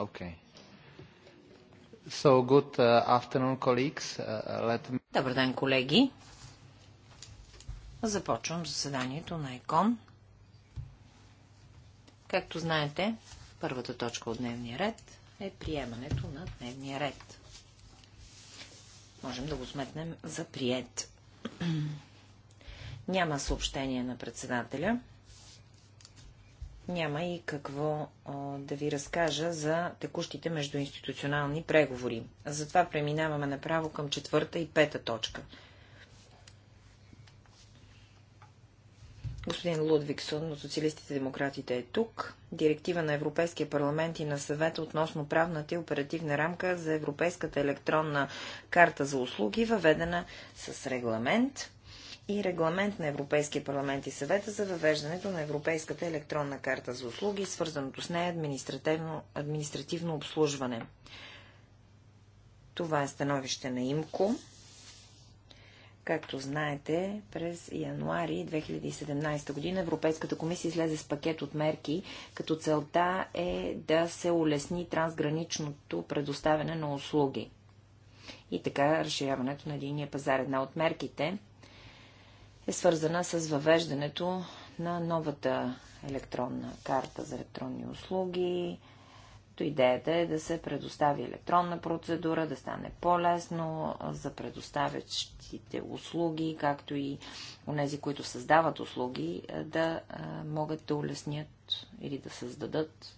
Okay. So good uh, afternoon, colleagues. Uh, uh, let me... Добър ден, колеги. Започвам заседанието на ЕКОН. Както знаете, първата точка от дневния ред е приемането на дневния ред. Можем да го сметнем за прият. Няма съобщение на председателя няма и какво а, да ви разкажа за текущите междуинституционални преговори. Затова преминаваме направо към четвърта и пета точка. Господин Лудвиксон от Социалистите демократите е тук. Директива на Европейския парламент и на съвета относно правната и оперативна рамка за Европейската електронна карта за услуги, въведена с регламент и регламент на Европейския парламент и съвета за въвеждането на Европейската електронна карта за услуги и свързаното с нея административно, административно обслужване. Това е становище на ИМКО. Както знаете, през януари 2017 година Европейската комисия излезе с пакет от мерки, като целта е да се улесни трансграничното предоставяне на услуги. И така разширяването на единия пазар. Една от мерките е свързана с въвеждането на новата електронна карта за електронни услуги. То идеята е да се предостави електронна процедура, да стане по-лесно за предоставящите услуги, както и нези, които създават услуги, да могат да улеснят или да създадат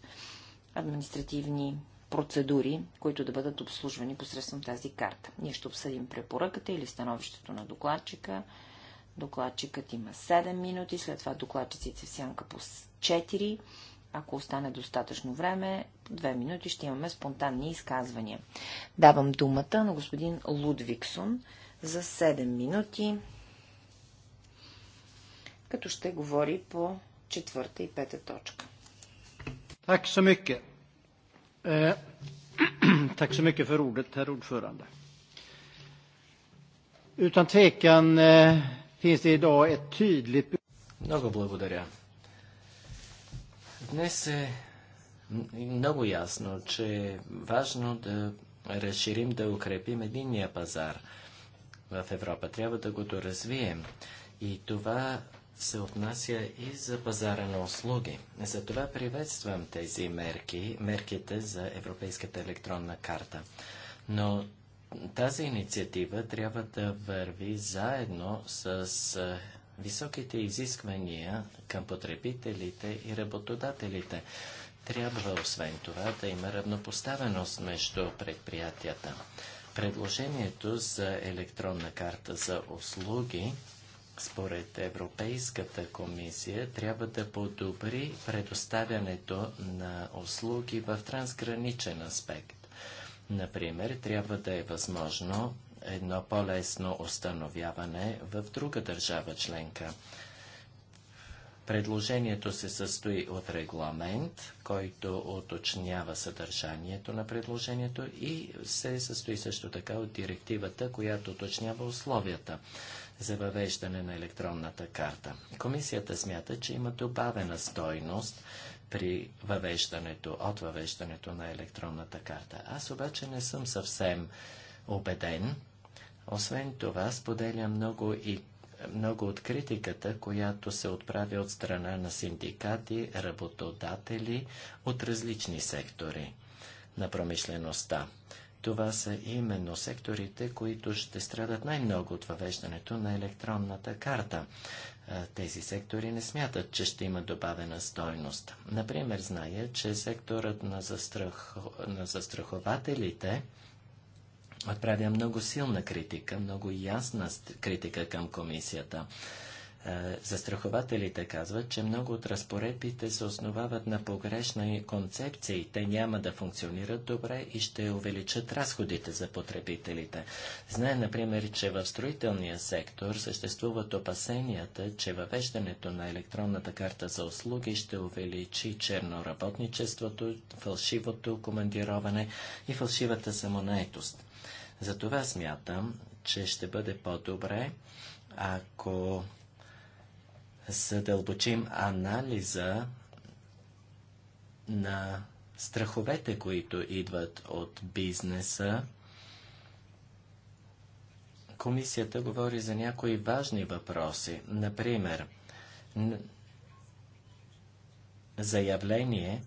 административни процедури, които да бъдат обслужвани посредством тази карта. Ние ще обсъдим препоръката или становището на докладчика Докладчикът има 7 минути, след това докладчиците в сянка по 4. Ако остане достатъчно време, 2 минути ще имаме спонтанни изказвания. Давам думата на господин Лудвиксон за 7 минути, като ще говори по четвърта и пета точка. Так så mycket. Eh, tack så mycket för ordet, herr ordförande. Utan tvekan eh, finns det idag ett tydligt... Много благодаря. Днес е много ясно, че е важно да разширим, да укрепим единния пазар в Европа. Трябва да го доразвием. И това се отнася и за пазара на услуги. Затова приветствам тези мерки, мерките за Европейската електронна карта. Но тази инициатива трябва да върви заедно с високите изисквания към потребителите и работодателите. Трябва освен това да има равнопоставеност между предприятията. Предложението за електронна карта за услуги според Европейската комисия трябва да подобри предоставянето на услуги в трансграничен аспект. Например, трябва да е възможно едно по-лесно установяване в друга държава членка. Предложението се състои от регламент, който уточнява съдържанието на предложението и се състои също така от директивата, която уточнява условията за въвеждане на електронната карта. Комисията смята, че има добавена стойност при въвеждането, от въвеждането на електронната карта. Аз обаче не съм съвсем убеден. Освен това, споделя много и много от критиката, която се отправя от страна на синдикати, работодатели от различни сектори на промишлеността. Това са именно секторите, които ще страдат най-много от въвеждането на електронната карта тези сектори не смятат, че ще има добавена стойност. Например, зная, че секторът на, застрах... на застрахователите отправя много силна критика, много ясна критика към комисията застрахователите казват, че много от разпоредбите се основават на погрешна концепция. И Те няма да функционират добре и ще увеличат разходите за потребителите. Знае, например, че в строителния сектор съществуват опасенията, че въвеждането на електронната карта за услуги ще увеличи черноработничеството, фалшивото командироване и фалшивата самонаетост. Затова смятам, че ще бъде по-добре, ако задълбочим анализа на страховете, които идват от бизнеса. Комисията говори за някои важни въпроси, например, заявление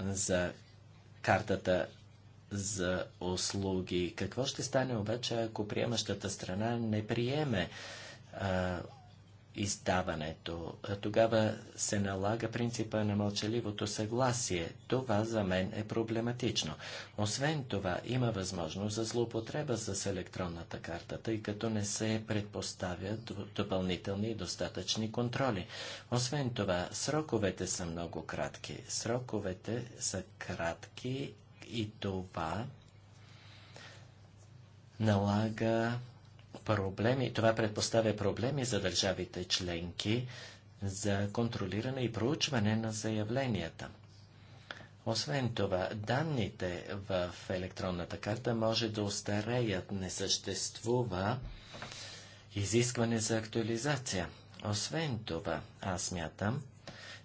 за картата за услуги. Какво ще стане обаче, ако приемащата страна не приеме а, издаването. Тогава се налага принципа на мълчаливото съгласие. Това за мен е проблематично. Освен това, има възможност за злоупотреба с електронната карта, тъй като не се предпоставят допълнителни и достатъчни контроли. Освен това, сроковете са много кратки. Сроковете са кратки и това налага проблеми, това предпоставя проблеми за държавите членки за контролиране и проучване на заявленията. Освен това, данните в електронната карта може да устареят, не съществува изискване за актуализация. Освен това, аз мятам,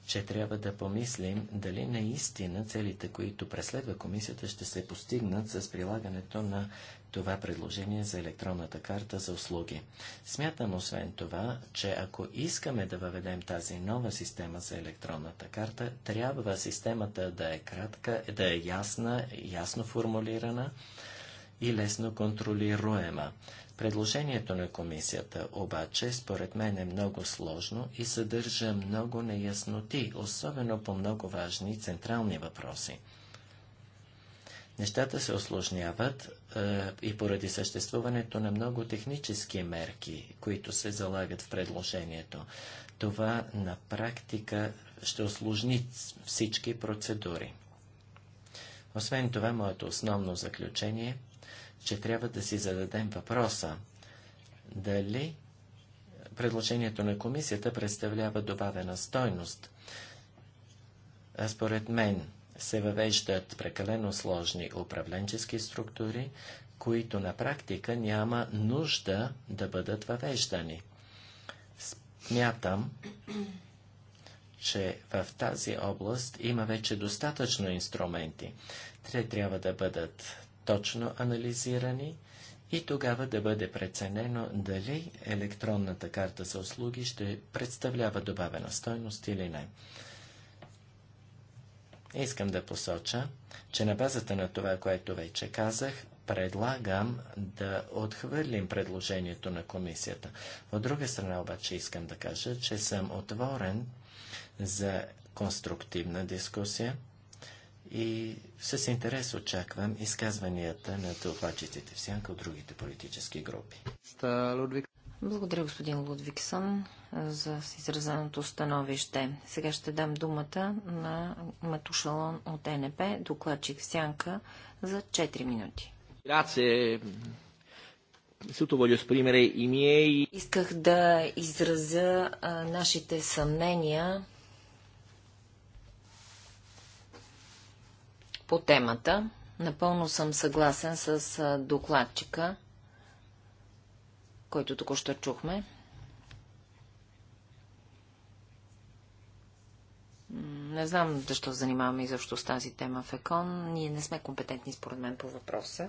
че трябва да помислим дали наистина целите, които преследва комисията, ще се постигнат с прилагането на това предложение за електронната карта за услуги. Смятам освен това, че ако искаме да въведем тази нова система за електронната карта, трябва системата да е кратка, да е ясна, ясно формулирана и лесно контролируема. Предложението на комисията обаче според мен е много сложно и съдържа много неясноти, особено по много важни централни въпроси. Нещата се осложняват, е, и поради съществуването на много технически мерки, които се залагат в предложението. Това на практика ще осложни всички процедури. Освен това, моето основно заключение, е, че трябва да си зададем въпроса, дали предложението на комисията представлява добавена стойност. А според мен, се въвеждат прекалено сложни управленчески структури, които на практика няма нужда да бъдат въвеждани. Смятам, че в тази област има вече достатъчно инструменти. Те трябва да бъдат точно анализирани и тогава да бъде преценено дали електронната карта за услуги ще представлява добавена стойност или не. Искам да посоча, че на базата на това, което вече казах, предлагам да отхвърлим предложението на комисията. От друга страна обаче искам да кажа, че съм отворен за конструктивна дискусия и с интерес очаквам изказванията на докладчиците в сянка от другите политически групи. Благодаря, господин Лудвиксън, за изразеното становище. Сега ще дам думата на Матушалон от НП, докладчик в Сянка, за 4 минути. Grazie. Исках да изразя а, нашите съмнения по темата. Напълно съм съгласен с докладчика който току-що чухме. Не знам защо занимаваме изобщо с тази тема в ЕКОН. Ние не сме компетентни, според мен, по въпроса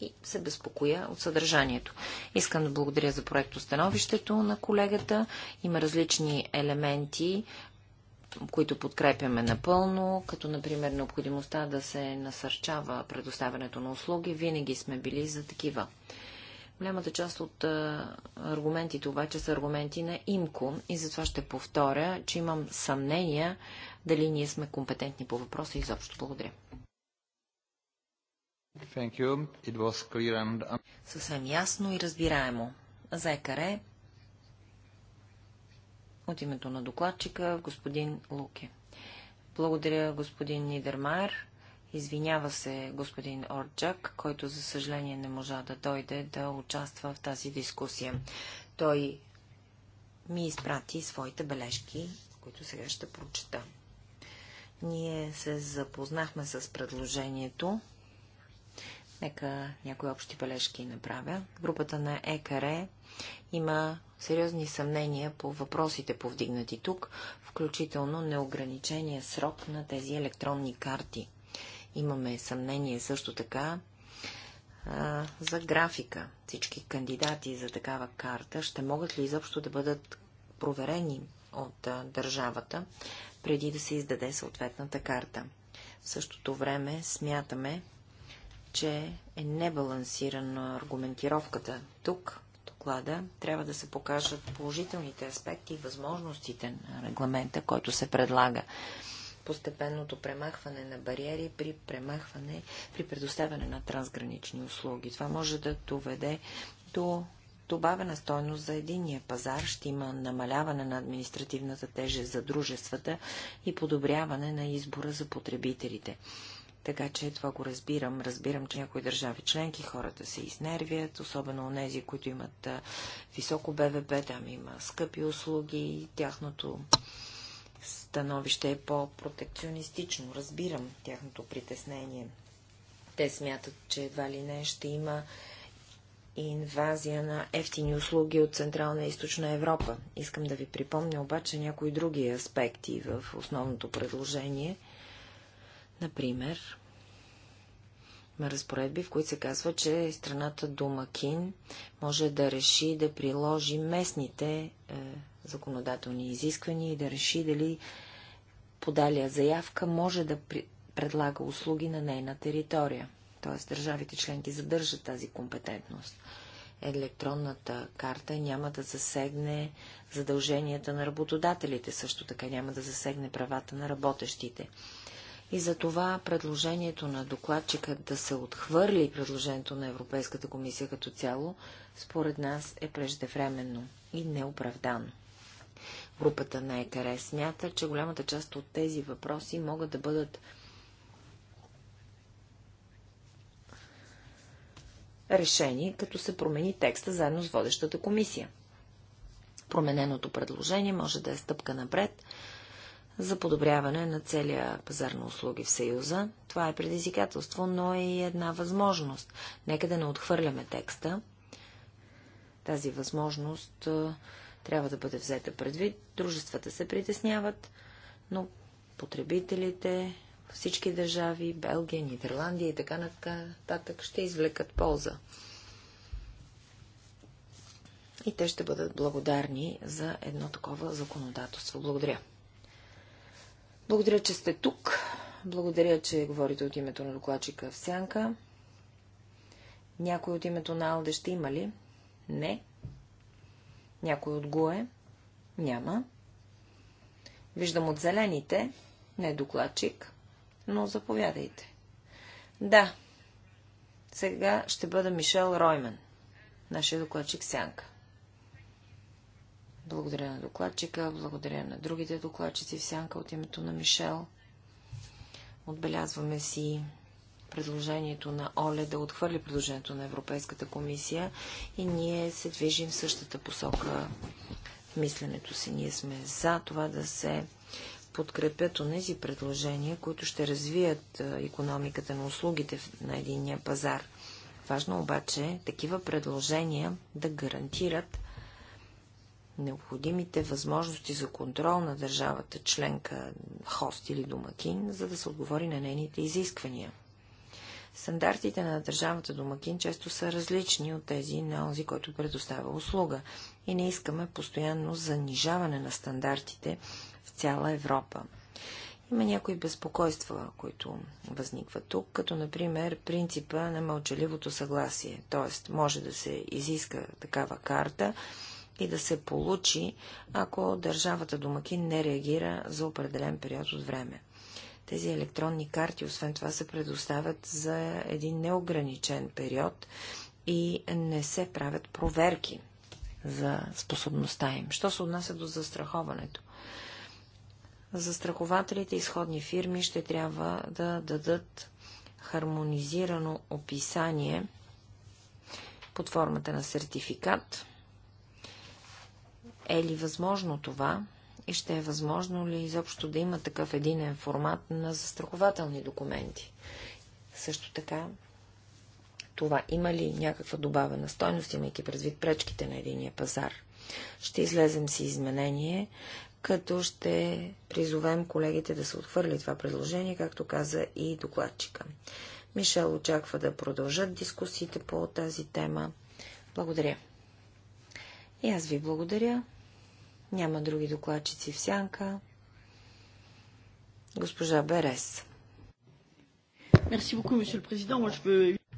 и се безпокоя от съдържанието. Искам да благодаря за становището на колегата. Има различни елементи, които подкрепяме напълно, като например необходимостта да се насърчава предоставянето на услуги. Винаги сме били за такива. Голямата част от аргументите обаче са аргументи на ИМКО и затова ще повторя, че имам съмнения дали ние сме компетентни по въпроса изобщо. Благодаря. Thank you. It was clear and... Съвсем ясно и разбираемо. За екаре от името на докладчика господин Луке. Благодаря господин Нидермайер. Извинява се господин Орджак, който за съжаление не можа да дойде да участва в тази дискусия. Той ми изпрати своите бележки, които сега ще прочета. Ние се запознахме с предложението. Нека някои общи бележки направя. Групата на ЕКР има сериозни съмнения по въпросите повдигнати тук, включително неограничения срок на тези електронни карти. Имаме съмнение също така а, за графика. Всички кандидати за такава карта ще могат ли изобщо да бъдат проверени от а, държавата преди да се издаде съответната карта. В същото време смятаме, че е небалансирана аргументировката. Тук, в доклада, трябва да се покажат положителните аспекти и възможностите на регламента, който се предлага постепенното премахване на бариери при премахване, при предоставяне на трансгранични услуги. Това може да доведе до добавена стойност за единния пазар, ще има намаляване на административната тежест за дружествата и подобряване на избора за потребителите. Така че това го разбирам. Разбирам, че някои държави членки хората се изнервят, особено у нези, които имат високо БВП, там има скъпи услуги и тяхното становище е по-протекционистично. Разбирам тяхното притеснение. Те смятат, че едва ли не ще има инвазия на ефтини услуги от Централна и Източна Европа. Искам да ви припомня обаче някои други аспекти в основното предложение. Например, има разпоредби, в които се казва, че страната Домакин може да реши да приложи местните е, законодателни изисквания и да реши дали подалия заявка може да при... предлага услуги на нейна територия. Т.е. държавите членки задържат тази компетентност. Електронната карта няма да засегне задълженията на работодателите, също така няма да засегне правата на работещите. И за това предложението на докладчика да се отхвърли предложението на Европейската комисия като цяло, според нас е преждевременно и неоправдано. Групата на ЕКР смята, че голямата част от тези въпроси могат да бъдат решени, като се промени текста заедно с водещата комисия. Промененото предложение може да е стъпка напред за подобряване на целия пазар на услуги в Съюза. Това е предизвикателство, но е и една възможност. Нека да не отхвърляме текста. Тази възможност трябва да бъде взета предвид. Дружествата се притесняват, но потребителите, всички държави, Белгия, Нидерландия и така нататък ще извлекат полза. И те ще бъдат благодарни за едно такова законодателство. Благодаря. Благодаря, че сте тук. Благодаря, че говорите от името на докладчика в Сянка. Някой от името на Алде ще има ли? Не. Някой от ГУЕ? Няма. Виждам от зелените, не е докладчик, но заповядайте. Да, сега ще бъда Мишел Ройман, нашия докладчик Сянка. Благодаря на докладчика, благодаря на другите докладчици в Сянка от името на Мишел. Отбелязваме си предложението на ОЛЕ да отхвърли предложението на Европейската комисия и ние се движим в същата посока в мисленето си. Ние сме за това да се подкрепят онези предложения, които ще развият економиката на услугите на единния пазар. Важно обаче такива предложения да гарантират необходимите възможности за контрол на държавата членка, хост или домакин, за да се отговори на нейните изисквания. Стандартите на държавата домакин често са различни от тези на онзи, който предоставя услуга. И не искаме постоянно занижаване на стандартите в цяла Европа. Има някои безпокойства, които възникват тук, като например принципа на мълчаливото съгласие. Т.е. може да се изиска такава карта и да се получи, ако държавата домакин не реагира за определен период от време. Тези електронни карти, освен това, се предоставят за един неограничен период и не се правят проверки за способността им. Що се отнася до застраховането? Застрахователите и изходни фирми ще трябва да дадат хармонизирано описание под формата на сертификат. Е ли възможно това? и ще е възможно ли изобщо да има такъв единен формат на застрахователни документи. Също така, това има ли някаква добавена стойност, имайки предвид пречките на единия пазар. Ще излезем си изменение, като ще призовем колегите да се отхвърли това предложение, както каза и докладчика. Мишел очаква да продължат дискусиите по тази тема. Благодаря. И аз ви благодаря. Няма други докладчици в сянка. Госпожа Берес.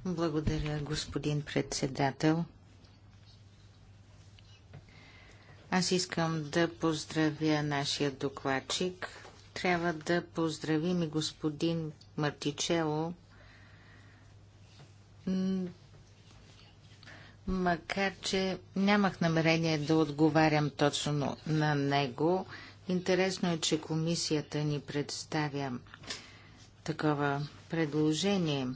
Благодаря, господин председател. Аз искам да поздравя нашия докладчик. Трябва да поздравим и господин Мартичело. Макар, че нямах намерение да отговарям точно на него, интересно е, че комисията ни представя такова предложение.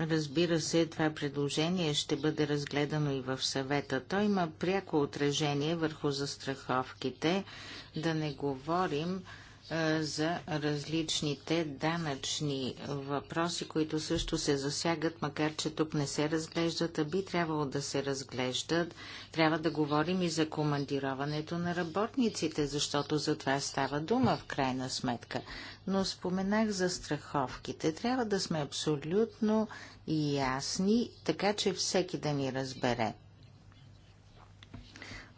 Разбира се, това предложение ще бъде разгледано и в съвета. Той има пряко отражение върху застраховките, да не говорим за различните данъчни въпроси, които също се засягат, макар че тук не се разглеждат, а би трябвало да се разглеждат. Трябва да говорим и за командироването на работниците, защото за това става дума в крайна сметка. Но споменах за страховките. Трябва да сме абсолютно ясни, така че всеки да ни разбере.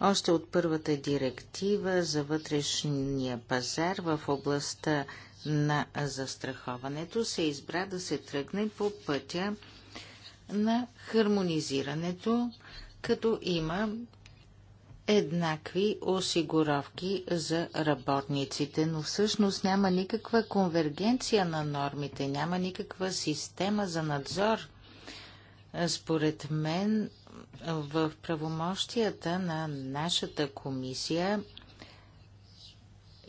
Още от първата директива за вътрешния пазар в областта на застраховането се избра да се тръгне по пътя на хармонизирането, като има еднакви осигуровки за работниците, но всъщност няма никаква конвергенция на нормите, няма никаква система за надзор. Според мен в правомощията на нашата комисия,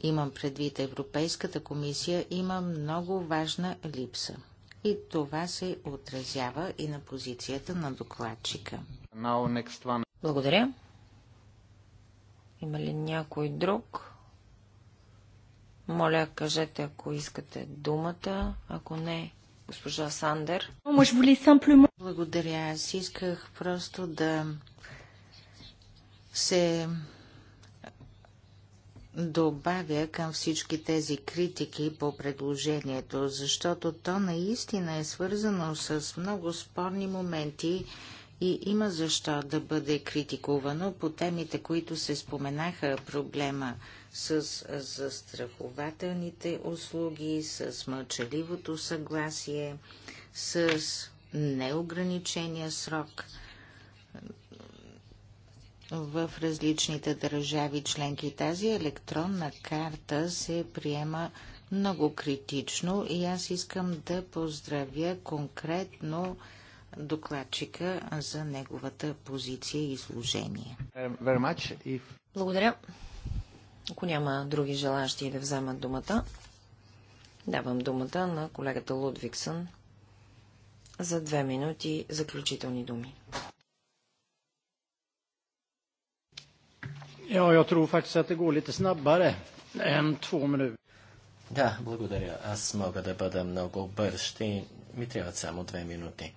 имам предвид Европейската комисия, има много важна липса. И това се отразява и на позицията на докладчика. Благодаря. Има ли някой друг? Моля, кажете, ако искате думата, ако не, Госпожа Сандер. Благодаря. Аз исках просто да се добавя към всички тези критики по предложението, защото то наистина е свързано с много спорни моменти и има защо да бъде критикувано по темите, които се споменаха проблема с застрахователните услуги, с мълчаливото съгласие, с неограничения срок в различните държави членки. Тази електронна карта се приема много критично и аз искам да поздравя конкретно докладчика за неговата позиция и изложение. Благодаря. Ако няма други желащи да вземат думата, давам думата на колегата Лудвиксън за две минути заключителни думи. Да, благодаря. Аз мога да бъда много бърз. Ще ми трябват само две минути.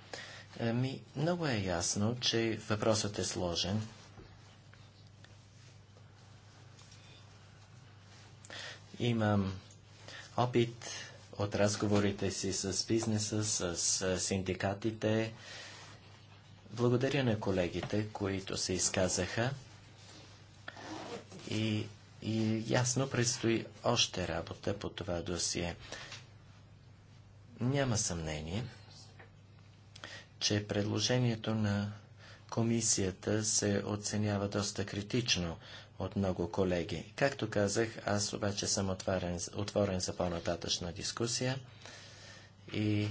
Ми, много е ясно, че въпросът е сложен. Имам опит от разговорите си с бизнеса, с, синдикатите. Благодаря на колегите, които се изказаха. И, и ясно предстои още работа по това досие. Няма съмнение, че предложението на комисията се оценява доста критично от много колеги. Както казах, аз обаче съм отворен, отворен за по-нататъчна дискусия и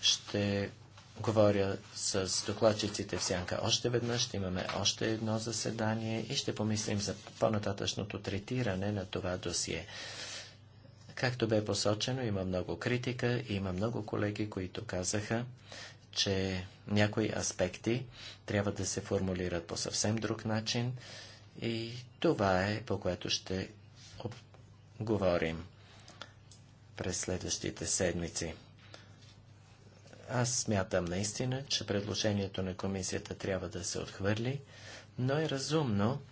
ще говоря с докладчиците в Сянка още веднъж, ще имаме още едно заседание и ще помислим за по-нататъчното третиране на това досие. Както бе посочено, има много критика, и има много колеги, които казаха, че някои аспекти трябва да се формулират по съвсем друг начин, и това е по което ще говорим през следващите седмици. Аз смятам наистина, че предложението на комисията трябва да се отхвърли, но е разумно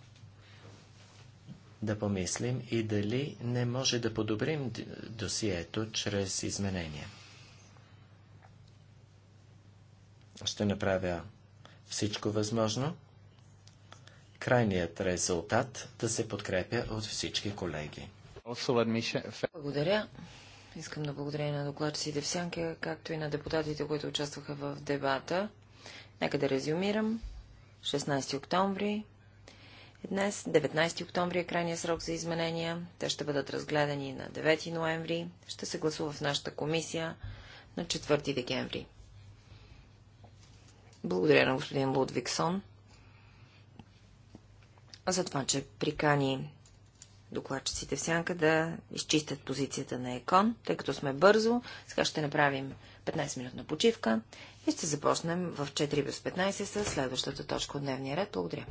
да помислим и дали не може да подобрим досието чрез изменения. Ще направя всичко възможно, крайният резултат да се подкрепя от всички колеги. Благодаря. Искам да благодаря на докладчиците в Сянка, както и на депутатите, които участваха в дебата. Нека да резюмирам. 16 октомври е днес. 19 октомври е крайния срок за изменения. Те ще бъдат разгледани на 9 ноември. Ще се гласува в нашата комисия на 4 декември. Благодаря на господин Лудвиксон за това, че прикани докладчиците в сянка да изчистят позицията на ЕКОН, тъй като сме бързо. Сега ще направим 15-минутна почивка и ще започнем в 4 без 15 с следващата точка от дневния ред. Благодаря.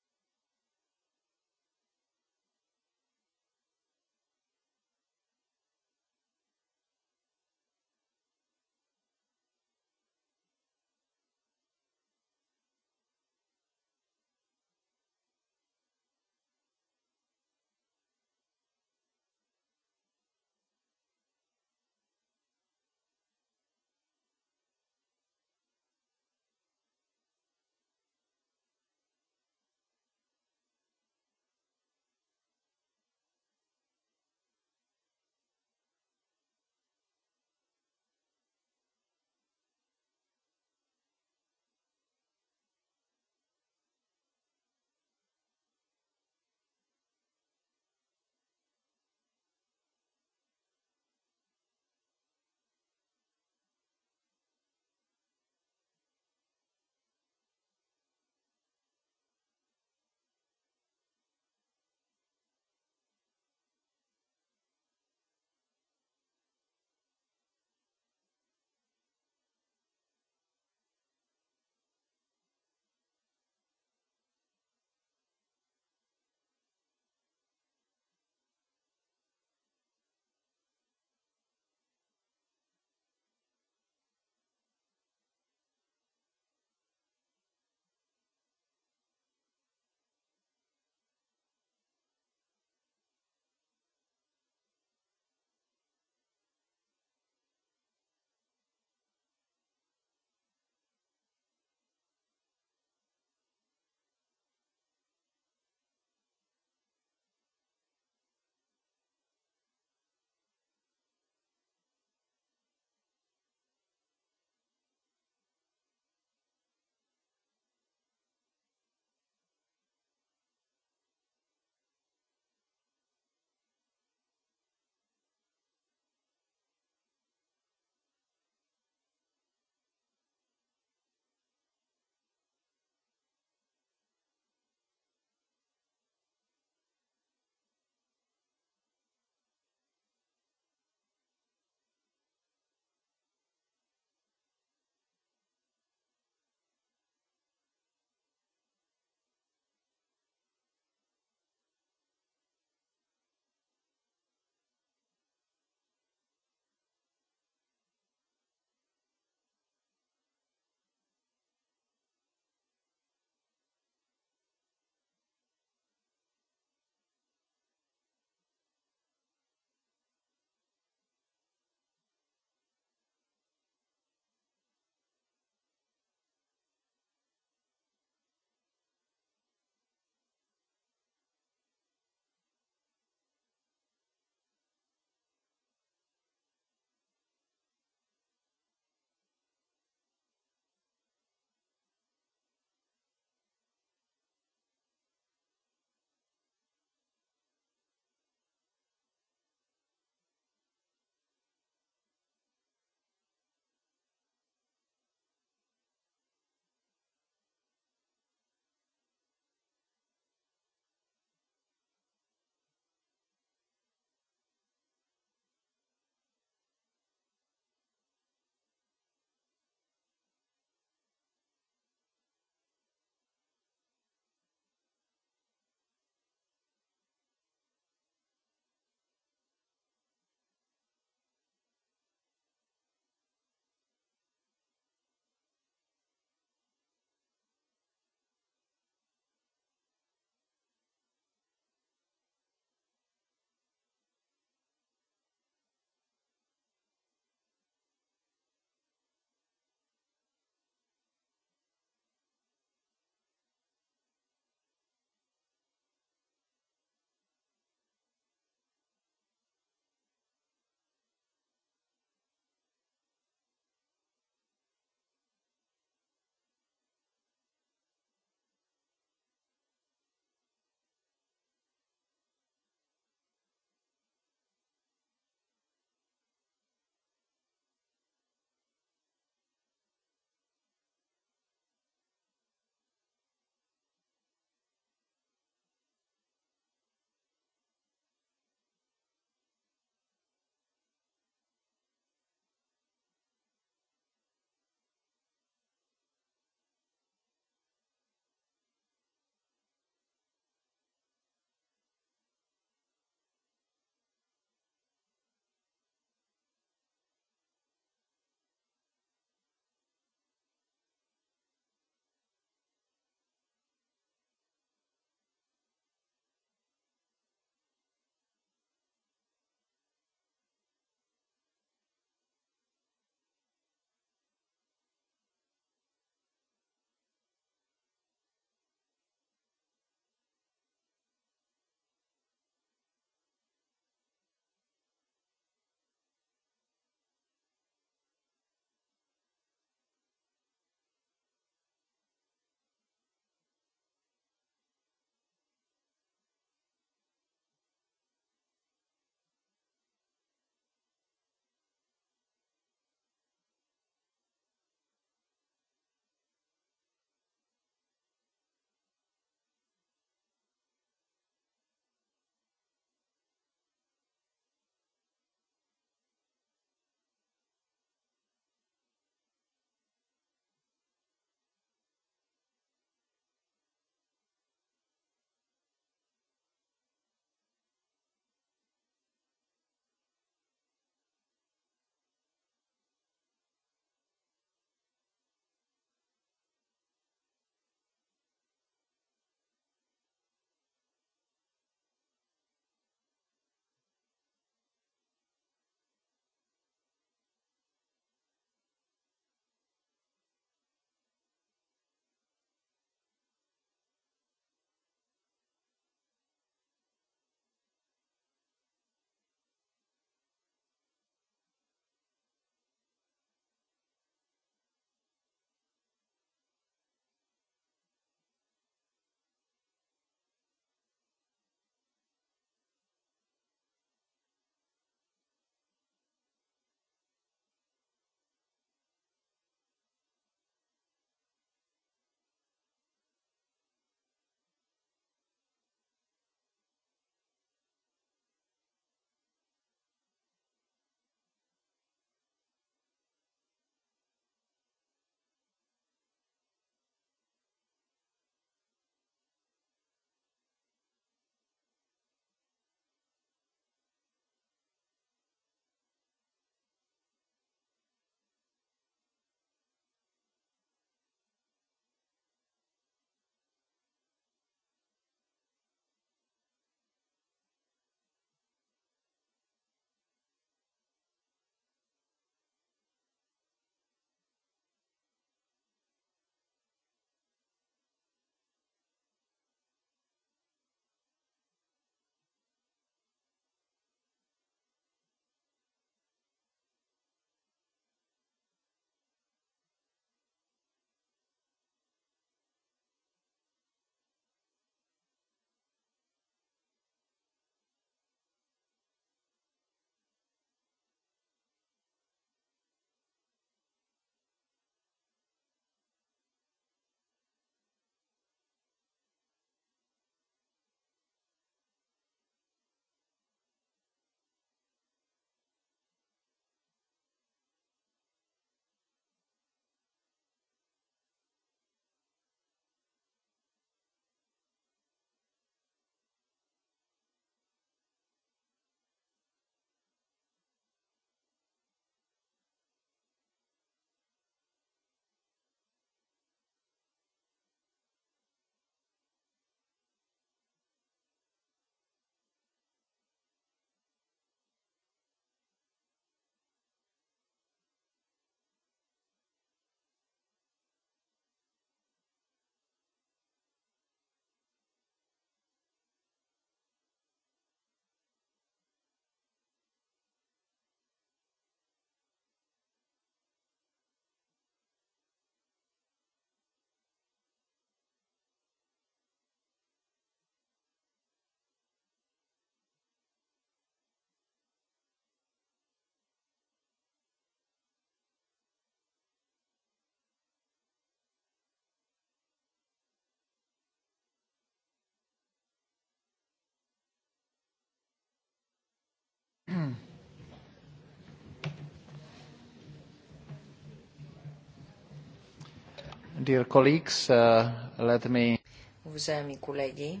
Dear colleagues, uh, let me... Уважаеми колеги,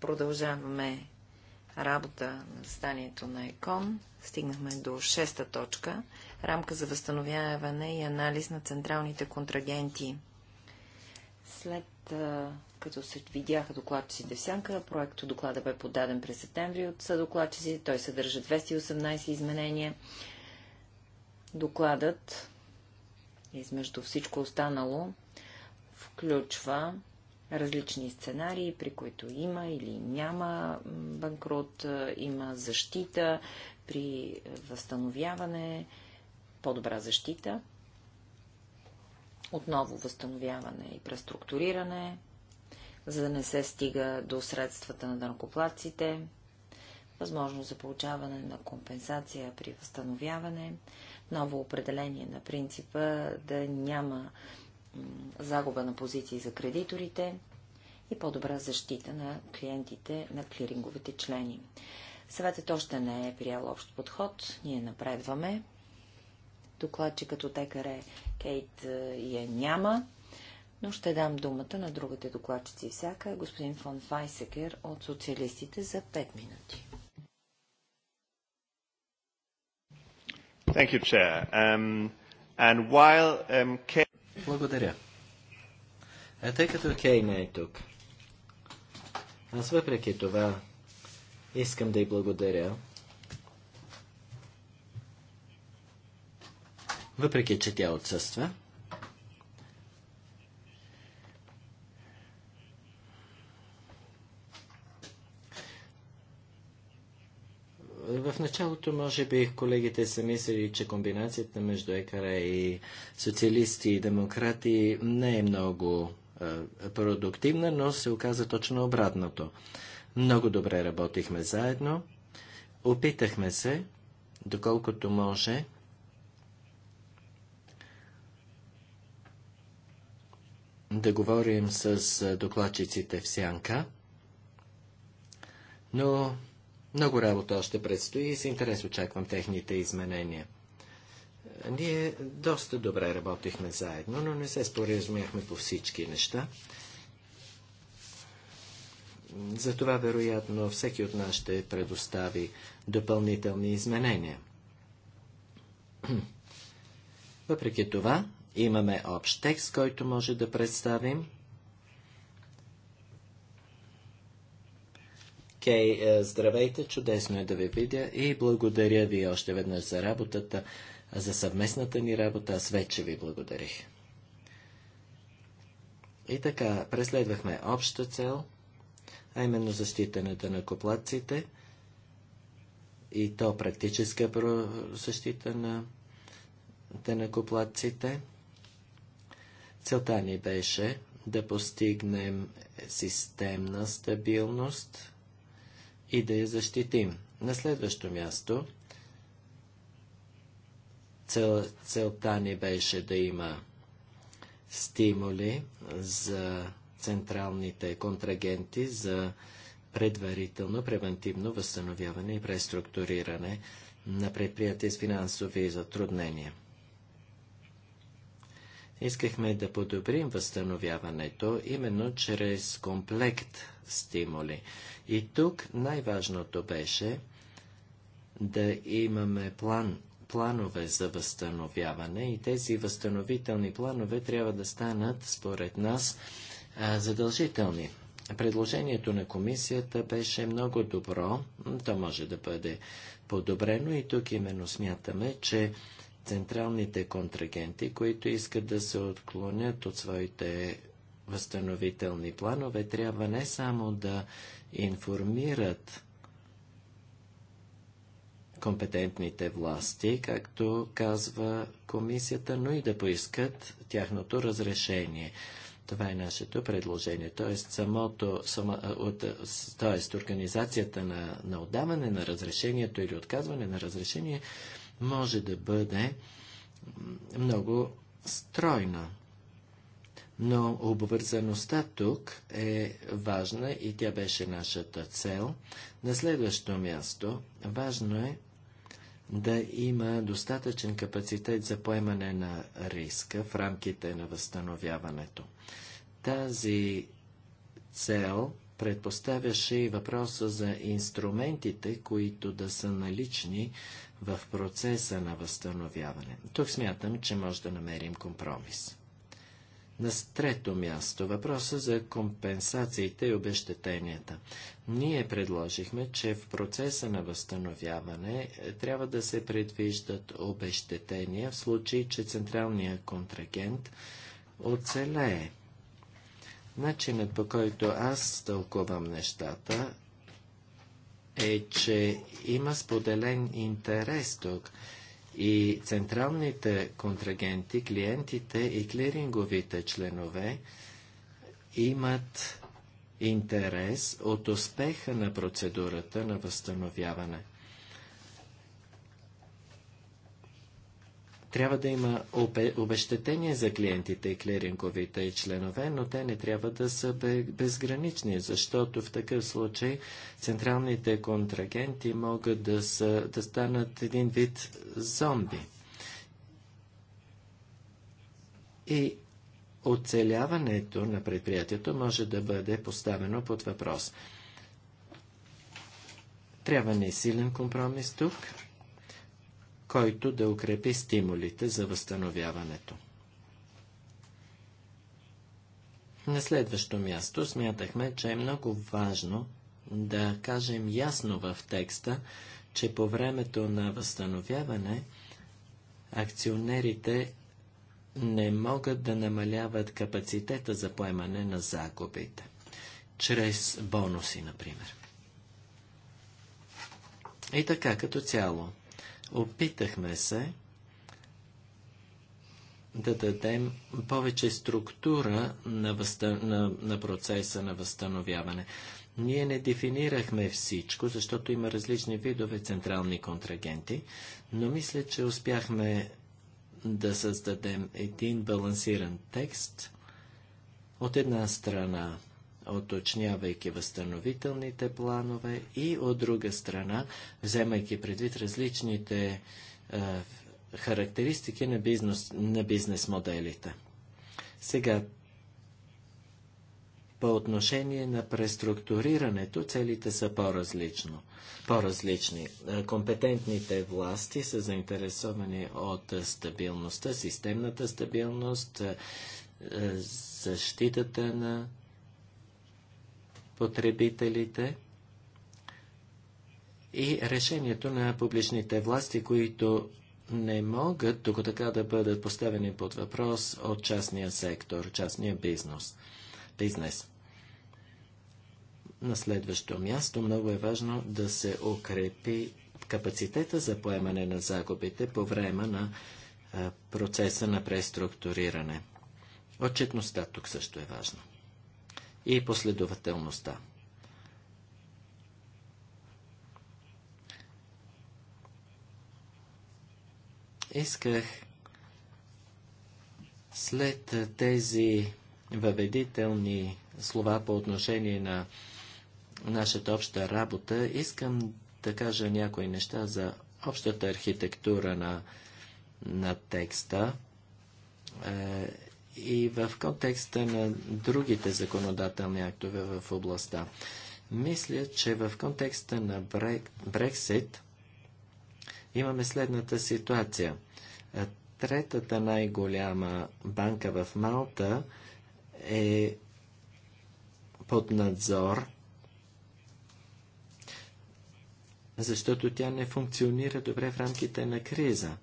продължаваме работа на застанието на ЕКОН. Стигнахме до шеста точка – рамка за възстановяване и анализ на централните контрагенти. След като се видяха докладчиците в сянка, проекто доклада бе подаден през септември от съдокладчици. Той съдържа 218 изменения. Докладът е измежду всичко останало включва различни сценарии, при които има или няма банкрут, има защита при възстановяване, по-добра защита, отново възстановяване и преструктуриране, за да не се стига до средствата на дънкоплаците, възможност за получаване на компенсация при възстановяване, ново определение на принципа да няма загуба на позиции за кредиторите и по-добра защита на клиентите на клиринговите члени. Съветът още не е приял общ подход, ние напредваме. Докладчикът от ЕКР Кейт е, я няма, но ще дам думата на другите докладчици всяка, господин фон Файсекер от социалистите за 5 минути. Thank you, Chair. Um, and while um, Kate... Благодаря. А тъй като Кей не е тук, аз въпреки това искам да й благодаря. Въпреки, че тя отсъства. В началото, може би, колегите са мислили, че комбинацията между ЕКАРА и социалисти и демократи не е много а, продуктивна, но се оказа точно обратното. Много добре работихме заедно. Опитахме се, доколкото може, да говорим с докладчиците в Сянка, но много работа още предстои и с интерес очаквам техните изменения. Ние доста добре работихме заедно, но не се споразумяхме по всички неща. Затова, вероятно, всеки от нас ще предостави допълнителни изменения. Въпреки това, имаме общ текст, който може да представим Кей, е, здравейте, чудесно е да ви видя и благодаря ви още веднъж за работата, за съвместната ни работа. Аз вече ви благодарих. И така, преследвахме обща цел, а именно защитането на дънакоплаците и то практическа защита на дънакоплаците. Целта ни беше да постигнем системна стабилност и да я защитим. На следващо място, цел, целта ни беше да има стимули за централните контрагенти за предварително, превентивно възстановяване и преструктуриране на предприятия с финансови затруднения. Искахме да подобрим възстановяването именно чрез комплект стимули. И тук най-важното беше да имаме план, планове за възстановяване и тези възстановителни планове трябва да станат, според нас, задължителни. Предложението на комисията беше много добро, то може да бъде подобрено и тук именно смятаме, че централните контрагенти, които искат да се отклонят от своите възстановителни планове трябва не само да информират компетентните власти, както казва комисията, но и да поискат тяхното разрешение. Това е нашето предложение. Тоест, самото, само, от, тоест организацията на, на отдаване на разрешението или отказване на разрешение може да бъде много стройна. Но обвързаността тук е важна и тя беше нашата цел. На следващо място важно е да има достатъчен капацитет за поемане на риска в рамките на възстановяването. Тази цел предпоставяше и въпроса за инструментите, които да са налични в процеса на възстановяване. Тук смятам, че може да намерим компромис. На трето място въпроса за компенсациите и обещетенията. Ние предложихме, че в процеса на възстановяване е, трябва да се предвиждат обещетения в случай, че централният контрагент оцелее. Начинът по който аз тълкувам нещата е, че има споделен интерес тук – и централните контрагенти, клиентите и клиринговите членове имат интерес от успеха на процедурата на възстановяване. Трябва да има обещетение за клиентите и клиринговите и членове, но те не трябва да са безгранични, защото в такъв случай централните контрагенти могат да, са, да станат един вид зомби. И оцеляването на предприятието може да бъде поставено под въпрос. Трябва ни силен компромис тук който да укрепи стимулите за възстановяването. На следващо място смятахме, че е много важно да кажем ясно в текста, че по времето на възстановяване акционерите не могат да намаляват капацитета за поемане на загубите, чрез бонуси, например. И така като цяло, Опитахме се да дадем повече структура на, възстан... на, на процеса на възстановяване. Ние не дефинирахме всичко, защото има различни видове централни контрагенти, но мисля, че успяхме да създадем един балансиран текст. От една страна оточнявайки възстановителните планове и от друга страна, вземайки предвид различните е, характеристики на бизнес, на бизнес моделите. Сега, по отношение на преструктурирането, целите са по-различно, по-различни. Е, компетентните власти са заинтересовани от е, стабилността, системната стабилност, защитата на потребителите и решението на публичните власти, които не могат тока така да бъдат поставени под въпрос от частния сектор, частния бизнес. бизнес. На следващо място много е важно да се укрепи капацитета за поемане на загубите по време на процеса на преструктуриране. Отчетността тук също е важна и последователността. Исках след тези въведителни слова по отношение на нашата обща работа, искам да кажа някои неща за общата архитектура на, на текста е, и в контекста на другите законодателни актове в областта. Мисля, че в контекста на Брек... Брексит имаме следната ситуация. Третата най-голяма банка в Малта е под надзор, защото тя не функционира добре в рамките на криза.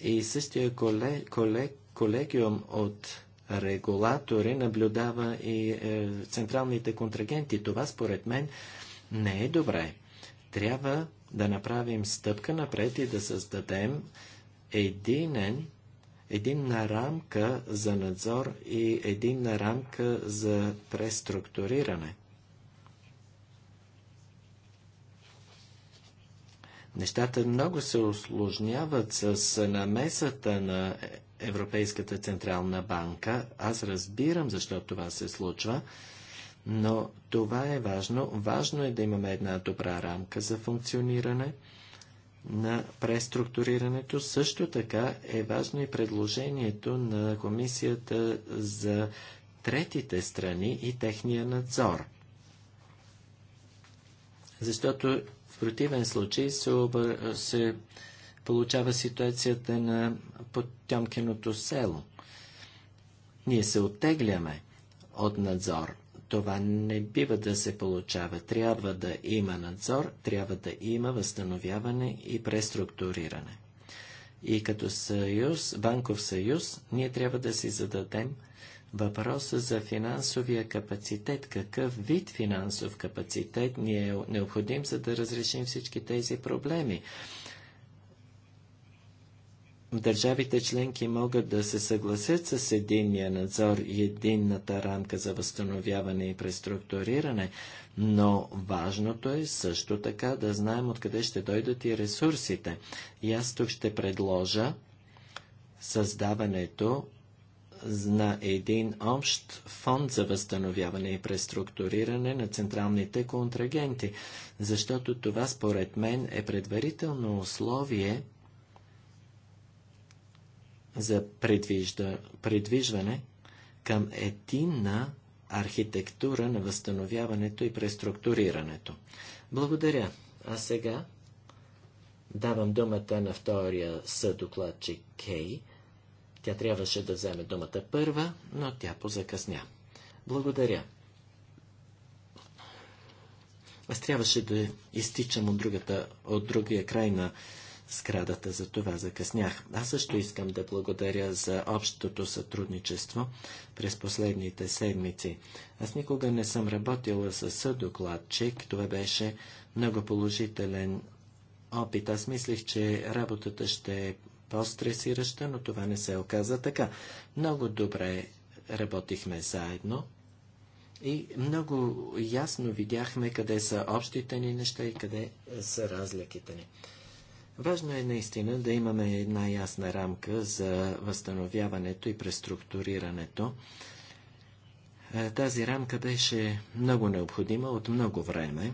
И същия колег, колег, колегиум от регулатори наблюдава и е, централните контрагенти. Това според мен не е добре. Трябва да направим стъпка напред и да създадем единен, единна рамка за надзор и единна рамка за преструктуриране. Нещата много се осложняват с намесата на Европейската централна банка. Аз разбирам защо това се случва, но това е важно. Важно е да имаме една добра рамка за функциониране на преструктурирането. Също така е важно и предложението на комисията за третите страни и техния надзор. Защото в противен случай се, обър... се получава ситуацията на Потямкиното село. Ние се оттегляме от надзор. Това не бива да се получава. Трябва да има надзор, трябва да има възстановяване и преструктуриране. И като съюз, банков съюз, ние трябва да си зададем въпроса за финансовия капацитет. Какъв вид финансов капацитет ни е необходим, за да разрешим всички тези проблеми? държавите членки могат да се съгласят с единния надзор и единната рамка за възстановяване и преструктуриране, но важното е също така да знаем откъде ще дойдат и ресурсите. И аз тук ще предложа създаването на един общ фонд за възстановяване и преструктуриране на централните контрагенти, защото това според мен е предварително условие – за предвижда, предвижване към единна архитектура на възстановяването и преструктурирането. Благодаря. А сега давам думата на втория съдокладчик Кей. Тя трябваше да вземе думата първа, но тя позакъсня. Благодаря. Аз трябваше да изтичам от, другата, от другия край на сградата. За това закъснях. Аз също искам да благодаря за общото сътрудничество през последните седмици. Аз никога не съм работила с съдокладчик. Това беше много положителен опит. Аз мислих, че работата ще е по-стресираща, но това не се оказа така. Много добре работихме заедно и много ясно видяхме къде са общите ни неща и къде са разликите ни. Важно е наистина да имаме една ясна рамка за възстановяването и преструктурирането. Е, тази рамка беше много необходима от много време.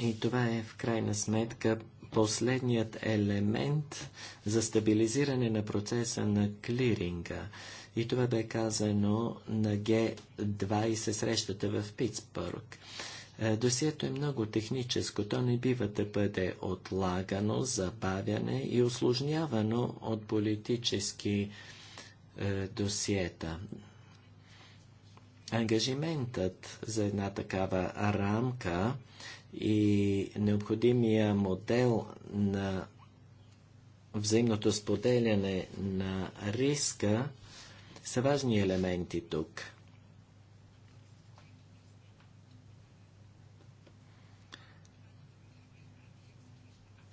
И това е в крайна сметка последният елемент за стабилизиране на процеса на клиринга. И това бе казано на Г20 срещата в Питсбърг. Е, досието е много техническо, то не бива да бъде отлагано, забавяне и осложнявано от политически е, досиета. Ангажиментът за една такава рамка и необходимия модел на взаимното споделяне на риска са важни елементи тук –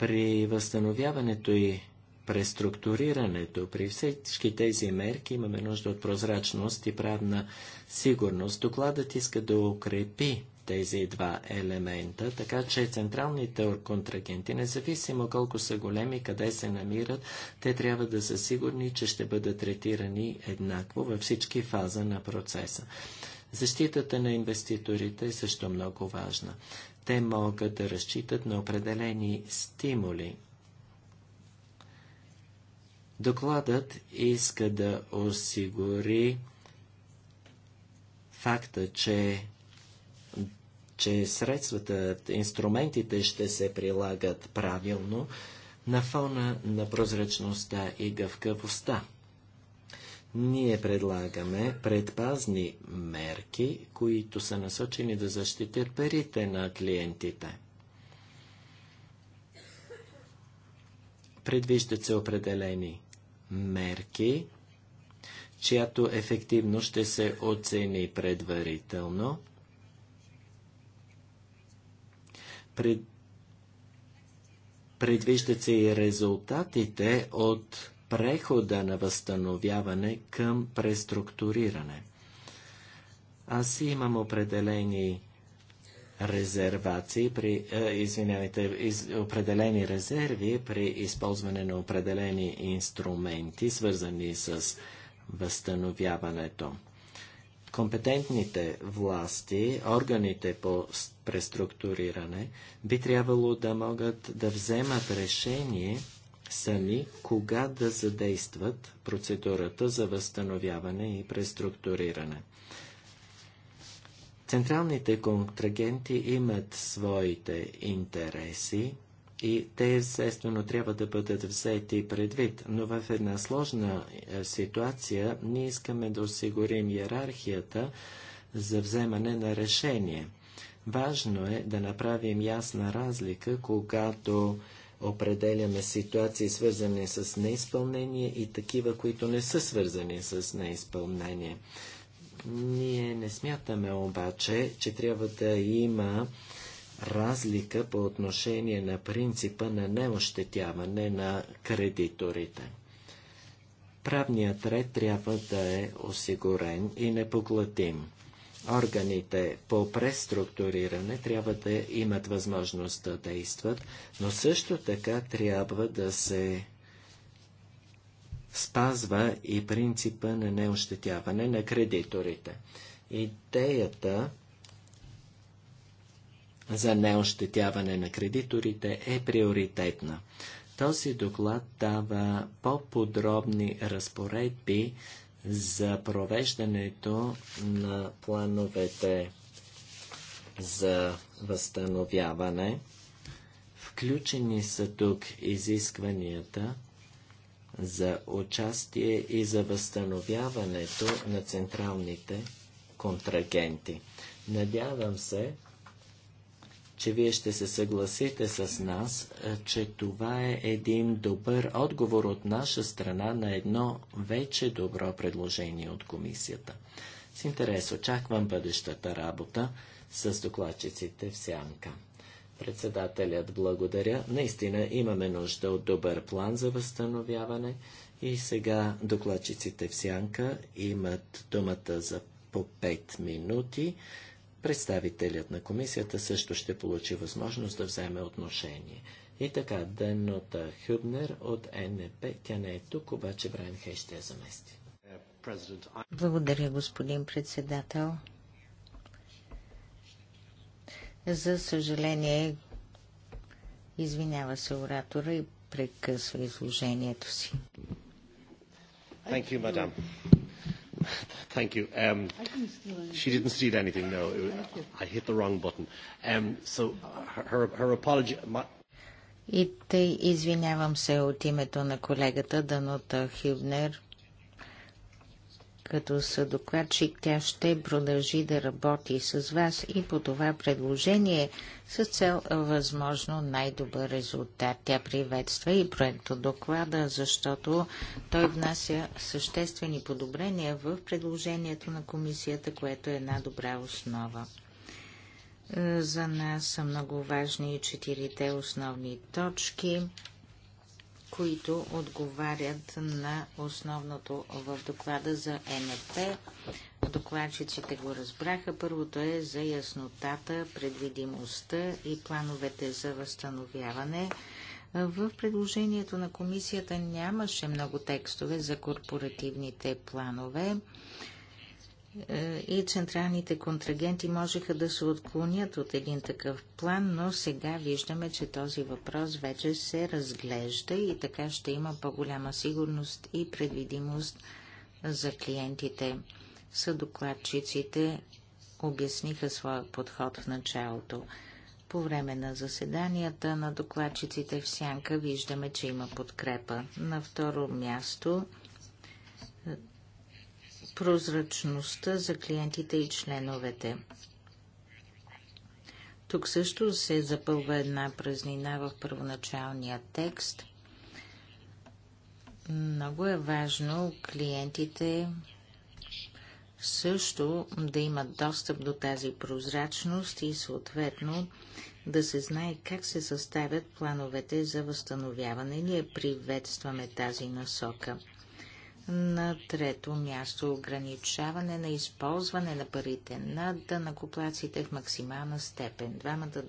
При възстановяването и преструктурирането, при всички тези мерки имаме нужда от прозрачност и правна сигурност. Докладът иска да укрепи тези два елемента, така че централните контрагенти, независимо колко са големи, къде се намират, те трябва да са сигурни, че ще бъдат третирани еднакво във всички фаза на процеса. Защитата на инвеститорите е също много важна те могат да разчитат на определени стимули. Докладът иска да осигури факта, че, че средствата, инструментите ще се прилагат правилно на фона на прозрачността и гъвкавостта. Ние предлагаме предпазни мерки, които са насочени да защитят парите на клиентите. Предвиждат се определени мерки, чиято ефективност ще се оцени предварително. Пред... Предвиждат се и резултатите от прехода на възстановяване към преструктуриране. Аз имам определени резервации при, е, извинявайте, из, определени резерви при използване на определени инструменти, свързани с възстановяването. Компетентните власти, органите по преструктуриране, би трябвало да могат да вземат решение сами кога да задействат процедурата за възстановяване и преструктуриране. Централните контрагенти имат своите интереси и те естествено трябва да бъдат взети предвид, но в една сложна е, ситуация ние искаме да осигурим иерархията за вземане на решение. Важно е да направим ясна разлика, когато определяме ситуации, свързани с неизпълнение и такива, които не са свързани с неизпълнение. Ние не смятаме обаче, че трябва да има разлика по отношение на принципа на неощетяване на кредиторите. Правният ред трябва да е осигурен и непоглътим органите по преструктуриране трябва да имат възможност да действат, но също така трябва да се спазва и принципа на неощетяване на кредиторите. Идеята за неощетяване на кредиторите е приоритетна. Този доклад дава по-подробни разпоредби за провеждането на плановете за възстановяване. Включени са тук изискванията за участие и за възстановяването на централните контрагенти. Надявам се, че вие ще се съгласите с нас, е, че това е един добър отговор от наша страна на едно вече добро предложение от комисията. С интерес очаквам бъдещата работа с докладчиците в сянка. Председателят благодаря. Наистина имаме нужда от добър план за възстановяване и сега докладчиците в сянка имат думата за по 5 минути. Представителят на комисията също ще получи възможност да вземе отношение. И така, Денота Хюбнер от НП, тя не е тук, обаче Брайан Хей ще я замести. Благодаря, господин председател. За съжаление, извинява се оратора и прекъсва изложението си. Thank you, madam. Thank you. Um, she didn't steal anything, no. I hit the wrong button. Um, so her, her apology... My... И тъй извинявам се от името на колегата Данута Хюбнер като съдокладчик тя ще продължи да работи с вас и по това предложение с цел възможно най-добър резултат. Тя приветства и проекто доклада, защото той внася съществени подобрения в предложението на комисията, което е една добра основа. За нас са много важни и четирите основни точки – които отговарят на основното в доклада за НП. Докладчиците го разбраха. Първото е за яснотата, предвидимостта и плановете за възстановяване. В предложението на комисията нямаше много текстове за корпоративните планове. Е, и централните контрагенти можеха да се отклонят от един такъв план, но сега виждаме, че този въпрос вече се разглежда и така ще има по-голяма сигурност и предвидимост за клиентите. Съдокладчиците обясниха своя подход в началото. По време на заседанията на докладчиците в Сянка виждаме, че има подкрепа. На второ място прозрачността за клиентите и членовете. Тук също се запълва една празнина в първоначалния текст. Много е важно клиентите също да имат достъп до тази прозрачност и съответно да се знае как се съставят плановете за възстановяване. Ние приветстваме тази насока. На трето място ограничаване на използване на парите на данакоплаците в максимална степен. Двамата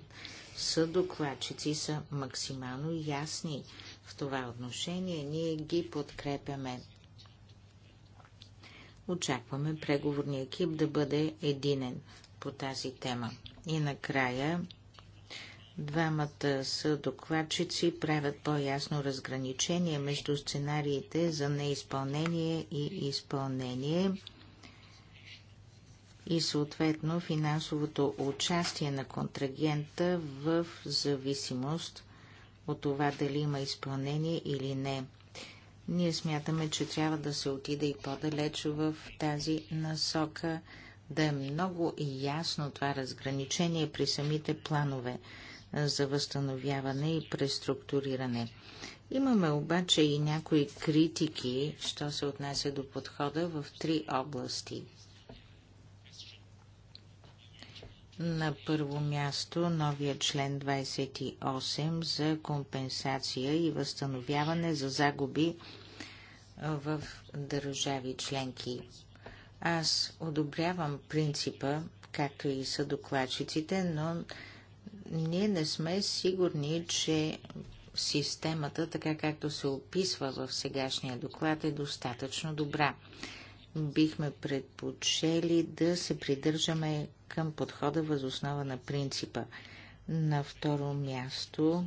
съдокладчици са максимално ясни в това отношение. Ние ги подкрепяме. Очакваме преговорния екип да бъде единен по тази тема. И накрая Двамата са докладчици правят по-ясно разграничение между сценариите за неизпълнение и изпълнение и съответно финансовото участие на контрагента в зависимост от това дали има изпълнение или не. Ние смятаме, че трябва да се отиде и по-далеч в тази насока, да е много ясно това разграничение при самите планове за възстановяване и преструктуриране. Имаме обаче и някои критики, що се отнася до подхода в три области. На първо място новия член 28 за компенсация и възстановяване за загуби в държави членки. Аз одобрявам принципа, както и са докладчиците, но ние не сме сигурни, че системата, така както се описва в сегашния доклад, е достатъчно добра. Бихме предпочели да се придържаме към подхода възоснова на принципа. На второ място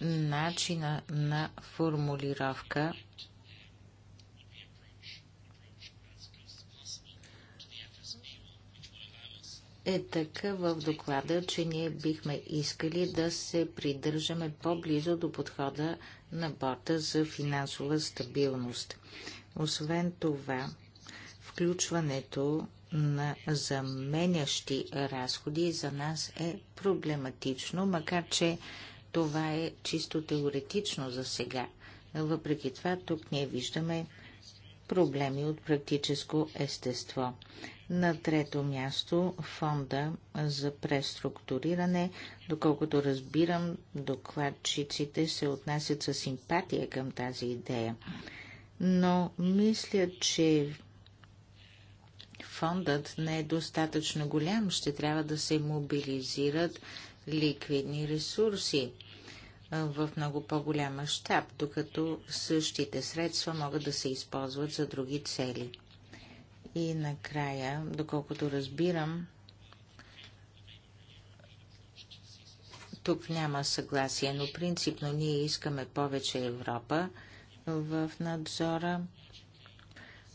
начина на формулировка е така в доклада, че ние бихме искали да се придържаме по-близо до подхода на борта за финансова стабилност. Освен това, включването на заменящи разходи за нас е проблематично, макар че това е чисто теоретично за сега. Въпреки това, тук ние виждаме проблеми от практическо естество. На трето място фонда за преструктуриране. Доколкото разбирам, докладчиците се отнасят с симпатия към тази идея. Но мисля, че фондът не е достатъчно голям. Ще трябва да се мобилизират ликвидни ресурси в много по-голям мащаб, докато същите средства могат да се използват за други цели. И накрая, доколкото разбирам, тук няма съгласие, но принципно ние искаме повече Европа в надзора.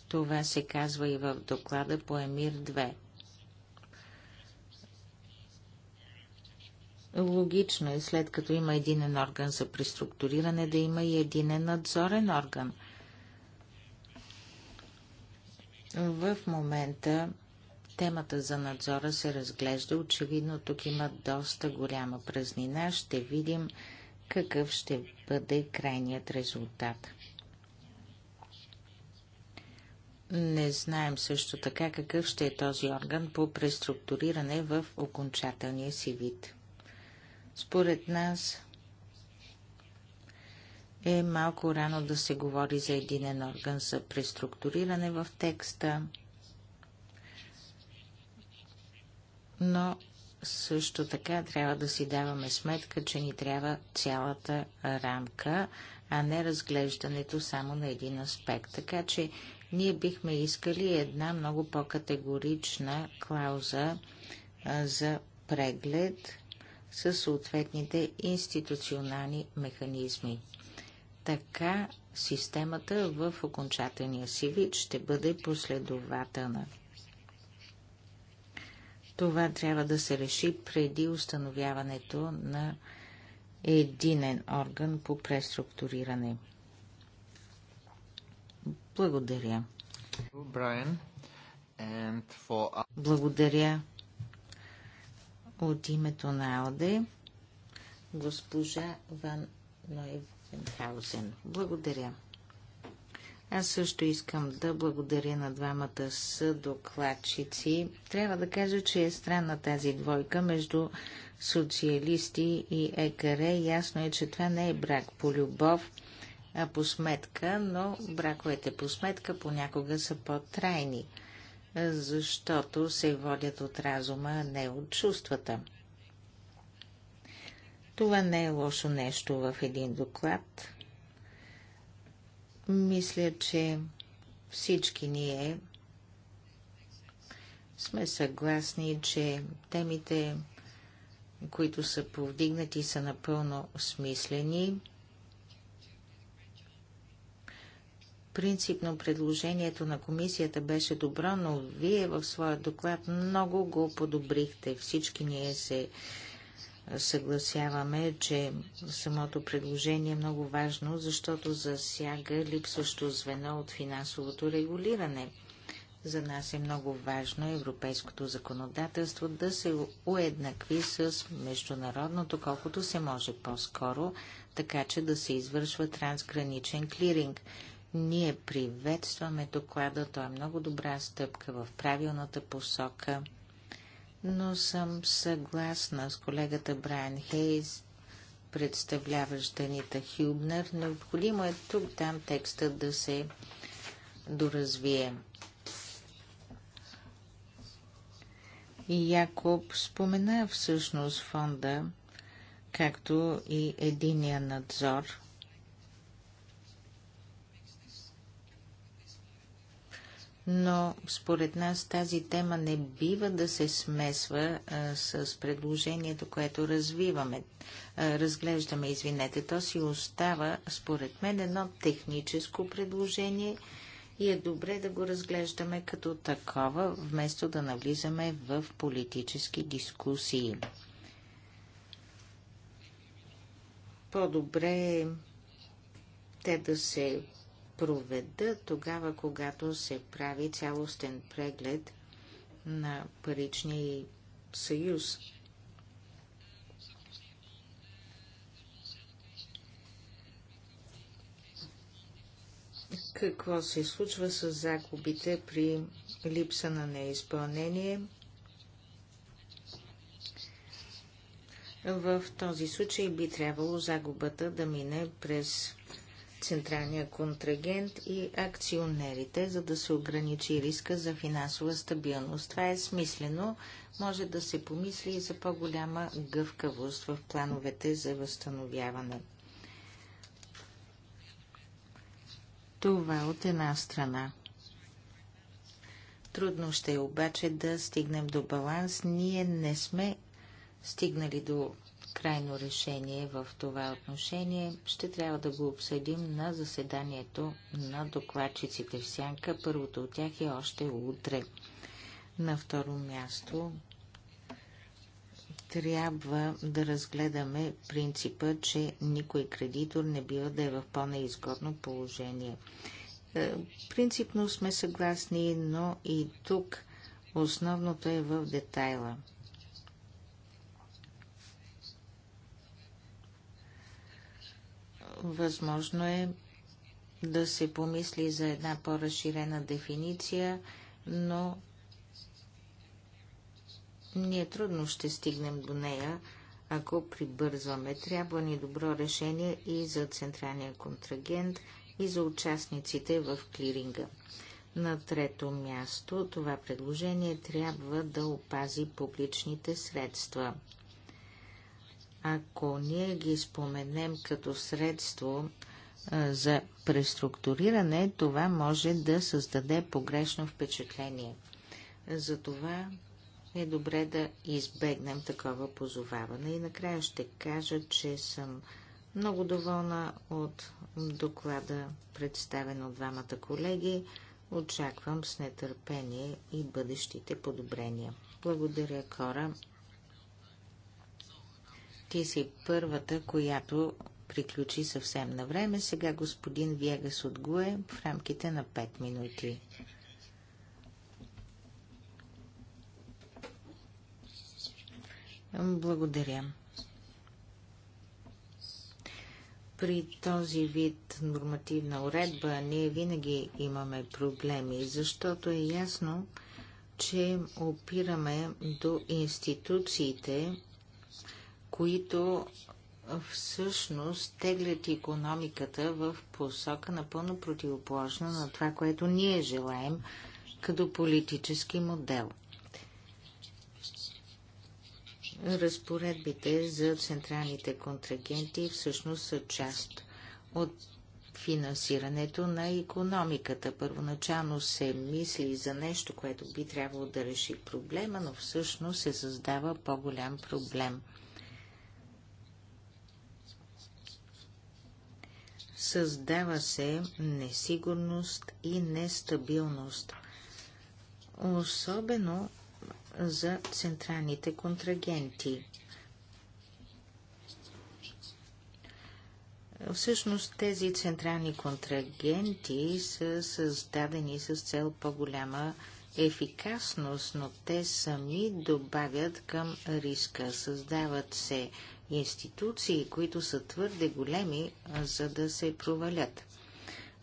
Това се казва и в доклада по Емир 2. Логично е, след като има единен орган за преструктуриране, да има и единен надзорен орган – в момента темата за надзора се разглежда. Очевидно тук има доста голяма празнина. Ще видим какъв ще бъде крайният резултат. Не знаем също така какъв ще е този орган по преструктуриране в окончателния си вид. Според нас е малко рано да се говори за единен орган за преструктуриране в текста, но също така трябва да си даваме сметка, че ни трябва цялата рамка, а не разглеждането само на един аспект. Така че ние бихме искали една много по-категорична клауза за преглед със съответните институционални механизми. Така системата в окончателния си вид ще бъде последователна. Това трябва да се реши преди установяването на единен орган по преструктуриране. Благодаря. Благодаря от името на Алде, госпожа Ван Ноев Мюнхгаузен. Благодаря. Аз също искам да благодаря на двамата с докладчици. Трябва да кажа, че е странна тази двойка между социалисти и екаре. Ясно е, че това не е брак по любов, а по сметка, но браковете по сметка понякога са по-трайни, защото се водят от разума, а не от чувствата. Това не е лошо нещо в един доклад. Мисля, че всички ние сме съгласни, че темите, които са повдигнати, са напълно смислени. Принципно предложението на комисията беше добро, но вие в своя доклад много го подобрихте. Всички ние се съгласяваме, че самото предложение е много важно, защото засяга липсващо звено от финансовото регулиране. За нас е много важно европейското законодателство да се уеднакви с международното, колкото се може по-скоро, така че да се извършва трансграничен клиринг. Ние приветстваме доклада, той е много добра стъпка в правилната посока – но съм съгласна с колегата Брайан Хейс, представляващ Данита Хюбнер. Необходимо е тук там текста да се доразвие. И Якоб спомена всъщност фонда, както и единия надзор – но според нас тази тема не бива да се смесва а, с предложението, което развиваме, а, разглеждаме, извинете. То си остава, според мен, едно техническо предложение и е добре да го разглеждаме като такова, вместо да навлизаме в политически дискусии. По-добре е те да се Проведа тогава, когато се прави цялостен преглед на паричния съюз. Какво се случва с загубите при липса на неизпълнение? В този случай би трябвало загубата да мине през централния контрагент и акционерите, за да се ограничи риска за финансова стабилност. Това е смислено. Може да се помисли и за по-голяма гъвкавост в плановете за възстановяване. Това от една страна. Трудно ще е обаче да стигнем до баланс. Ние не сме стигнали до крайно решение в това отношение. Ще трябва да го обсъдим на заседанието на докладчиците в Сянка. Първото от тях е още утре. На второ място трябва да разгледаме принципа, че никой кредитор не бива да е в по-неизгодно положение. Е, принципно сме съгласни, но и тук основното е в детайла – Възможно е да се помисли за една по-разширена дефиниция, но ние трудно ще стигнем до нея, ако прибързваме. Трябва ни добро решение и за централния контрагент, и за участниците в клиринга. На трето място това предложение трябва да опази публичните средства ако ние ги споменем като средство за преструктуриране, това може да създаде погрешно впечатление. Затова е добре да избегнем такова позоваване. И накрая ще кажа, че съм много доволна от доклада, представен от двамата колеги. Очаквам с нетърпение и бъдещите подобрения. Благодаря, Кора. Ти си е първата, която приключи съвсем на време. Сега господин Вегас от Гуе в рамките на 5 минути. Благодаря. При този вид нормативна уредба ние винаги имаме проблеми, защото е ясно, че опираме до институциите, които всъщност теглят економиката в посока напълно противоположна на това, което ние желаем като политически модел. Разпоредбите за централните контрагенти всъщност са част от финансирането на економиката. Първоначално се мисли за нещо, което би трябвало да реши проблема, но всъщност се създава по-голям проблем – Създава се несигурност и нестабилност, особено за централните контрагенти. Всъщност тези централни контрагенти са създадени с цел по-голяма ефикасност, но те сами добавят към риска. Създават се институции, които са твърде големи, за да се провалят.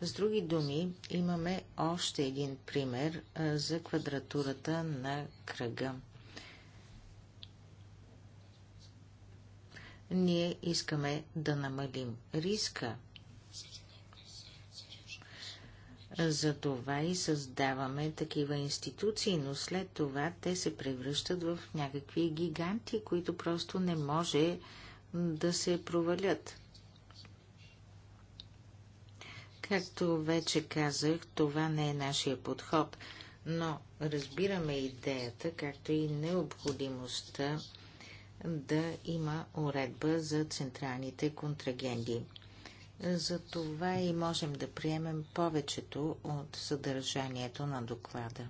С други думи, имаме още един пример за квадратурата на кръга. Ние искаме да намалим риска за това и създаваме такива институции, но след това те се превръщат в някакви гиганти, които просто не може да се провалят. Както вече казах, това не е нашия подход, но разбираме идеята, както и необходимостта да има уредба за централните контрагенти. За това и можем да приемем повечето от съдържанието на доклада.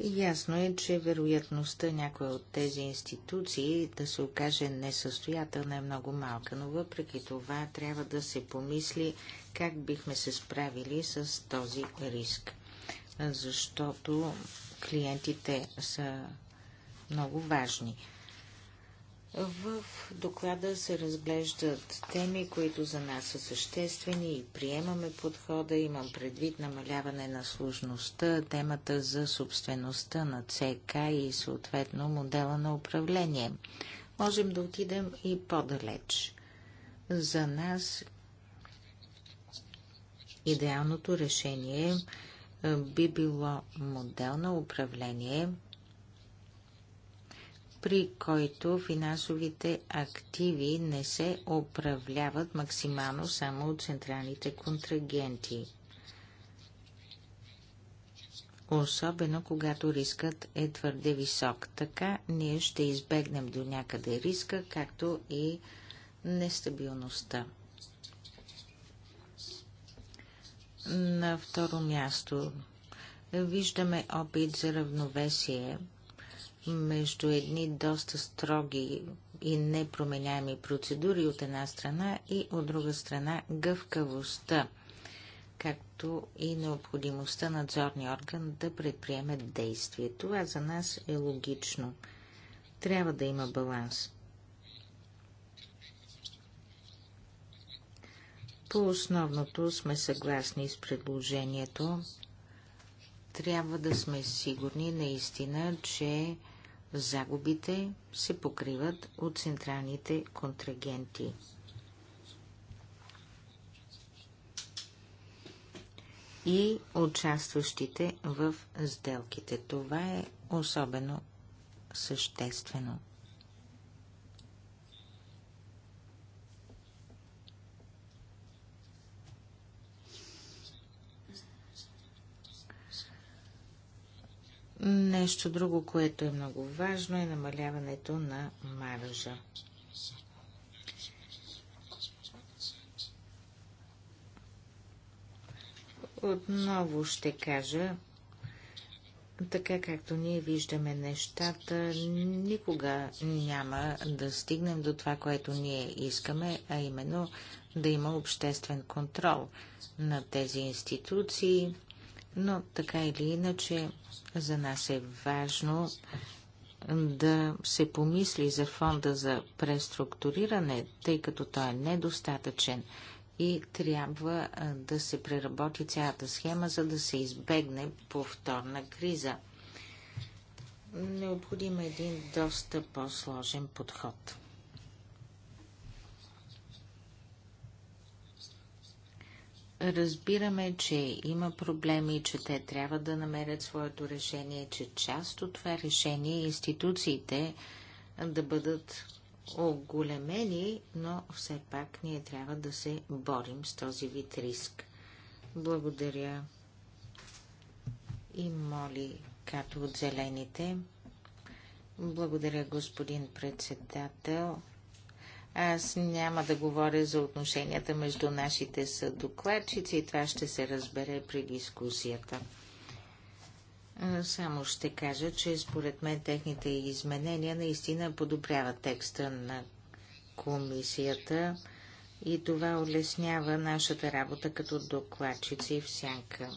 Ясно е, че вероятността някоя от тези институции да се окаже несъстоятелна е много малка, но въпреки това трябва да се помисли как бихме се справили с този риск. Защото клиентите са много важни. В доклада се разглеждат теми, които за нас са съществени и приемаме подхода. Имам предвид намаляване на сложността, темата за собствеността на ЦК и съответно модела на управление. Можем да отидем и по-далеч. За нас идеалното решение би било модел на управление – при който финансовите активи не се управляват максимално само от централните контрагенти. Особено когато рискът е твърде висок. Така ние ще избегнем до някъде риска, както и нестабилността. На второ място виждаме опит за равновесие между едни доста строги и непроменяеми процедури от една страна и от друга страна гъвкавостта, както и необходимостта надзорния орган да предприеме действие. Това за нас е логично. Трябва да има баланс. По основното сме съгласни с предложението. Трябва да сме сигурни наистина, че загубите се покриват от централните контрагенти. и участващите в сделките. Това е особено съществено. Нещо друго, което е много важно, е намаляването на маржа. Отново ще кажа, така както ние виждаме нещата, никога няма да стигнем до това, което ние искаме, а именно да има обществен контрол на тези институции, но така или иначе за нас е важно да се помисли за фонда за преструктуриране, тъй като той е недостатъчен и трябва да се преработи цялата схема, за да се избегне повторна криза. Необходим е един доста по-сложен подход. Разбираме, че има проблеми, че те трябва да намерят своето решение, че част от това решение институциите да бъдат оголемени, но все пак ние трябва да се борим с този вид риск. Благодаря и моли като от зелените. Благодаря, господин председател. Аз няма да говоря за отношенията между нашите съдокладчици и това ще се разбере при дискусията. Само ще кажа, че според мен техните изменения наистина подобряват текста на комисията и това улеснява нашата работа като докладчици в сянка.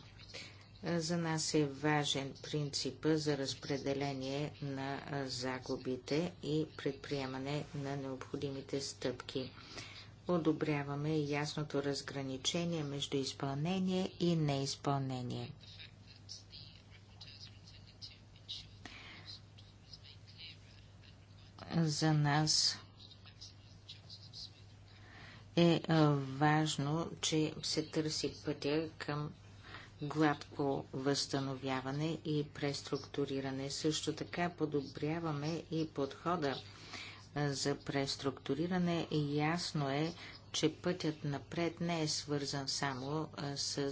За нас е важен принцип за разпределение на загубите и предприемане на необходимите стъпки. Одобряваме ясното разграничение между изпълнение и неизпълнение. За нас е важно, че се търси пътя към гладко възстановяване и преструктуриране. Също така подобряваме и подхода за преструктуриране. Ясно е, че пътят напред не е свързан само с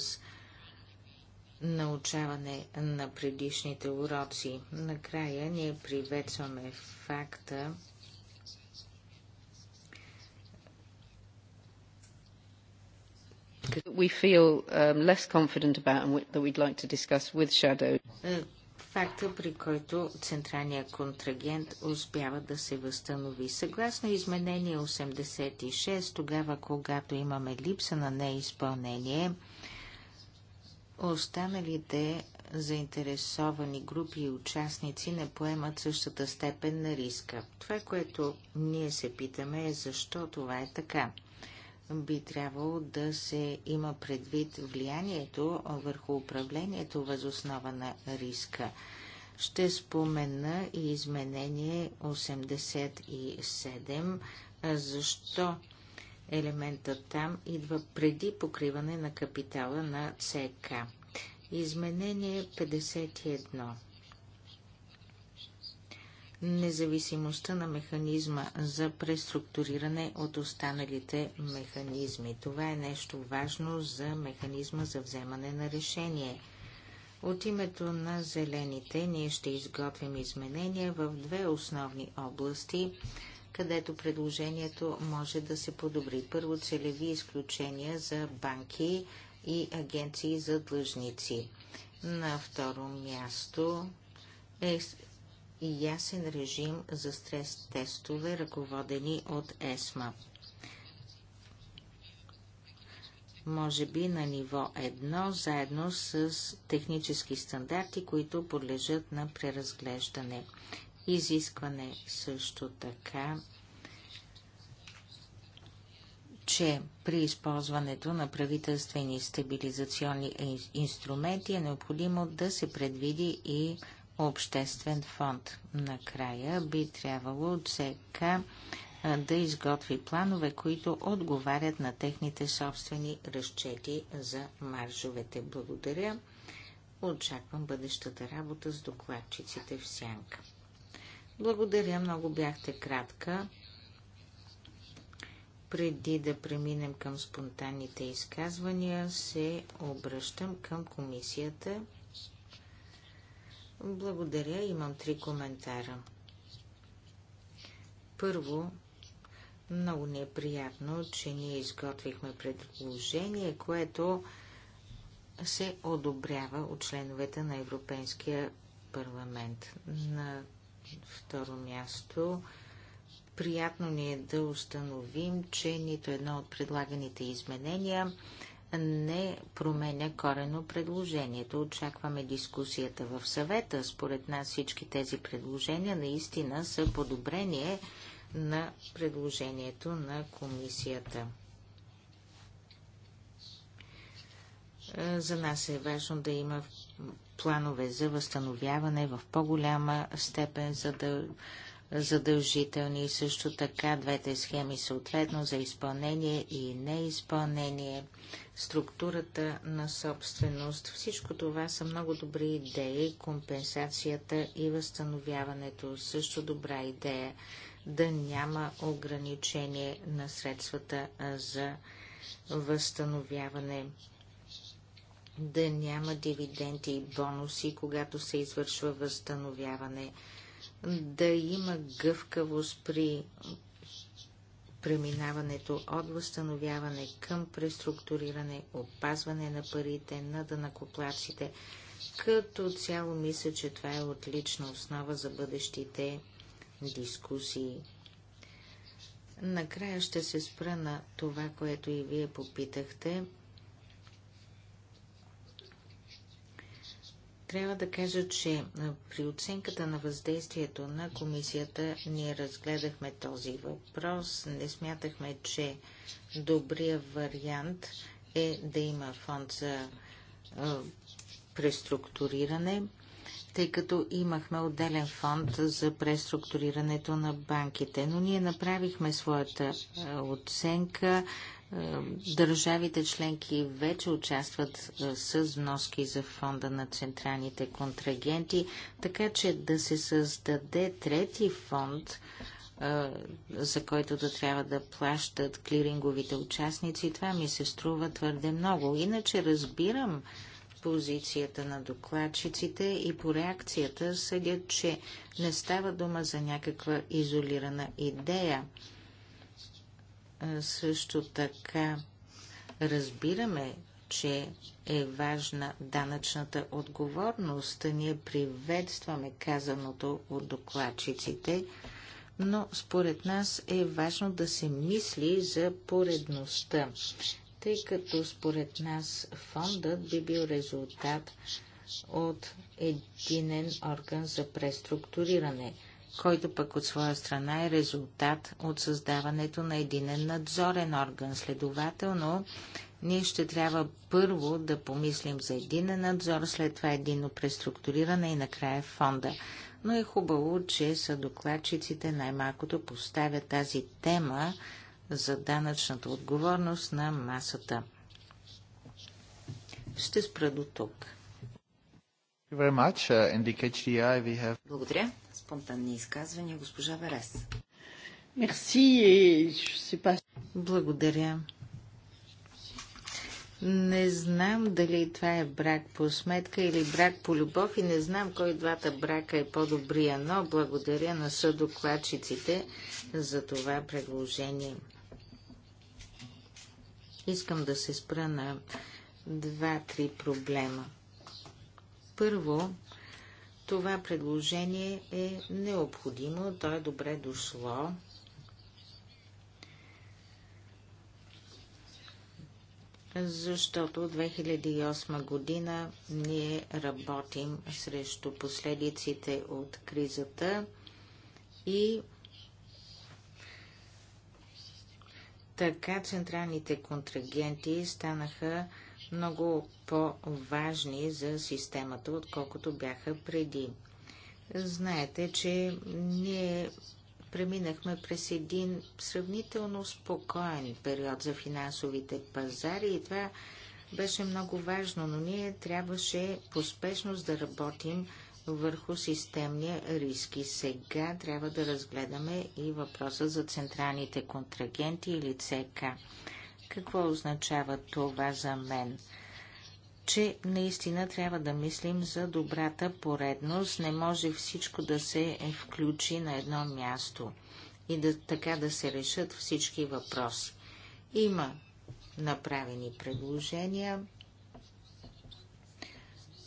научаване на предишните уроци. Накрая ние приветстваме факта, We feel um, less confident about and that we'd like to discuss with Shadow. Е, факта, при който централният контрагент успява да се възстанови. Съгласно изменение 86, тогава когато имаме липса на неизпълнение, останалите заинтересовани групи и участници не поемат същата степен на риска. Това, което ние се питаме е защо това е така би трябвало да се има предвид влиянието върху управлението възоснова на риска. Ще спомена и изменение 87, защо елементът там идва преди покриване на капитала на ЦК. Изменение 51 независимостта на механизма за преструктуриране от останалите механизми. Това е нещо важно за механизма за вземане на решение. От името на зелените ние ще изготвим изменения в две основни области, където предложението може да се подобри. Първо целеви изключения за банки и агенции за длъжници. На второ място е ясен режим за стрес-тестове, ръководени от ЕСМА. Може би на ниво 1, заедно с технически стандарти, които подлежат на преразглеждане. Изискване също така че при използването на правителствени стабилизационни инструменти е необходимо да се предвиди и обществен фонд. Накрая би трябвало ЦК да изготви планове, които отговарят на техните собствени разчети за маржовете. Благодаря. Очаквам бъдещата работа с докладчиците в сянка. Благодаря, много бяхте кратка. Преди да преминем към спонтанните изказвания, се обръщам към комисията благодаря. Имам три коментара. Първо, много ни е приятно, че ние изготвихме предложение, което се одобрява от членовете на Европейския парламент. На второ място, приятно ни е да установим, че нито едно от предлаганите изменения не променя корено предложението. Очакваме дискусията в съвета. Според нас всички тези предложения наистина са подобрение на предложението на комисията. Е, за нас е важно да има планове за възстановяване в по-голяма степен, за да задължителни. Също така двете схеми съответно за изпълнение и неизпълнение, структурата на собственост. Всичко това са много добри идеи. Компенсацията и възстановяването също добра идея да няма ограничение на средствата за възстановяване да няма дивиденти и бонуси, когато се извършва възстановяване да има гъвкавост при преминаването от възстановяване към преструктуриране, опазване на парите на дънакоплаците, Като цяло мисля, че това е отлична основа за бъдещите дискусии. Накрая ще се спра на това, което и вие попитахте – Трябва да кажа, че при оценката на въздействието на комисията ние разгледахме този въпрос. Не смятахме, че добрия вариант е да има фонд за преструктуриране, тъй като имахме отделен фонд за преструктурирането на банките. Но ние направихме своята оценка, Държавите членки вече участват с вноски за фонда на централните контрагенти, така че да се създаде трети фонд, за който да трябва да плащат клиринговите участници, това ми се струва твърде много. Иначе разбирам позицията на докладчиците и по реакцията съдят, че не става дума за някаква изолирана идея. Също така разбираме, че е важна данъчната отговорност. Ние приветстваме казаното от докладчиците, но според нас е важно да се мисли за поредността, тъй като според нас фондът би бил резултат от единен орган за преструктуриране – който пък от своя страна е резултат от създаването на един надзорен орган. Следователно, ние ще трябва първо да помислим за един надзор, след това едино преструктуриране и накрая фонда. Но е хубаво, че са докладчиците най-малкото поставят тази тема за данъчната отговорност на масата. Ще спра до тук. Uh, Благодаря спонтанни изказвания. Госпожа Верес. Мерси. и е, се Благодаря. Не знам дали това е брак по сметка или брак по любов и не знам кой двата брака е по-добрия, но благодаря на съдокладчиците за това предложение. Искам да се спра на два-три проблема. Първо, това предложение е необходимо, то е добре дошло. защото 2008 година ние работим срещу последиците от кризата и така централните контрагенти станаха много по-важни за системата, отколкото бяха преди. Знаете, че ние преминахме през един сравнително спокоен период за финансовите пазари и това беше много важно, но ние трябваше поспешност да работим върху системния риски. сега трябва да разгледаме и въпроса за централните контрагенти или ЦК. Какво означава това за мен? че наистина трябва да мислим за добрата поредност. Не може всичко да се включи на едно място и да, така да се решат всички въпроси. Има направени предложения,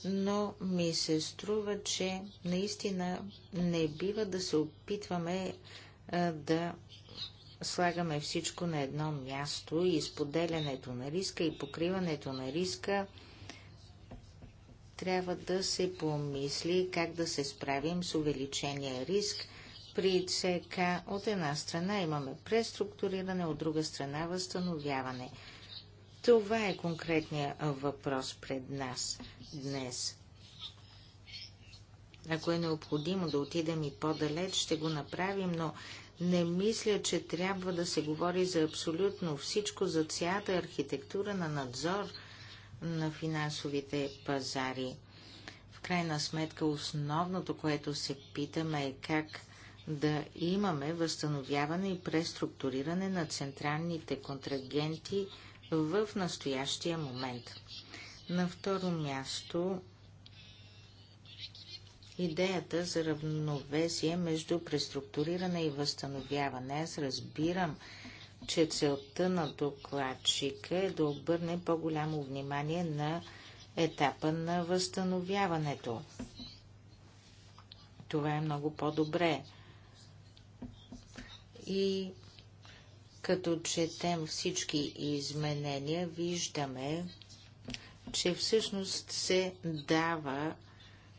но ми се струва, че наистина не бива да се опитваме а, да слагаме всичко на едно място и споделянето на риска и покриването на риска, трябва да се помисли как да се справим с увеличения риск при ЦК. От една страна имаме преструктуриране, от друга страна възстановяване. Това е конкретният въпрос пред нас днес. Ако е необходимо да отидем и по-далеч, ще го направим, но не мисля, че трябва да се говори за абсолютно всичко, за цялата архитектура на надзор на финансовите пазари. В крайна сметка, основното, което се питаме е как да имаме възстановяване и преструктуриране на централните контрагенти в настоящия момент. На второ място идеята за равновесие между преструктуриране и възстановяване. Аз разбирам, че целта на докладчика е да обърне по-голямо внимание на етапа на възстановяването. Това е много по-добре. И като четем всички изменения, виждаме, че всъщност се дава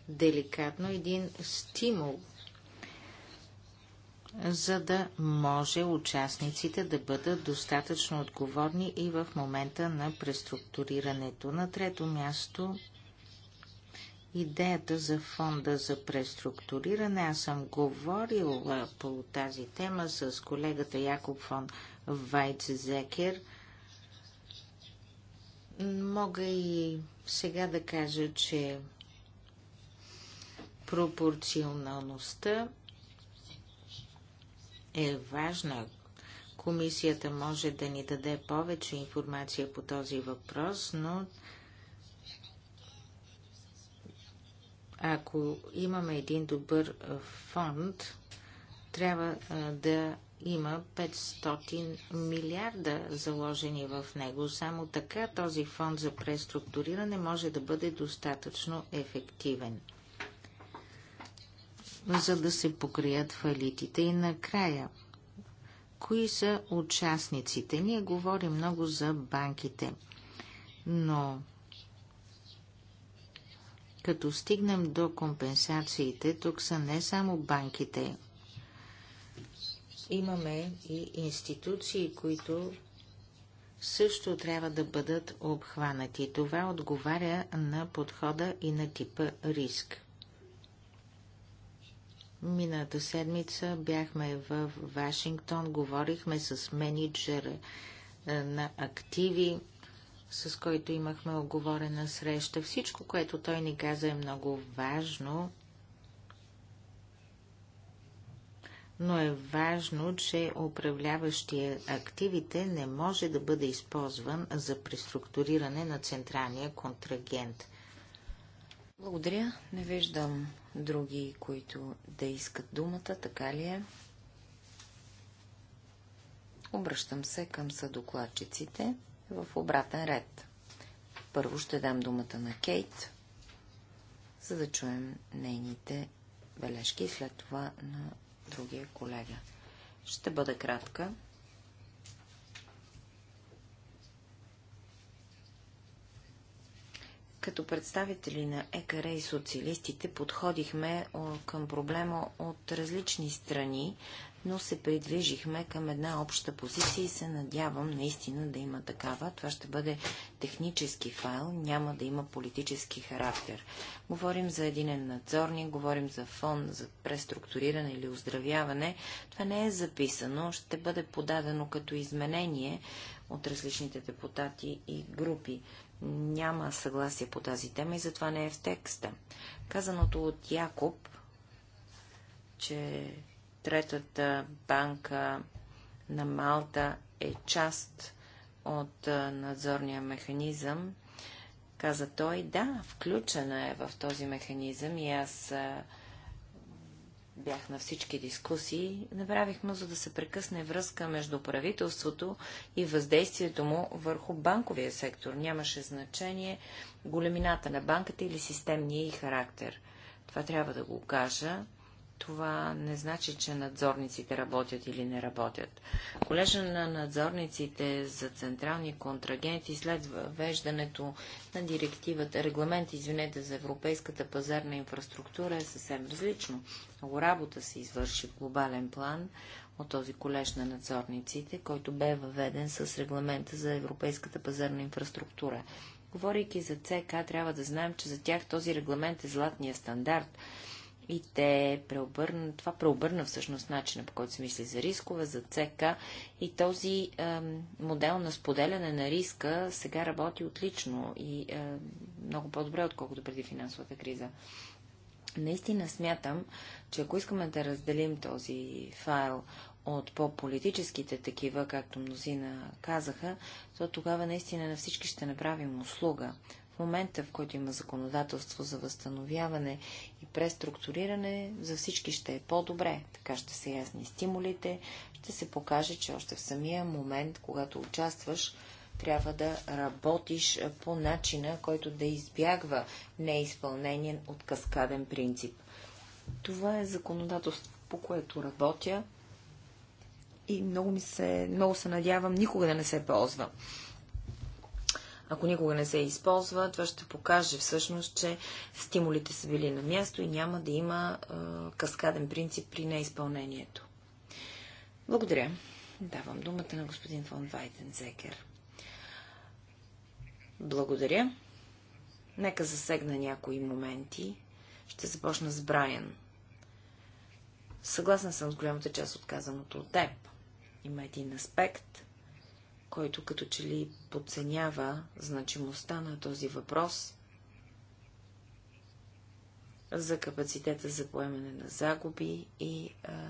деликатно един стимул, за да може участниците да бъдат достатъчно отговорни и в момента на преструктурирането. На трето място идеята за фонда за преструктуриране. Аз съм говорила по тази тема с колегата Якоб фон Вайцзекер. Мога и сега да кажа, че Пропорционалността е важна. Комисията може да ни даде повече информация по този въпрос, но ако имаме един добър фонд, трябва да има 500 милиарда заложени в него. Само така този фонд за преструктуриране може да бъде достатъчно ефективен за да се покрият фалитите. И накрая, кои са участниците? Ние говорим много за банките, но като стигнем до компенсациите, тук са не само банките. Имаме и институции, които също трябва да бъдат обхванати. Това отговаря на подхода и на типа риск. Миналата седмица бяхме в Вашингтон, говорихме с менеджера е, на активи, с който имахме оговорена среща. Всичко, което той ни каза е много важно, но е важно, че управляващия активите не може да бъде използван за преструктуриране на централния контрагент. Благодаря. Не виждам други, които да искат думата, така ли е? Обръщам се към съдокладчиците в обратен ред. Първо ще дам думата на Кейт, за да чуем нейните бележки и след това на другия колега. Ще бъда кратка. като представители на ЕКР и социалистите подходихме към проблема от различни страни, но се придвижихме към една обща позиция и се надявам наистина да има такава. Това ще бъде технически файл, няма да има политически характер. Говорим за един надзорник, говорим за фон за преструктуриране или оздравяване. Това не е записано, ще бъде подадено като изменение от различните депутати и групи няма съгласие по тази тема и затова не е в текста. Казаното от Якоб, че Третата банка на Малта е част от надзорния механизъм, каза той. Да, включена е в този механизъм и аз бях на всички дискусии, направихме, за да се прекъсне връзка между правителството и въздействието му върху банковия сектор. Нямаше значение големината на банката или системния и характер. Това трябва да го кажа това не значи, че надзорниците работят или не работят. Колежа на надзорниците за централни контрагенти след въвеждането на директивата, регламент, извинете, за европейската пазарна инфраструктура е съвсем различно. Много работа се извърши в глобален план от този колеж на надзорниците, който бе въведен с регламента за европейската пазарна инфраструктура. Говорейки за ЦК, трябва да знаем, че за тях този регламент е златния стандарт – и те преобърна, това преобърна всъщност начина по който се мисли за рискове, за ЦК и този е, модел на споделяне на риска сега работи отлично и е, много по-добре, отколкото преди финансовата криза. Наистина смятам, че ако искаме да разделим този файл от по-политическите такива, както мнозина казаха, то тогава наистина на всички ще направим услуга, в момента, в който има законодателство за възстановяване и преструктуриране, за всички ще е по-добре. Така ще се ясни стимулите, ще се покаже, че още в самия момент, когато участваш, трябва да работиш по начина, който да избягва неизпълнение от каскаден принцип. Това е законодателство, по което работя и много, ми се, много се надявам никога да не се ползва ако никога не се използва, това ще покаже всъщност, че стимулите са били на място и няма да има е, каскаден принцип при неизпълнението. Благодаря. Давам думата на господин фон Вайтензекер. Благодаря. Нека засегна някои моменти. Ще започна с Брайан. Съгласна съм с голямата част от казаното от теб. Има един аспект, който като че ли подценява значимостта на този въпрос за капацитета за поемане на загуби и а,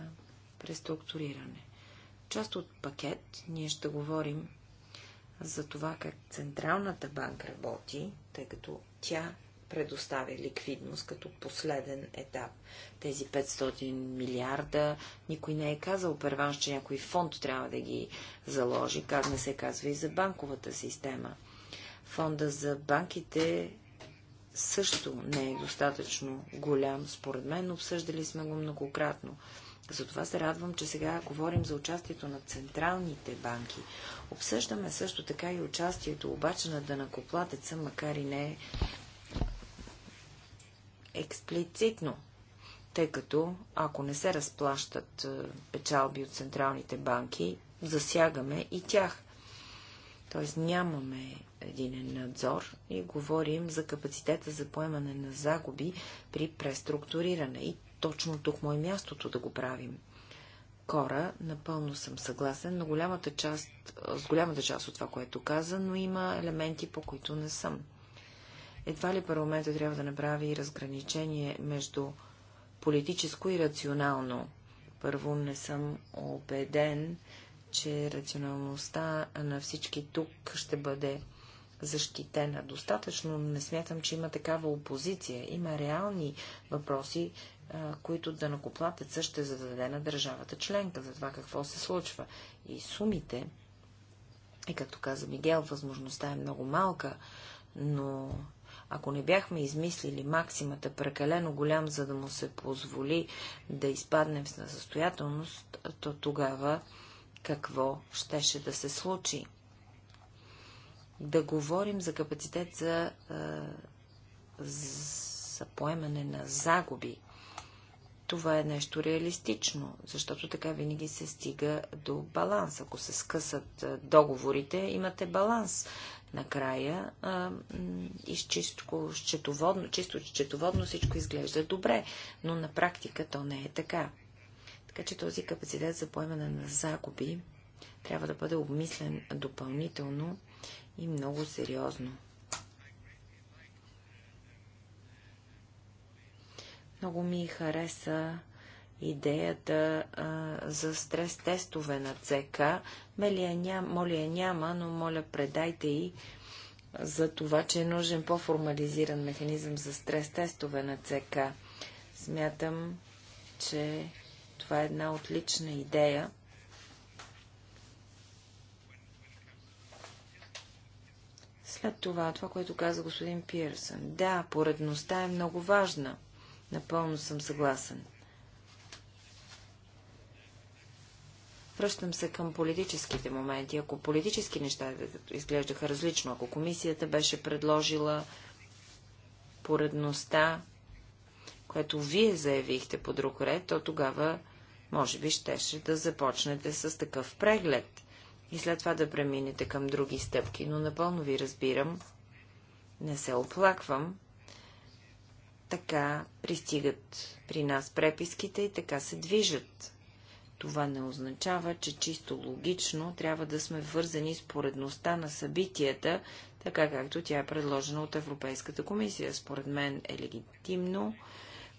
преструктуриране. Част от пакет ние ще говорим за това как Централната банка работи, тъй като тя предоставя ликвидност като последен етап. Тези 500 милиарда, никой не е казал перванш, че някой фонд трябва да ги заложи, как не се казва и за банковата система. Фонда за банките също не е достатъчно голям, според мен, обсъждали сме го многократно. Затова се радвам, че сега говорим за участието на централните банки. Обсъждаме също така и участието обаче на дънакоплатеца, макар и не експлицитно, тъй като ако не се разплащат е, печалби от централните банки, засягаме и тях. Тоест нямаме един надзор и говорим за капацитета за поемане на загуби при преструктуриране. И точно тук му е мястото да го правим. Кора, напълно съм съгласен, но голямата част, с голямата част от това, което каза, но има елементи, по които не съм. Едва ли парламента трябва да направи разграничение между политическо и рационално. Първо, не съм убеден, че рационалността на всички тук ще бъде защитена достатъчно. Не смятам, че има такава опозиция. Има реални въпроси, а, които данакоплатеца ще зададе на държавата членка за това какво се случва. И сумите, и както каза Мигел, възможността е много малка, но ако не бяхме измислили максимата прекалено голям, за да му се позволи да изпаднем в несъстоятелност, то тогава какво щеше да се случи? Да говорим за капацитет за, за поемане на загуби. Това е нещо реалистично, защото така винаги се стига до баланс. Ако се скъсат договорите, имате баланс накрая а, и чистко, счетоводно, чисто счетоводно всичко изглежда добре, но на практика то не е така. Така че този капацитет за поемане на загуби трябва да бъде обмислен допълнително и много сериозно. Много ми хареса идеята а, за стрес-тестове на ЦК. Мелия ням, моля няма, но моля предайте и за това, че е нужен по-формализиран механизъм за стрес-тестове на ЦК. Смятам, че това е една отлична идея. След това, това, което каза господин Пирсън. Да, поредността е много важна. Напълно съм съгласен. Връщам се към политическите моменти. Ако политически неща изглеждаха различно, ако комисията беше предложила поредността, което вие заявихте по друг ред, то тогава може би щеше да започнете с такъв преглед и след това да преминете към други стъпки, но напълно ви разбирам, не се оплаквам. Така пристигат при нас преписките и така се движат. Това не означава, че чисто логично трябва да сме вързани с поредността на събитията, така както тя е предложена от Европейската комисия. Според мен е легитимно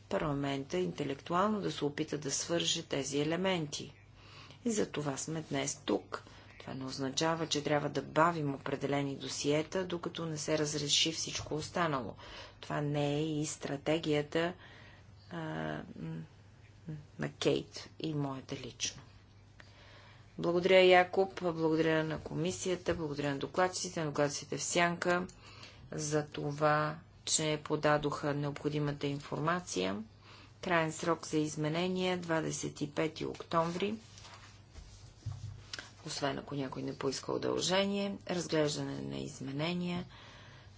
парламента интелектуално да се опита да свърже тези елементи. И за това сме днес тук. Това не означава, че трябва да бавим определени досиета, докато не се разреши всичко останало. Това не е и стратегията а, на Кейт и моята лично. Благодаря, Якоб, благодаря на комисията, благодаря на докладчиците, на докладчиците в Сянка за това, че подадоха необходимата информация. Крайен срок за изменение 25 октомври. Освен ако някой не поиска удължение, разглеждане на изменения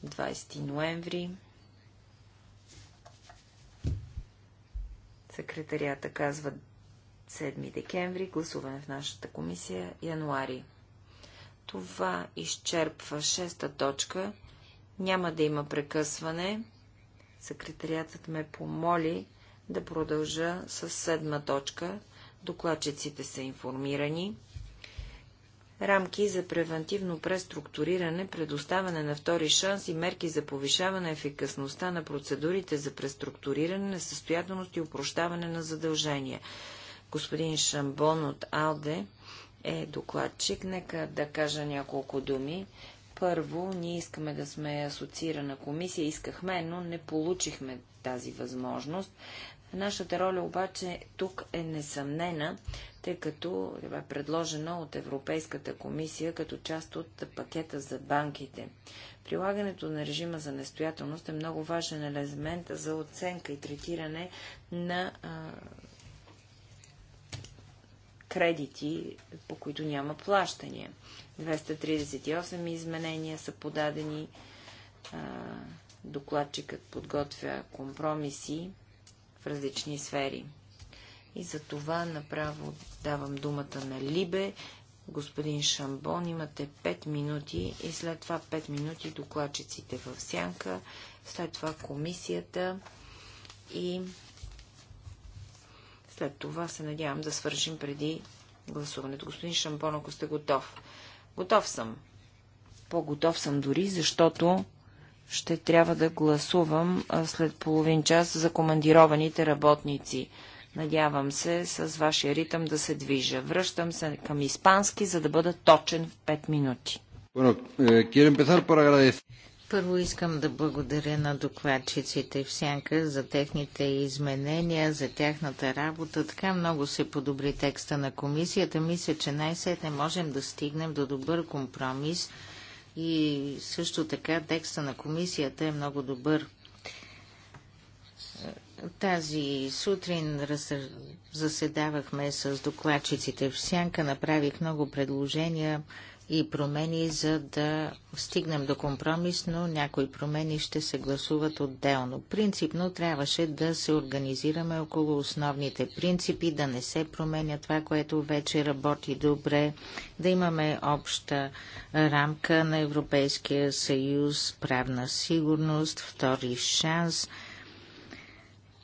20 ноември. Секретарията казва 7 декември, гласуване в нашата комисия януари. Това изчерпва шеста точка. Няма да има прекъсване. Секретариатът ме помоли да продължа с седма точка. Докладчиците са информирани рамки за превентивно преструктуриране, предоставане на втори шанс и мерки за повишаване ефикасността на процедурите за преструктуриране, несъстоятелност и упрощаване на задължения. Господин Шамбон от АЛДЕ е докладчик. Нека да кажа няколко думи. Първо, ние искаме да сме асоциирана комисия. Искахме, но не получихме тази възможност. Нашата роля обаче тук е несъмнена, тъй като е предложена от Европейската комисия като част от пакета за банките. Прилагането на режима за настоятелност е много важен елемент за оценка и третиране на а, кредити, по които няма плащания. 238 изменения са подадени. А, докладчикът подготвя компромиси в различни сфери. И за това направо давам думата на Либе. Господин Шамбон, имате 5 минути и след това 5 минути докладчиците в сянка, след това комисията и след това се надявам да свършим преди гласуването. Господин Шамбон, ако сте готов. Готов съм. По-готов съм дори, защото ще трябва да гласувам след половин час за командированите работници. Надявам се с вашия ритъм да се движа. Връщам се към испански, за да бъда точен в 5 минути. Eh, Първо искам да благодаря на докладчиците в сянка за техните изменения, за тяхната работа. Така много се подобри текста на комисията. Мисля, че най-сетне можем да стигнем до добър компромис – и също така текста на комисията е много добър. Тази сутрин заседавахме с докладчиците в Сянка, направих много предложения, и промени, за да стигнем до компромис, но някои промени ще се гласуват отделно. Принципно трябваше да се организираме около основните принципи, да не се променя това, което вече работи добре, да имаме обща рамка на Европейския съюз, правна сигурност, втори шанс –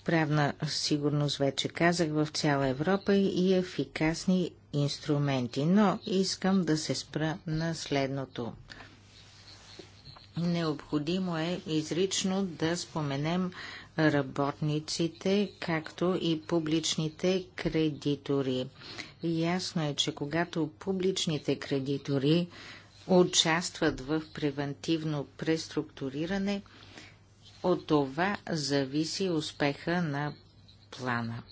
правна сигурност, вече казах, в цяла Европа и ефикасни инструменти, но искам да се спра на следното. Необходимо е изрично да споменем работниците, както и публичните кредитори. Ясно е, че когато публичните кредитори участват в превентивно преструктуриране, от това зависи успеха на плана.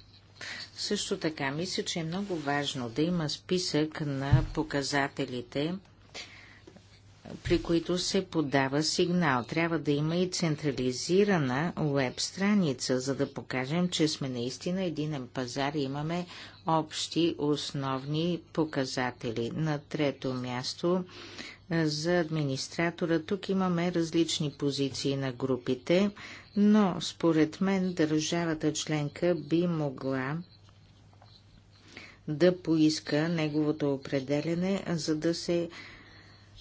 Също така, мисля, че е много важно да има списък на показателите, при които се подава сигнал. Трябва да има и централизирана веб страница, за да покажем, че сме наистина единен пазар и имаме общи основни показатели. На трето място за администратора. Тук имаме различни позиции на групите, но според мен държавата членка би могла да поиска неговото определене, за да се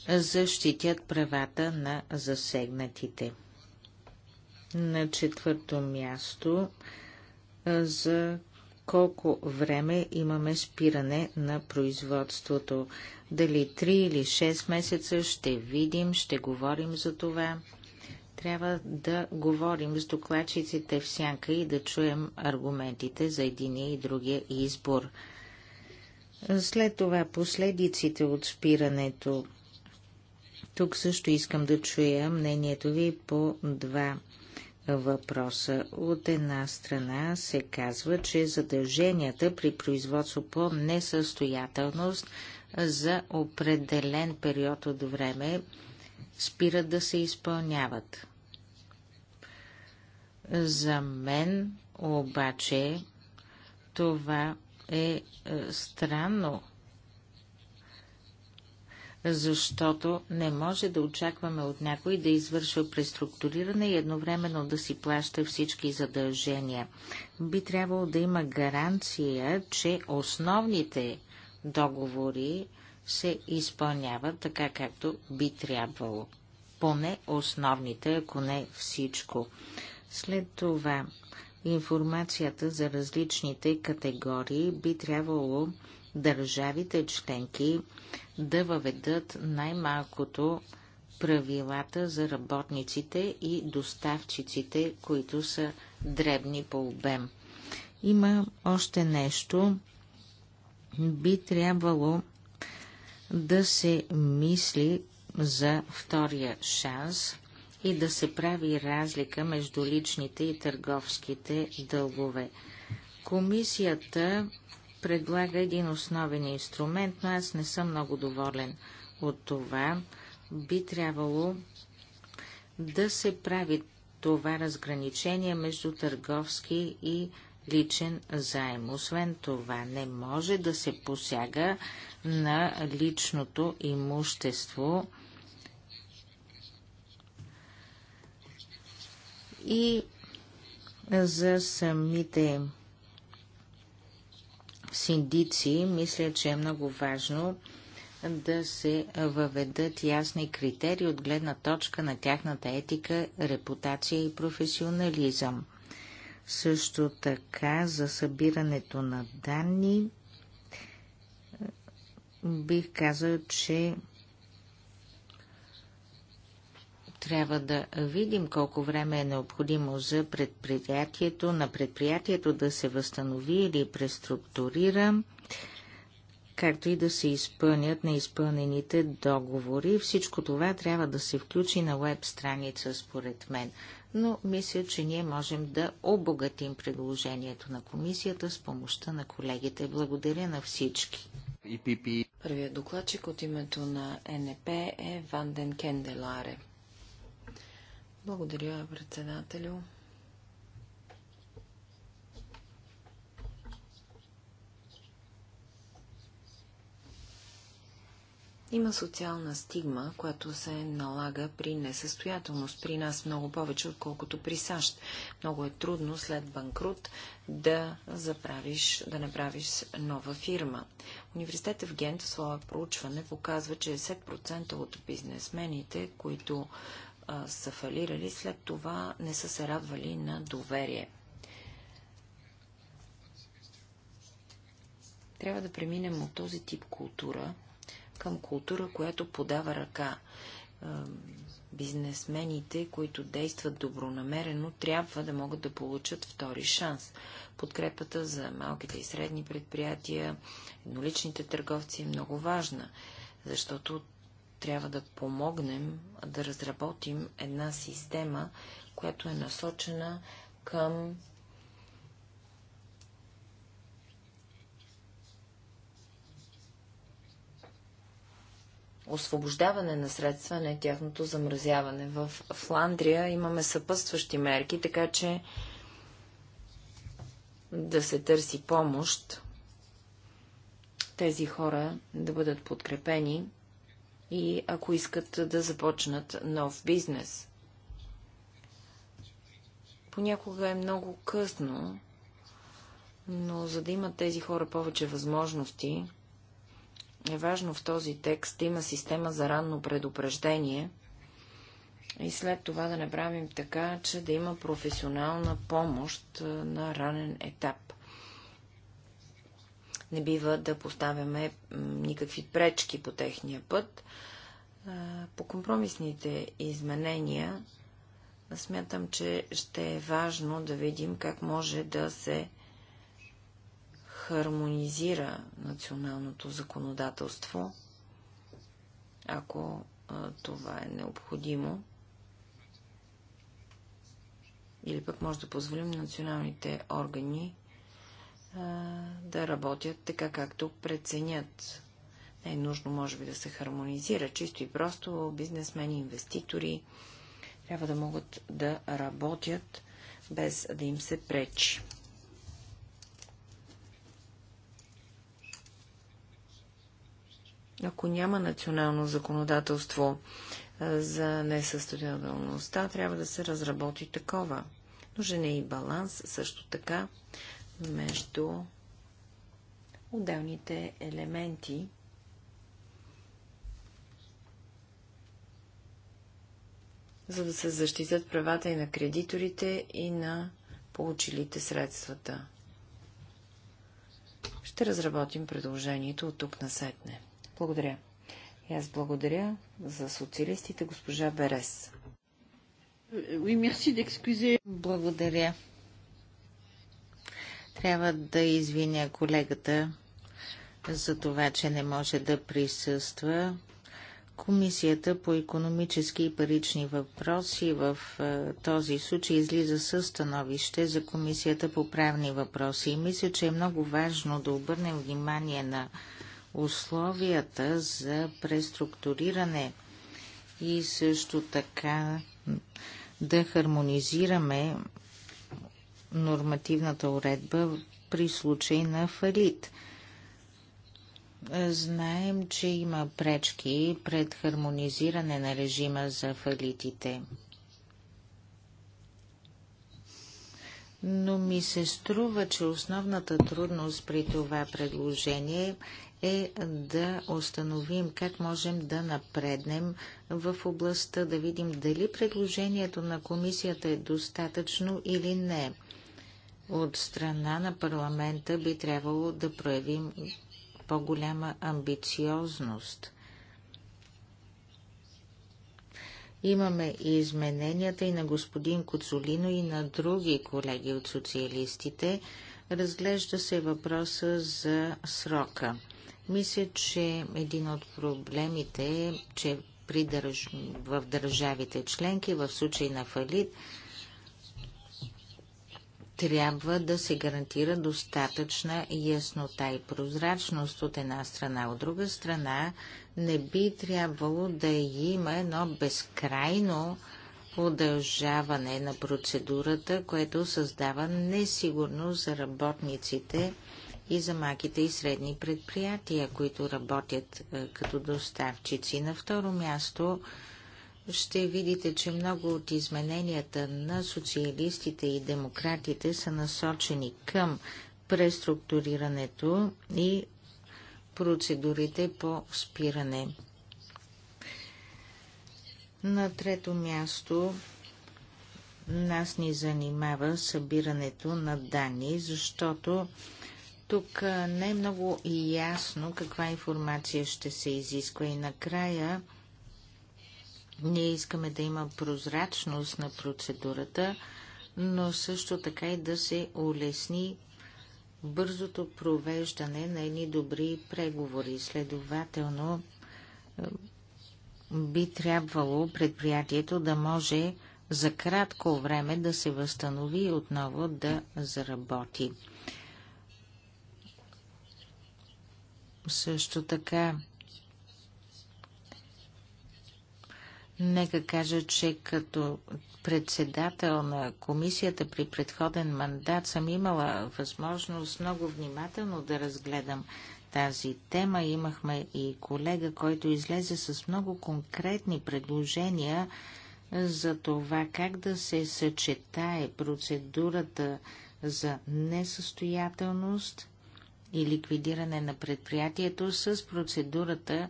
защитят правата на засегнатите. На четвърто място за колко време имаме спиране на производството. Дали 3 или 6 месеца ще видим, ще говорим за това. Трябва да говорим с докладчиците в сянка и да чуем аргументите за единия и другия избор. След това последиците от спирането. Тук също искам да чуя мнението ви по два въпроса. От една страна се казва, че задълженията при производство по несъстоятелност за определен период от време спират да се изпълняват. За мен обаче това е, е странно, защото не може да очакваме от някой да извършва преструктуриране и едновременно да си плаща всички задължения. Би трябвало да има гаранция, че основните договори се изпълняват така, както би трябвало. Поне основните, ако не всичко. След това информацията за различните категории, би трябвало държавите членки да въведат най-малкото правилата за работниците и доставчиците, които са дребни по обем. Има още нещо. Би трябвало да се мисли за втория шанс и да се прави разлика между личните и търговските дългове. Комисията предлага един основен инструмент, но аз не съм много доволен от това. Би трябвало да се прави това разграничение между търговски и личен заем. Освен това, не може да се посяга на личното имущество и за самите синдици, мисля, че е много важно да се въведат ясни критерии от гледна точка на тяхната етика, репутация и професионализъм. Също така за събирането на данни бих казал, че Трябва да видим колко време е необходимо за предприятието, на предприятието да се възстанови или преструктурира, както и да се изпълнят на изпълнените договори. Всичко това трябва да се включи на веб страница, според мен. Но мисля, че ние можем да обогатим предложението на комисията с помощта на колегите. Благодаря на всички. Първият докладчик от името на НП е Ванден Кенделаре. Благодаря, председателю. Има социална стигма, която се налага при несъстоятелност при нас много повече, отколкото при САЩ. Много е трудно след банкрут да заправиш, да направиш нова фирма. Университетът в Гент в своя проучване показва, че 10% от бизнесмените, които а, са фалирали, след това не са се радвали на доверие. Трябва да преминем от този тип култура към култура, която подава ръка. бизнесмените, които действат добронамерено, трябва да могат да получат втори шанс. Подкрепата за малките и средни предприятия, едноличните търговци е много важна, защото трябва да помогнем да разработим една система, която е насочена към освобождаване на средства, не тяхното замразяване. В Фландрия имаме съпътстващи мерки, така че да се търси помощ, тези хора да бъдат подкрепени и ако искат да започнат нов бизнес. Понякога е много късно, но за да имат тези хора повече възможности, е важно в този текст да има система за ранно предупреждение и след това да направим така, че да има професионална помощ на ранен етап. Не бива да поставяме никакви пречки по техния път. По компромисните изменения смятам, че ще е важно да видим как може да се хармонизира националното законодателство, ако това е необходимо. Или пък може да позволим националните органи да работят така, както преценят. Не е нужно, може би, да се хармонизира. Чисто и просто бизнесмени, инвеститори трябва да могат да работят без да им се пречи. Ако няма национално законодателство за несъстоятелността, трябва да се разработи такова. Нужен е и баланс също така между отделните елементи за да се защитят правата и на кредиторите, и на получилите средствата. Ще разработим предложението от тук на сетне. Благодаря. И аз благодаря за социалистите госпожа Берес. Благодаря. Трябва да извиня колегата за това, че не може да присъства. Комисията по економически и парични въпроси в е, този случай излиза със становище за Комисията по правни въпроси. И мисля, че е много важно да обърнем внимание на условията за преструктуриране и също така да хармонизираме нормативната уредба при случай на фалит. Знаем, че има пречки пред хармонизиране на режима за фалитите. Но ми се струва, че основната трудност при това предложение е да установим как можем да напреднем в областта, да видим дали предложението на комисията е достатъчно или не от страна на парламента би трябвало да проявим по-голяма амбициозност. Имаме и измененията и на господин Коцолино и на други колеги от социалистите. Разглежда се въпроса за срока. Мисля, че един от проблемите е, че при държ... в държавите членки, в случай на фалит, трябва да се гарантира достатъчна яснота и прозрачност от една страна. От друга страна, не би трябвало да има едно безкрайно удължаване на процедурата, което създава несигурност за работниците и за маките и средни предприятия, които работят е, като доставчици. На второ място, ще видите, че много от измененията на социалистите и демократите са насочени към преструктурирането и процедурите по спиране. На трето място нас ни занимава събирането на данни, защото тук не е много ясно каква информация ще се изисква и накрая ние искаме да има прозрачност на процедурата, но също така и да се улесни бързото провеждане на едни добри преговори. Следователно, е, би трябвало предприятието да може за кратко време да се възстанови и отново да заработи. Също така Нека кажа, че като председател на комисията при предходен мандат съм имала възможност много внимателно да разгледам тази тема. Имахме и колега, който излезе с много конкретни предложения за това как да се съчетае процедурата за несъстоятелност и ликвидиране на предприятието с процедурата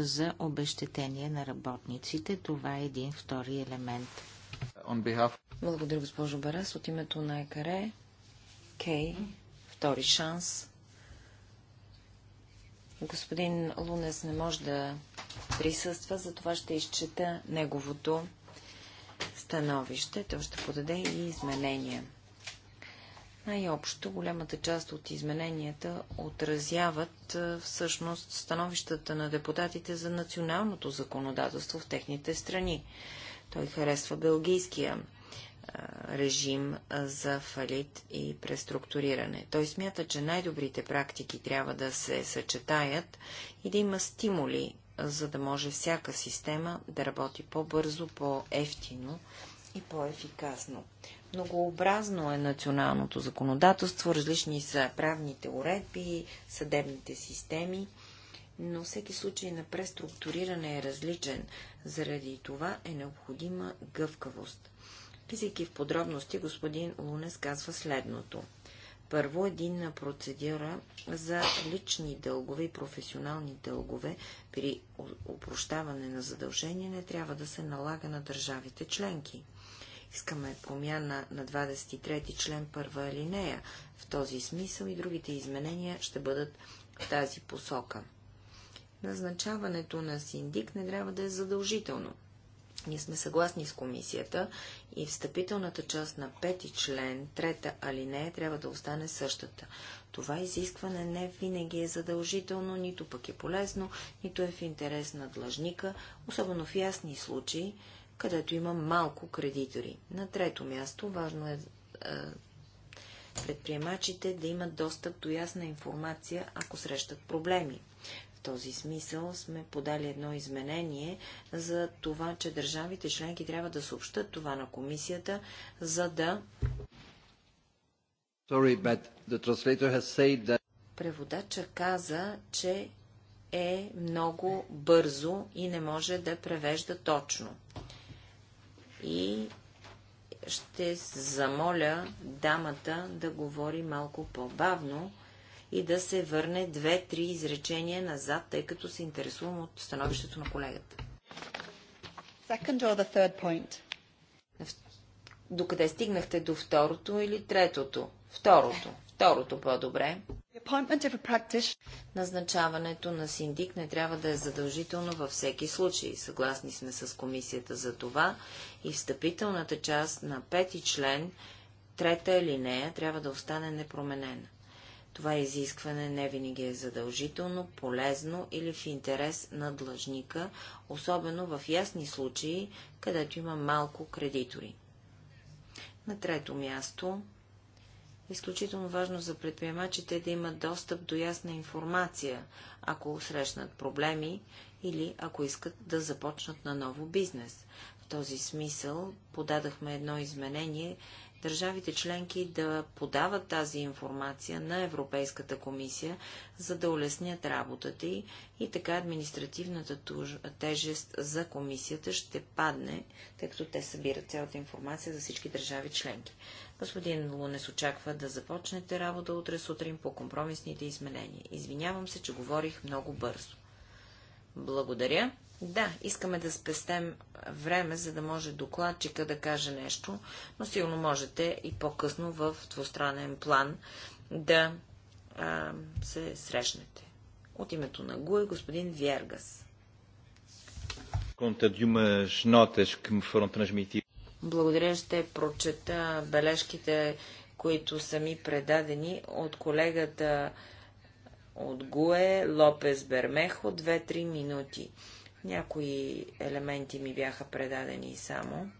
за обещетение на работниците. Това е един втори елемент. Behalf... Благодаря, госпожо Барас, От името на ЕКАРЕ, Кей, втори шанс. Господин Лунес не може да присъства, затова ще изчета неговото становище. Той ще подаде и изменения. Най-общо голямата част от измененията отразяват е, всъщност становищата на депутатите за националното законодателство в техните страни. Той харесва белгийския е, режим е, за фалит и преструктуриране. Той смята, че най-добрите практики трябва да се съчетаят и да има стимули, за да може всяка система да работи по-бързо, по-ефтино и по-ефикасно. Многообразно е националното законодателство, различни са правните уредби, съдебните системи, но всеки случай на преструктуриране е различен. Заради това е необходима гъвкавост. Писайки в подробности, господин Лунес казва следното. Първо, единна процедура за лични дългове и професионални дългове при опрощаване на задължения не трябва да се налага на държавите членки – Искаме промяна на 23 член първа алинея. В този смисъл и другите изменения ще бъдат в тази посока. Назначаването на синдик не трябва да е задължително. Ние сме съгласни с комисията и встъпителната част на пети член, трета алинея, трябва да остане същата. Това изискване не винаги е задължително, нито пък е полезно, нито е в интерес на длъжника, особено в ясни случаи, където има малко кредитори. На трето място важно е, е предприемачите да имат достъп до ясна информация, ако срещат проблеми. В този смисъл сме подали едно изменение за това, че държавите членки трябва да съобщат това на комисията, за да... Sorry, but the translator has said that... Преводача каза, че е много бързо и не може да превежда точно и ще замоля дамата да говори малко по-бавно и да се върне две-три изречения назад, тъй като се интересувам от становището на колегата. Докъде стигнахте до второто или третото? Второто. Второто по-добре. Назначаването на синдик не трябва да е задължително във всеки случай. Съгласни сме с комисията за това и встъпителната част на пети член, трета линея, трябва да остане непроменена. Това изискване не винаги е задължително, полезно или в интерес на длъжника, особено в ясни случаи, където има малко кредитори. На трето място Изключително важно за предприемачите е да имат достъп до ясна информация, ако срещнат проблеми или ако искат да започнат на ново бизнес. В този смисъл подадахме едно изменение държавите членки да подават тази информация на Европейската комисия, за да улеснят работата й и така административната тежест за комисията ще падне, тъй като те събират цялата информация за всички държави членки. Господин Лунес очаква да започнете работа утре сутрин по компромисните изменения. Извинявам се, че говорих много бързо. Благодаря. Да, искаме да спестем време, за да може докладчика да каже нещо, но силно можете и по-късно в двустранен план да а, се срещнете. От името на ГУЕ господин Вергас. Конта de umas notas фронт благодаря, ще прочета бележките, които са ми предадени от колегата от ГУЕ Лопес Бермехо, 2-3 минути. Някои елементи ми бяха предадени само.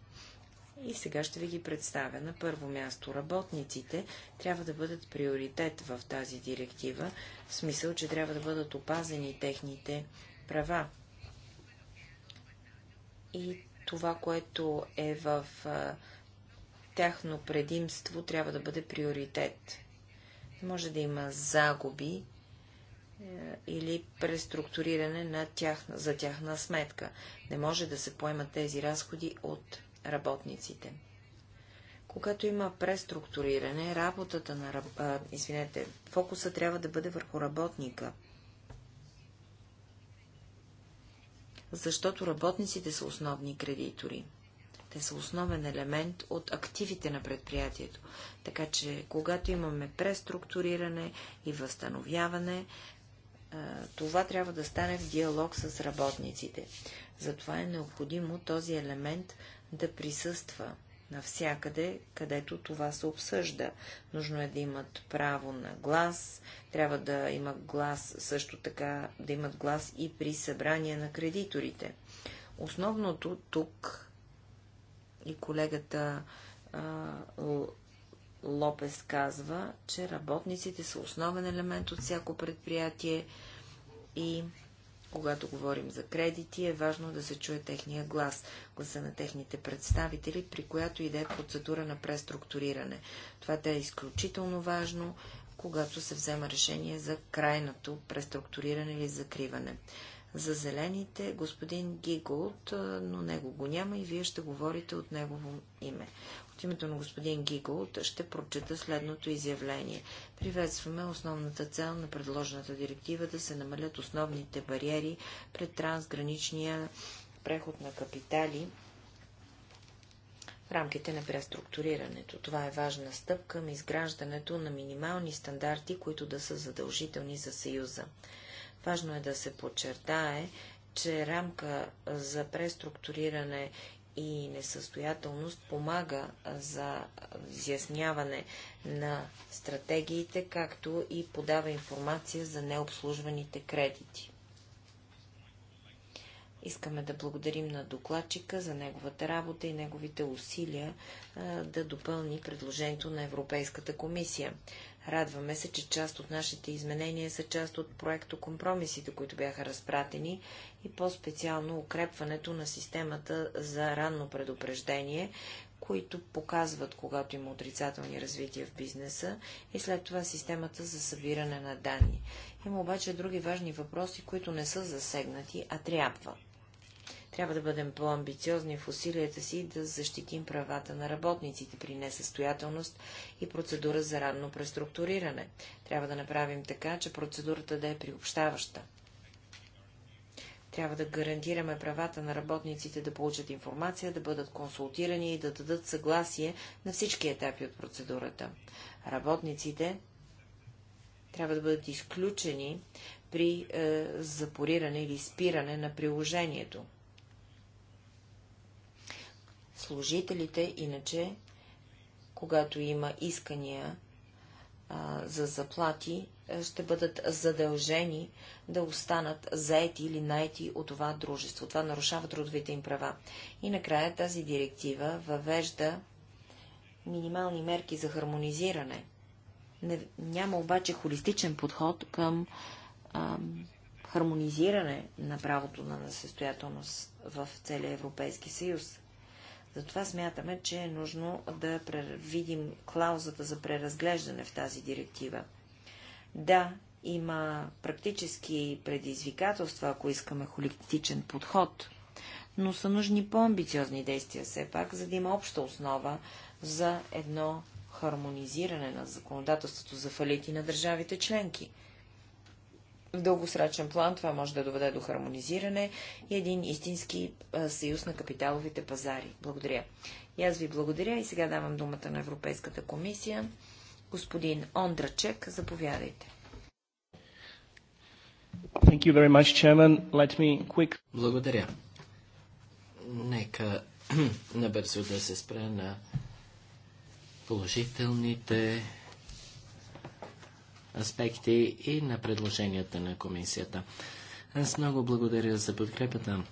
И сега ще ви ги представя. На първо място работниците трябва да бъдат приоритет в тази директива, в смисъл, че трябва да бъдат опазени техните права. И това, което е в тяхно предимство, трябва да бъде приоритет. Може да има загуби е, или преструктуриране на тях, за тяхна сметка. Не може да се поемат тези разходи от работниците. Когато има преструктуриране, работата на, извинете, фокуса трябва да бъде върху работника – защото работниците са основни кредитори. Те са основен елемент от активите на предприятието. Така че, когато имаме преструктуриране и възстановяване, това трябва да стане в диалог с работниците. Затова е необходимо този елемент да присъства навсякъде, където това се обсъжда. Нужно е да имат право на глас, трябва да има глас също така, да имат глас и при събрание на кредиторите. Основното тук и колегата а, Лопес казва, че работниците са основен елемент от всяко предприятие и когато говорим за кредити, е важно да се чуе техния глас, гласа на техните представители, при която иде процедура на преструктуриране. Това да е изключително важно, когато се взема решение за крайното преструктуриране или закриване. За зелените господин Гиголт, но него го няма и вие ще говорите от негово име името на господин Гиголд ще прочета следното изявление. Приветстваме основната цел на предложената директива да се намалят основните бариери пред трансграничния преход на капитали в рамките на преструктурирането. Това е важна стъпка към изграждането на минимални стандарти, които да са задължителни за Съюза. Важно е да се подчертае, че рамка за преструктуриране и несъстоятелност помага за изясняване на стратегиите, както и подава информация за необслужваните кредити. Искаме да благодарим на докладчика за неговата работа и неговите усилия да допълни предложението на Европейската комисия. Радваме се, че част от нашите изменения са част от проекто компромисите, които бяха разпратени и по-специално укрепването на системата за ранно предупреждение, които показват, когато има отрицателни развития в бизнеса и след това системата за събиране на данни. Има обаче други важни въпроси, които не са засегнати, а трябва. Трябва да бъдем по-амбициозни в усилията си да защитим правата на работниците при несъстоятелност и процедура за ранно преструктуриране. Трябва да направим така, че процедурата да е приобщаваща. Трябва да гарантираме правата на работниците да получат информация, да бъдат консултирани и да дадат съгласие на всички етапи от процедурата. Работниците трябва да бъдат изключени при е, запориране или спиране на приложението служителите, иначе, когато има искания а, за заплати, ще бъдат задължени да останат заети или найти от това дружество. Това нарушава трудовите им права. И накрая тази директива въвежда минимални мерки за хармонизиране. Не, няма обаче холистичен подход към а, хармонизиране на правото на несъстоятелност в целия Европейски съюз. Затова смятаме, че е нужно да видим клаузата за преразглеждане в тази директива. Да, има практически предизвикателства, ако искаме холиктичен подход, но са нужни по-амбициозни действия все пак, за да има обща основа за едно хармонизиране на законодателството за фалити на държавите членки – в дългосрочен план това може да доведе до хармонизиране и един истински съюз на капиталовите пазари. Благодаря. И аз ви благодаря и сега давам думата на Европейската комисия. Господин Ондрачек, заповядайте. Thank you very much, Chairman. Let me quick... Благодаря. Нека набързо да се спра на положителните аспекти и на предложенията на комисията. Аз много благодаря за подкрепата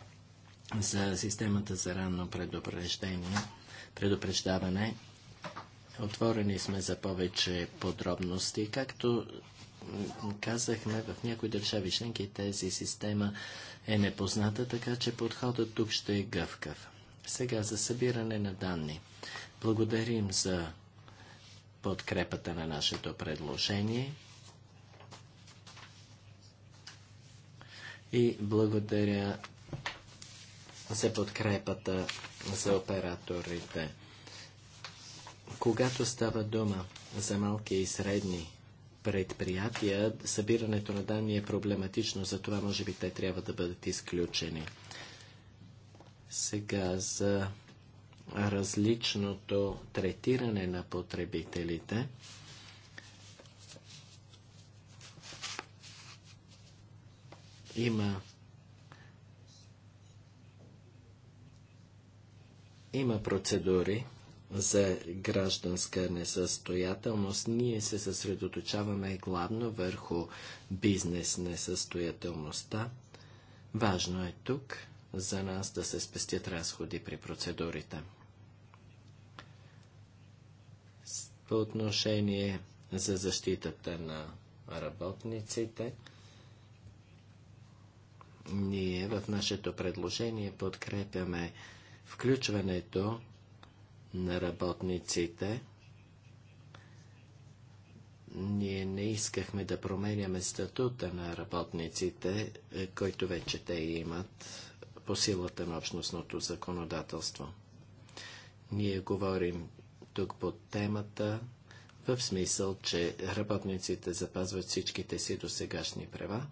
за системата за ранно предупреждение, предупреждаване. Отворени сме за повече подробности. Както казахме, в някои държави членки тези система е непозната, така че подходът тук ще е гъвкав. Сега за събиране на данни. Благодарим за подкрепата на нашето предложение. и благодаря за подкрепата за операторите. Когато става дума за малки и средни предприятия, събирането на данни е проблематично, затова може би те трябва да бъдат изключени. Сега за различното третиране на потребителите – Има има процедури за гражданска несъстоятелност. Ние се съсредоточаваме главно върху бизнес несъстоятелността. Важно е тук за нас да се спестят разходи при процедурите. По отношение за защитата на работниците – ние в нашето предложение подкрепяме включването на работниците. Ние не искахме да променяме статута на работниците, е, който вече те имат по силата на общностното законодателство. Ние говорим тук по темата в смисъл, че работниците запазват всичките си досегашни права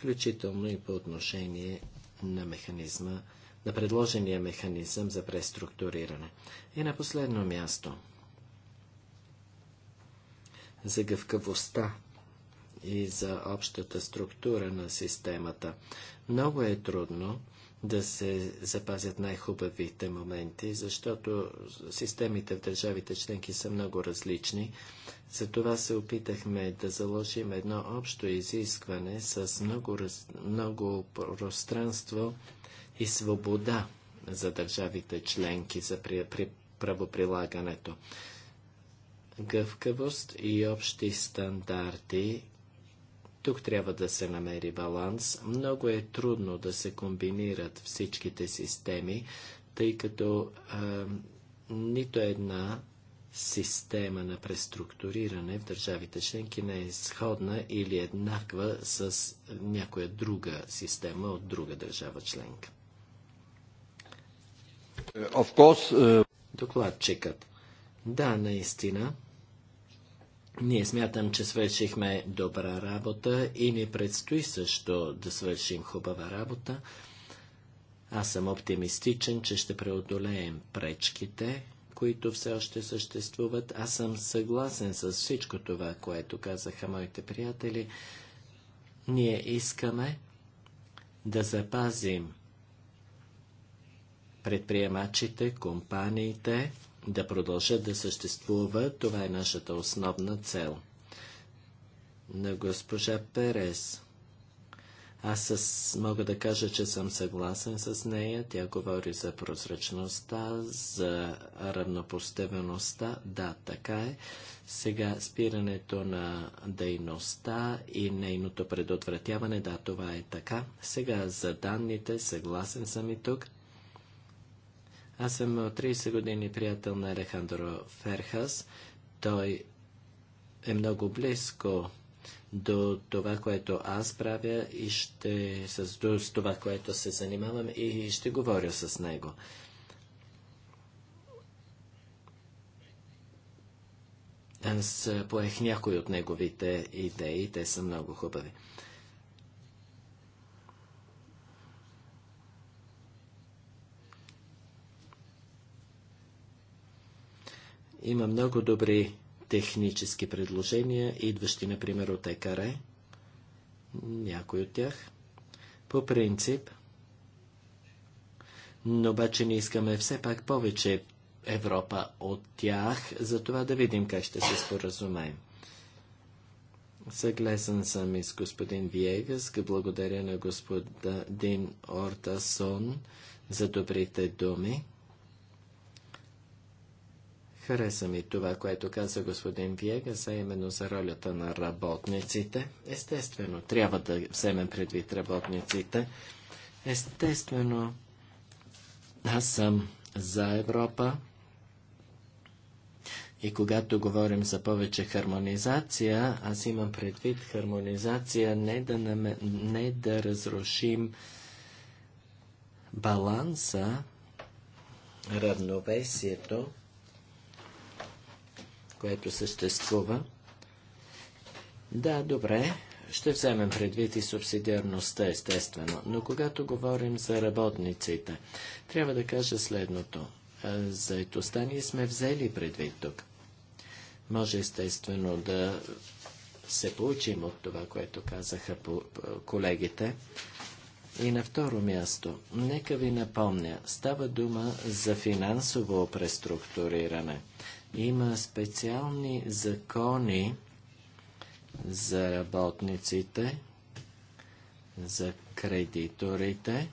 включително и по отношение на механизма, на предложения механизъм за преструктуриране. И на последно място за гъвкавостта и за общата структура на системата. Много е трудно да се запазят най-хубавите моменти, защото системите в държавите членки са много различни. Затова се опитахме да заложим едно общо изискване с много, раз... много пространство и свобода за държавите членки за при... При... правоприлагането. Гъвкавост и общи стандарти тук трябва да се намери баланс. Много е трудно да се комбинират всичките системи, тъй като а, нито една система на преструктуриране в държавите членки не е сходна или еднаква с някоя друга система от друга държава членка. Of course, uh... Докладчикът. Да, наистина. Ние смятам, че свършихме добра работа и ни предстои също да свършим хубава работа. Аз съм оптимистичен, че ще преодолеем пречките, които все още съществуват. Аз съм съгласен с всичко това, което казаха моите приятели. Ние искаме да запазим предприемачите, компаниите, да продължат да съществуват. Това е нашата основна цел. На госпожа Перес. Аз с... мога да кажа, че съм съгласен с нея. Тя говори за прозрачността, за равнопоставеността. Да, така е. Сега спирането на дейността и нейното предотвратяване. Да, това е така. Сега за данните. Съгласен съм и тук. Аз съм 30 години приятел на Алехандро Ферхас. Той е много близко до това, което аз правя и ще, с, с това, което се занимавам и ще говоря с него. Аз поех някои от неговите идеи, те са много хубави. Има много добри технически предложения, идващи, например, от ЕКАРЕ, някой от тях, по принцип, но обаче не искаме все пак повече Европа от тях, за това да видим как ще се споразумеем. Съгласен съм и с господин Виегас, благодаря на господин Ортасон за добрите думи. Хареса ми това, което каза господин Виега, за именно за ролята на работниците. Естествено, трябва да вземем предвид работниците. Естествено, аз съм за Европа. И когато говорим за повече хармонизация, аз имам предвид хармонизация не да, наме... не да разрушим баланса, равновесието, което съществува. Да, добре, ще вземем предвид и субсидиарността, естествено, но когато говорим за работниците, трябва да кажа следното. Заетостта ние сме взели предвид тук. Може естествено да се получим от това, което казаха колегите. И на второ място, нека ви напомня, става дума за финансово преструктуриране. Има специални закони за работниците, за кредиторите,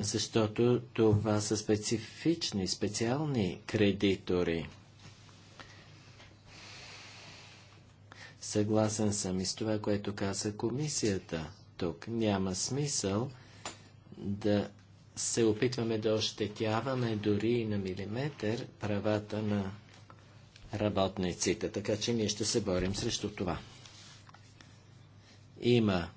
защото това са специфични, специални кредитори. Съгласен съм и с това, което каза комисията. Тук няма смисъл да се опитваме да ощетяваме дори и на милиметър правата на работниците. Така че ние ще се борим срещу това. Има,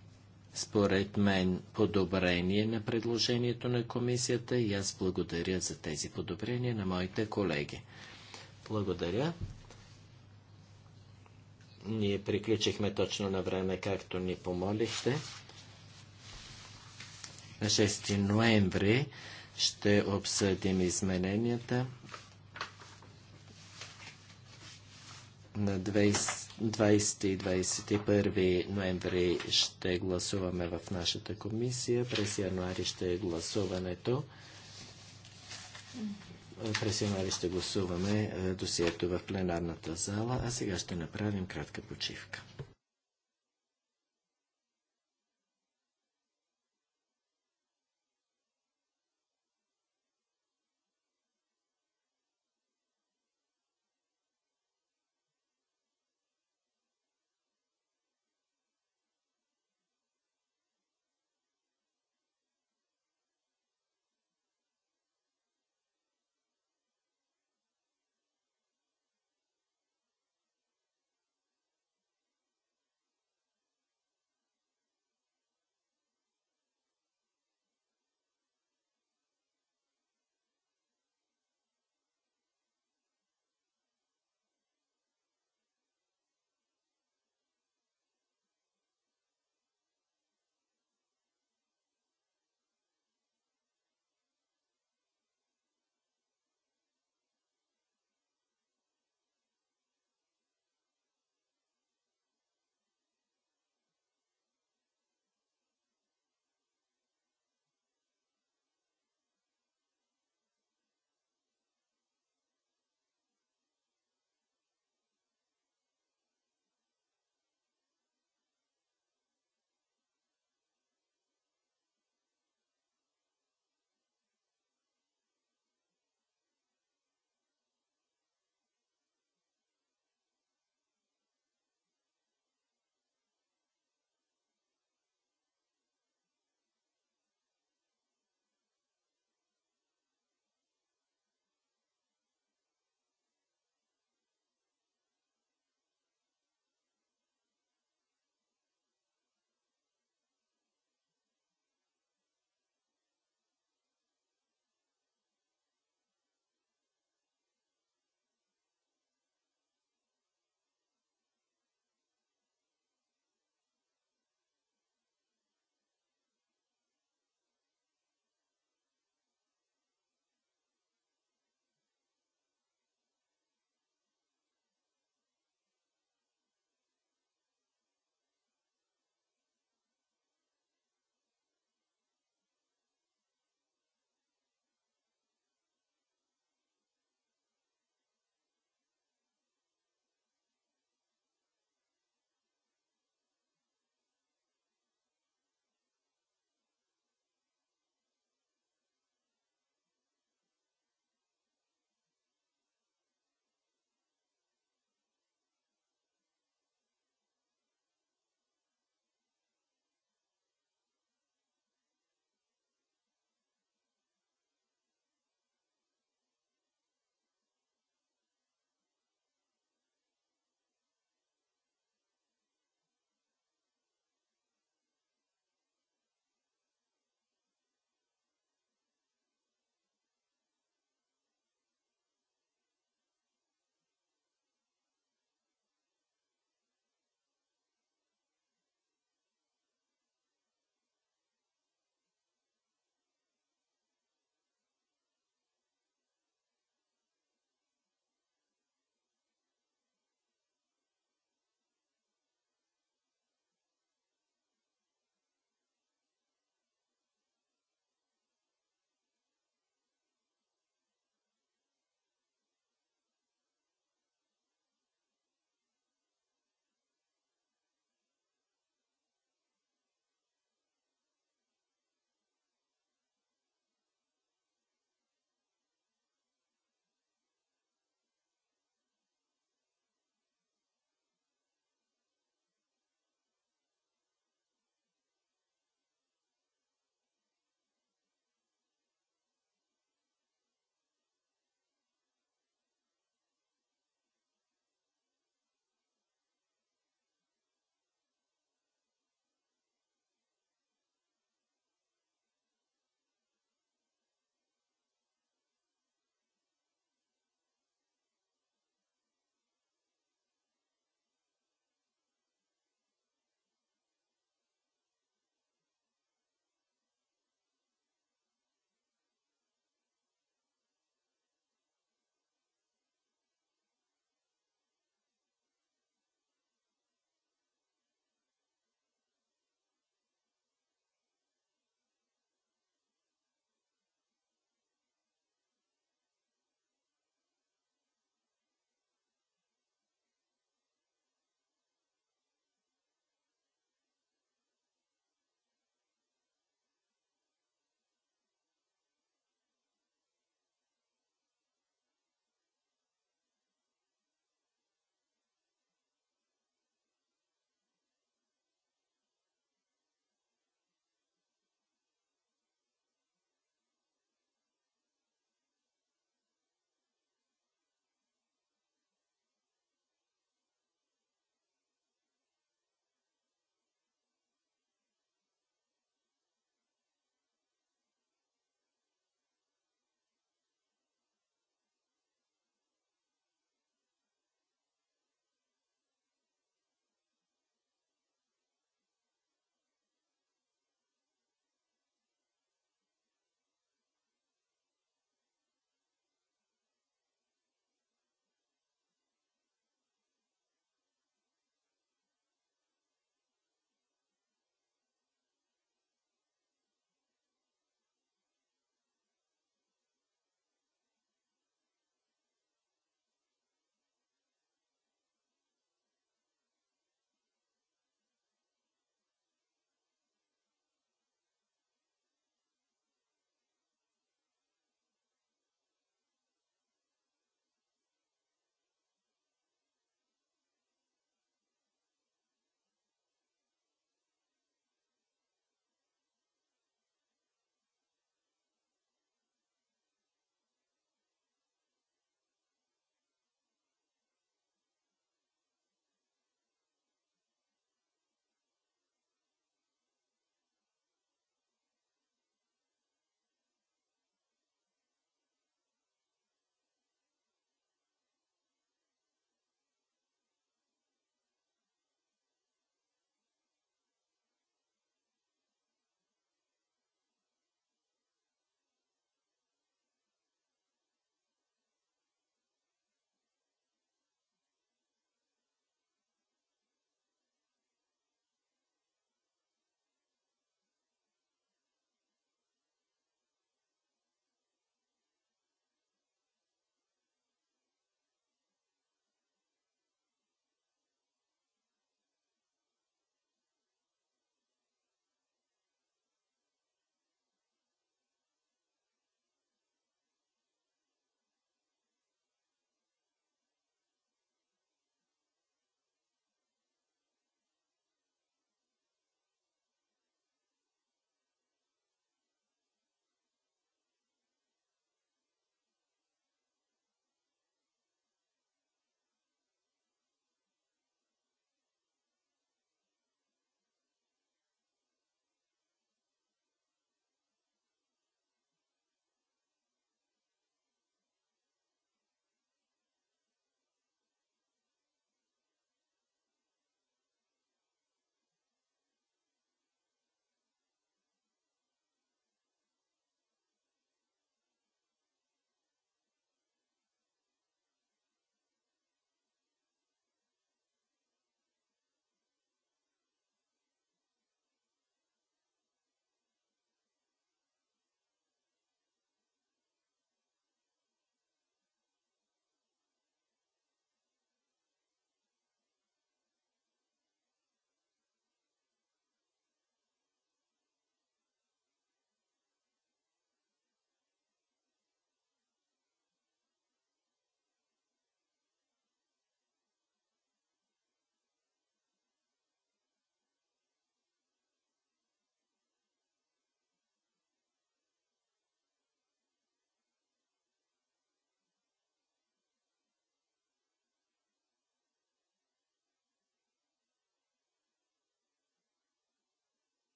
според мен, подобрение на предложението на комисията и аз благодаря за тези подобрения на моите колеги. Благодаря. Ние приключихме точно на време, както ни помолихте. На 6 ноември ще обсъдим измененията. На 20 и 21 ноември ще гласуваме в нашата комисия. През януари ще е гласуването. През януари ще гласуваме е, досието в пленарната зала, а сега ще направим кратка почивка.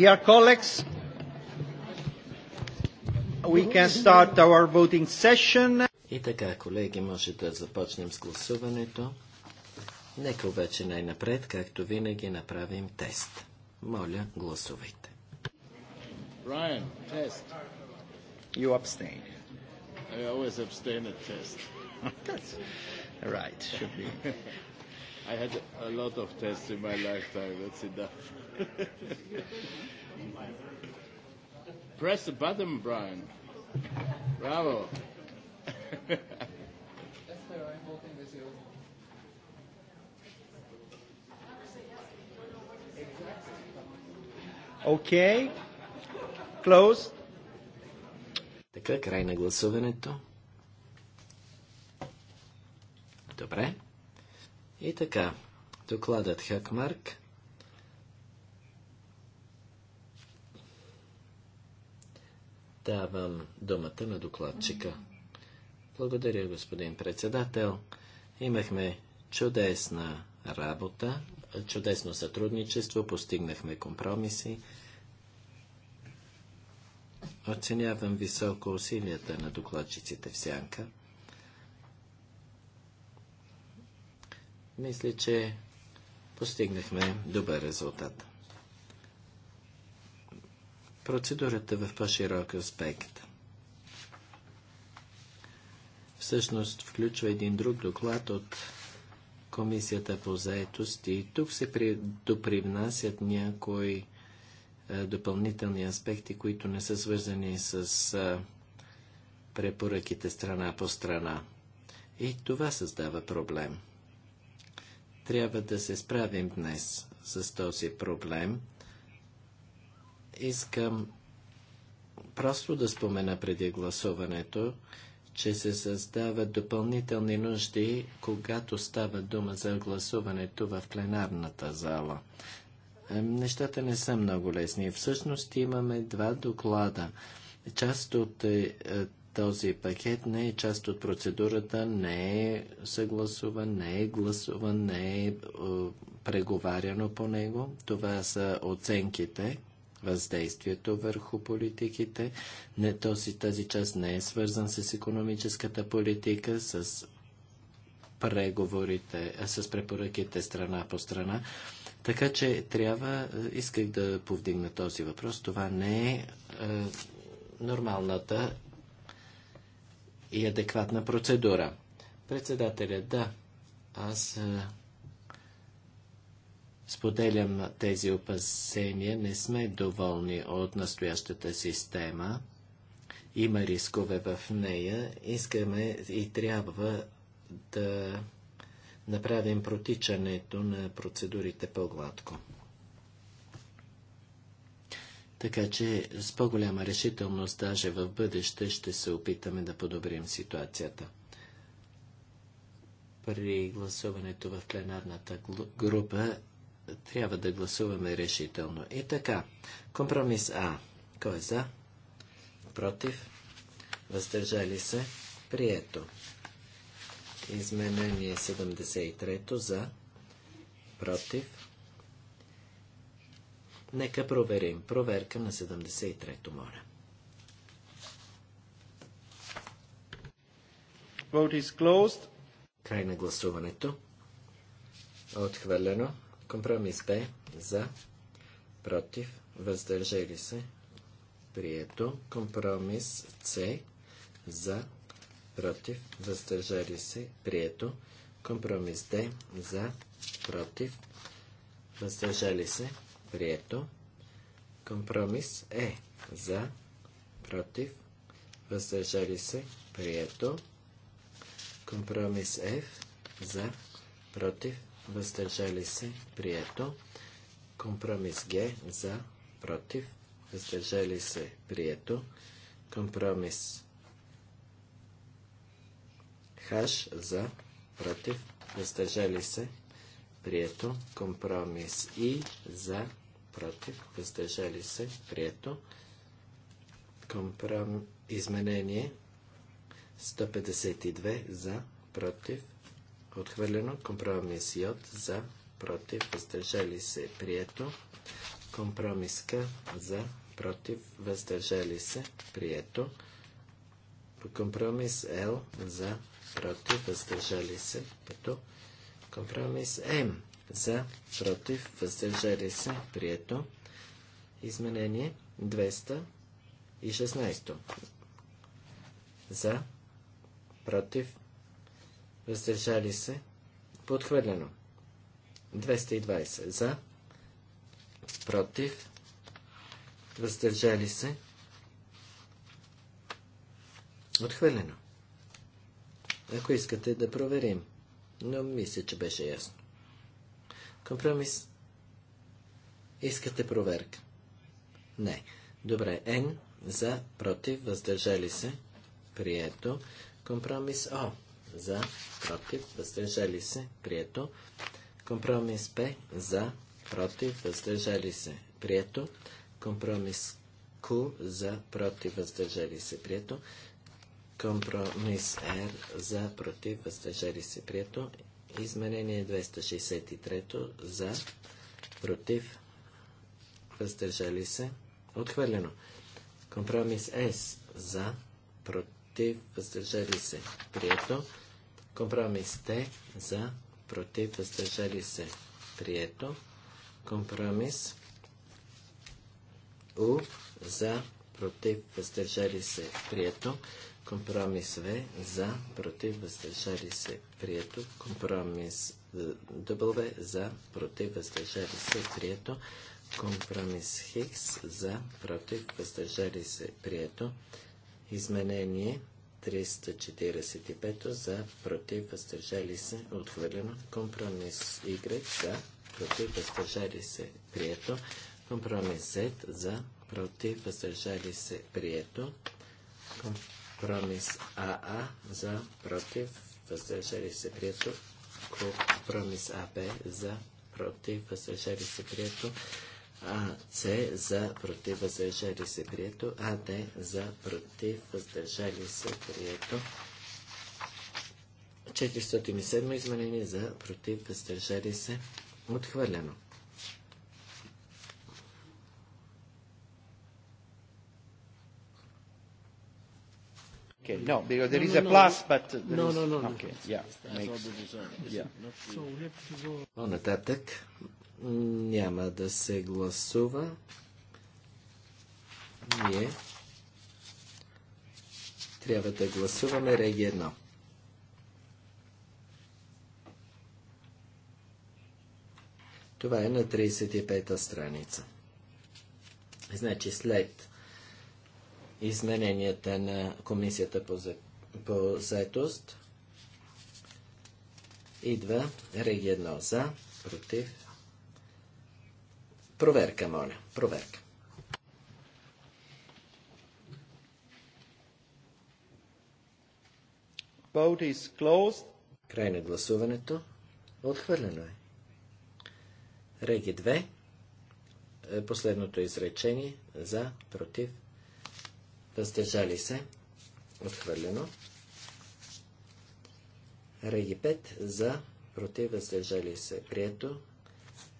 Dear colleagues, we can start our voting session. И така, колеги, може да започнем с гласуването. Нека обаче най-напред, както винаги, направим тест. Моля, гласувайте. Ryan, test. You abstain. I always abstain at test. That's right, should be. I had a lot of tests in my lifetime, that's enough. Press the button, Brian. Bravo. Esther, I'm hoping this is. Okay. Close. Така, край на гласуването. Добре. И така, докладът Хакмарк Давам думата на докладчика. Благодаря, господин председател. Имахме чудесна работа, чудесно сътрудничество, постигнахме компромиси. Оценявам високо усилията на докладчиците в Сянка. Мисля, че постигнахме добър резултат процедурата в по-широк аспект. Всъщност включва един друг доклад от Комисията по заетост и тук се при, допривнасят някои е, допълнителни аспекти, които не са свързани с е, препоръките страна по страна. И това създава проблем. Трябва да се справим днес с този проблем – Искам просто да спомена преди гласуването, че се създават допълнителни нужди, когато става дума за гласуването в пленарната зала. Нещата не са много лесни. Всъщност имаме два доклада. Част от е, е, този пакет не е част от процедурата, не е съгласуван, не е гласуван, не е, е преговаряно по него. Това са оценките въздействието върху политиките. Не, този, тази част не е свързан с економическата политика, с преговорите, с препоръките страна по страна. Така че трябва, е, исках да повдигна този въпрос. Това не е, е нормалната и адекватна процедура. Председателя, да, аз е, Споделям тези опасения. Не сме доволни от настоящата система. Има рискове в нея. Искаме и трябва да направим протичането на процедурите по-гладко. Така че с по-голяма решителност даже в бъдеще ще се опитаме да подобрим ситуацията. При гласуването в пленарната група трябва да гласуваме решително. И така, компромис А. Кой е за? Против? Въздържали се? Прието. Изменение 73 за? Против? Нека проверим. Проверка на 73-то, моля. Vote is closed. Край на гласуването. Отхвърлено. Компромис Б за, против, въздържали се, прието. Компромис С за, против, въздържали се, прието. Компромис Д за, против, въздържали се, прието. Компромис Е за, против, въздържали се, прието. Компромис Ф за, против, въздържали се, прието. Компромис Г за, против, въздържали се, прието. Компромис Х за, против, въздържали се, прието. Компромис И за, против, въздържали се, прието. Компром... Изменение 152 за, против, Отхвърлено. компромисът за. Против. Въздържали се. Прието. Компромис К за. Против. Въздържали се. Прието. Компромис Л за. Против. Въздържали се. Пето. Компромис М за. Против. Въздържали се. Прието. Изменение 216. За. Против въздържали се, подхвърлено. 220 за, против, въздържали се, отхвърлено. Ако искате да проверим, но мисля, че беше ясно. Компромис. Искате проверка? Не. Добре, Н за, против, въздържали се, прието. Компромис О за, против, въздържали се, прието. Компромис П за, против, въздържали се, прието. Компромис Q за, против, въздържали се, прието. Компромис Р за, против, въздържали се, прието. Изменение 263 за, против, въздържали се, отхвърлено. Компромис С за, против, въздържали се, прието. Компромис Т за против, въздържали се, прието. Компромис У за против, въздържали се, прието. Компромис В за против, въздържали се, прието. Компромис W за против, въздържали се, прието. Компромис Хикс за против, въздържали се, прието. Изменение 345 за, против, въздържали се, отхвърлено. Компромис Y за, против, въздържали се, прието. Компромис Z за, против, въздържали се, прието. Компромис АА за, против, въздържали се, прието. Компромис АБ за, против, въздържали се, прието. АЦ за против въздържали се прието, АД за против въздържали се прието. 407 изменение за против въздържали се отхвърлено. Okay, no, there is no, a plus, no. but there no, is... no, no, okay, no. yeah, makes, yeah. So we have to go. Нататък няма да се гласува. Ние трябва да гласуваме реги 1. Това е на 35-та страница. Значи след измененията на Комисията по, за... по заетост идва реги 1 за, против, Проверка, моля. Проверка. Vote is closed. Край на гласуването. Отхвърлено е. Реги 2. Е, последното изречение. За, против. Въздържали се. Отхвърлено. Реги 5. За, против. Въздържали се. Прието.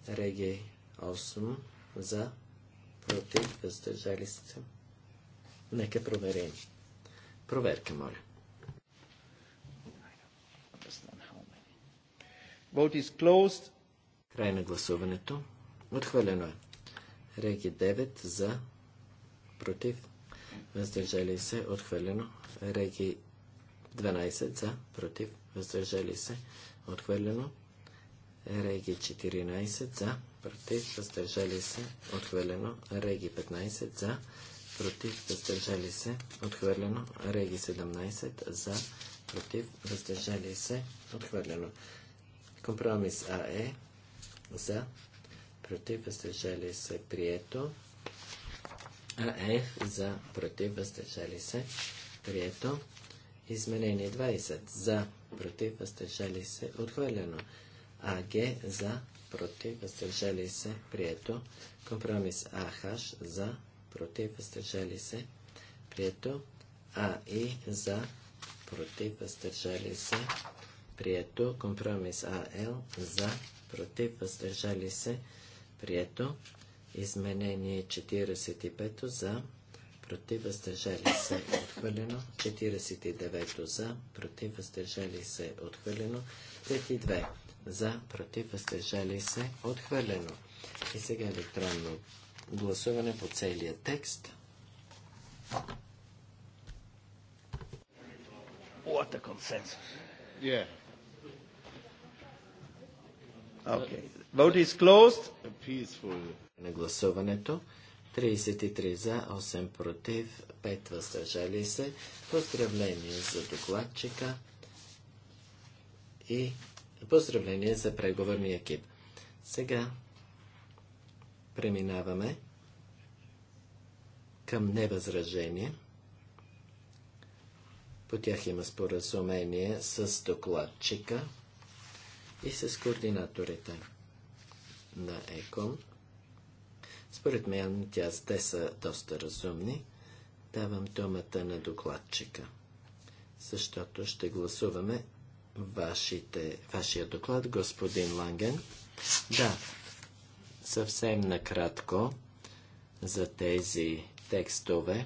Реги 8 за, против, въздържали се. Нека проверим. Проверка, моля. Vote is closed. Край на гласуването. Отхвърлено е. Реги 9 за, против, въздържали се, отхвърлено. Реги 12 за, против, въздържали се, отхвърлено. Реги 14 за, против, въздържали се, отхвърлено. Реги 15 за, против, въздържали се, отхвърлено. Реги 17 за, против, въздържали се, отхвърлено. Компромис АЕ за, против, въздържали се, прието. АФ е за, против, въздържали се, прието. Изменение 20 за, против, въздържали се, отхвърлено. АГ за, против, въздържали се, прието. Компромис АХ за, против, въздържали се, прието. АИ за, против, въздържали се, прието. Компромис АЛ за, против, въздържали се, прието. Изменение 45 за, против, въздържали се, отхвърлено. 49 за, против, въздържали се, отхвърлено. 32 за, против, въздържали се, отхвърлено. И сега електронно гласуване по целия текст. What a consensus. Yeah. Okay. Vote is closed. Peaceful. На гласуването 33 за, 8 против, 5 въздържали се. Поздравление за докладчика и Поздравление за преговорния екип. Сега преминаваме към невъзражение. По тях има споразумение с докладчика и с координаторите на ЕКОН. Според мен тя те са доста разумни. Давам думата на докладчика, защото ще гласуваме вашите, вашия доклад, господин Ланген. Да, съвсем накратко за тези текстове.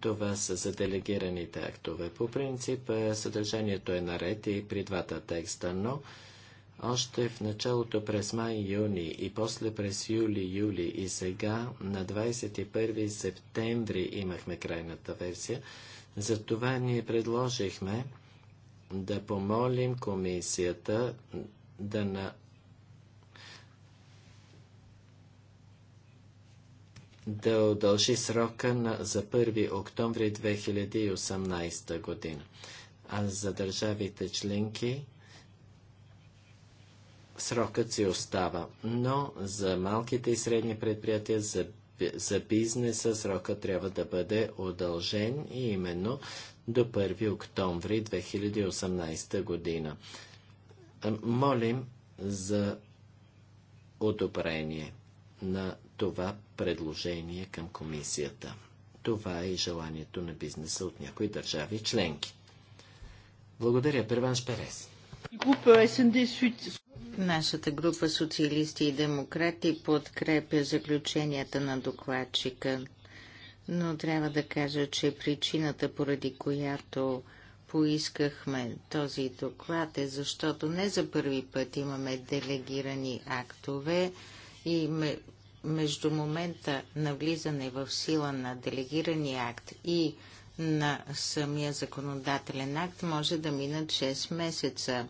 Това са за делегираните актове. По принцип, е, съдържанието е наред и при двата текста, но още в началото през май юни и после през юли, юли и сега на 21 септември имахме крайната версия. Затова ние предложихме да помолим комисията да на да удължи срока на, за 1 октомври 2018 година. А за държавите членки срокът си остава. Но за малките и средни предприятия, за за бизнеса срока трябва да бъде удължен и именно до 1 октомври 2018 година. Молим за одобрение на това предложение към комисията. Това е и желанието на бизнеса от някои държави членки. Благодаря, Перванш Перес. Нашата група социалисти и демократи подкрепя заключенията на докладчика, но трябва да кажа, че причината, поради която поискахме този доклад е, защото не за първи път имаме делегирани актове и между момента на влизане в сила на делегирания акт и на самия законодателен акт може да минат 6 месеца.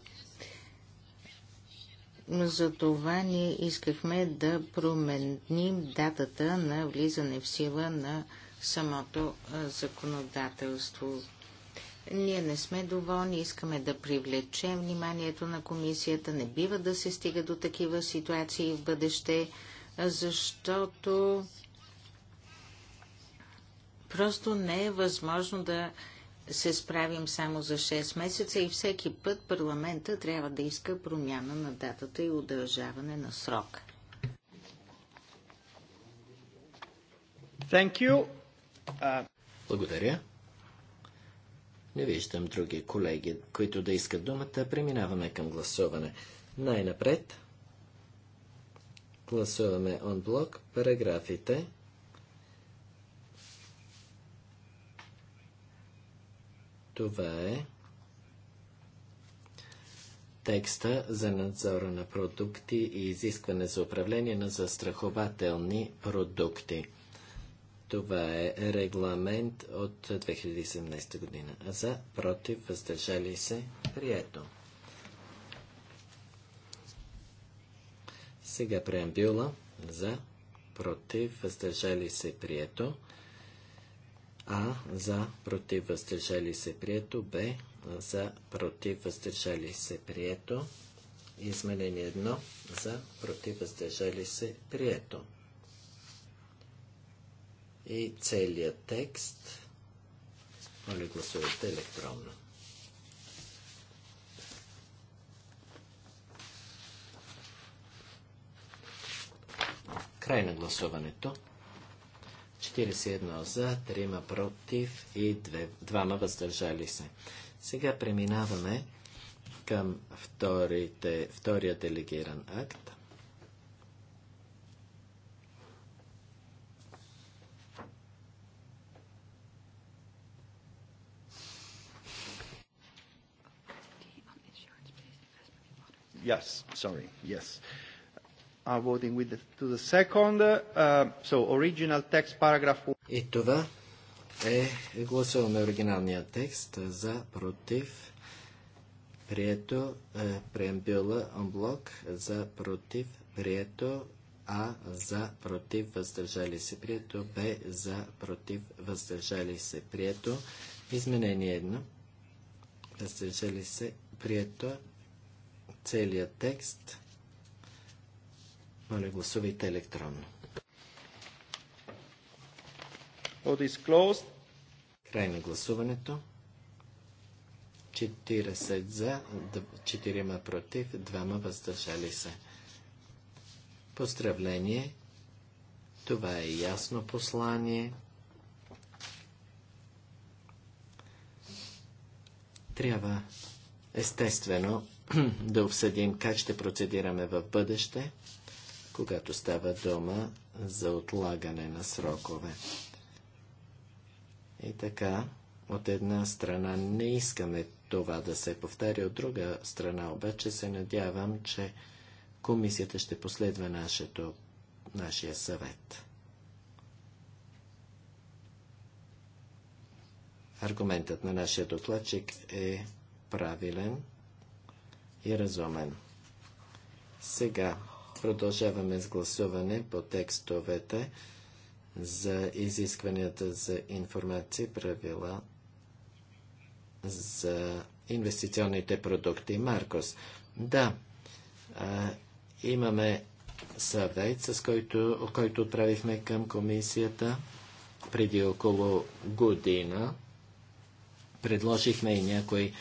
Затова ние искахме да променим датата на влизане в сила на самото законодателство. Ние не сме доволни, искаме да привлечем вниманието на комисията. Не бива да се стига до такива ситуации в бъдеще, защото просто не е възможно да се справим само за 6 месеца и всеки път парламента трябва да иска промяна на датата и удължаване на срока. Thank you. Uh... Благодаря. Не виждам други колеги, които да искат думата. Преминаваме към гласуване. Най-напред гласуваме онблок параграфите Това е текста за надзора на продукти и изискване за управление на застрахователни продукти. Това е регламент от 2017 година. За, против, въздържали се, прието. Сега преамбюла за, против, въздържали се, прието. А за против въздържали се прието. Б за против въздържали се прието. Изменение 1 за против въздържали се прието. И целият текст. Моля гласувайте електронно. Край на гласуването. 41 за, 3 против и 2, 2 въздържали се. Сега преминаваме към вторите, втория делегиран акт. Yes, sorry, yes are voting with the, to the second. Uh, so original text, paragraph И това е, е гласуваме оригиналния текст за, против, прието, е, преамбюла, блок, за, против, прието, а за, против, въздържали се, прието, Б за, против, въздържали се, прието, изменение едно, въздържали се, прието, целият текст, моля, гласувайте електронно. Край на гласуването. 40 за, 4 против, 2 въздържали се. Поздравление! Това е ясно послание. Трябва, естествено, да обсъдим как ще процедираме в бъдеще когато става дума за отлагане на срокове. И така, от една страна не искаме това да се повтаря, от друга страна обаче се надявам, че комисията ще последва нашето, нашия съвет. Аргументът на нашия докладчик е правилен и разумен. Сега Продължаваме с гласуване по текстовете за изискванията за информация, правила за инвестиционните продукти. Маркос, да, а, имаме съвет, с който, който отправихме към комисията преди около година. Предложихме и някои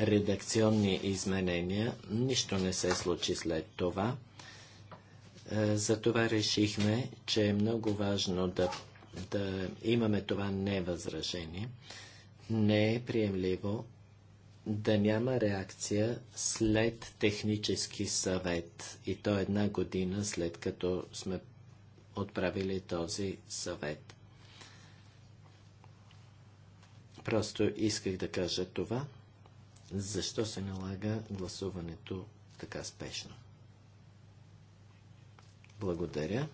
редакционни изменения. Нищо не се случи след това. Е, затова решихме, че е много важно да, да имаме това невъзражение. Не е приемливо да няма реакция след технически съвет и то една година след като сме отправили този съвет. Просто исках да кажа това, защо се налага гласуването така спешно. Благодаря.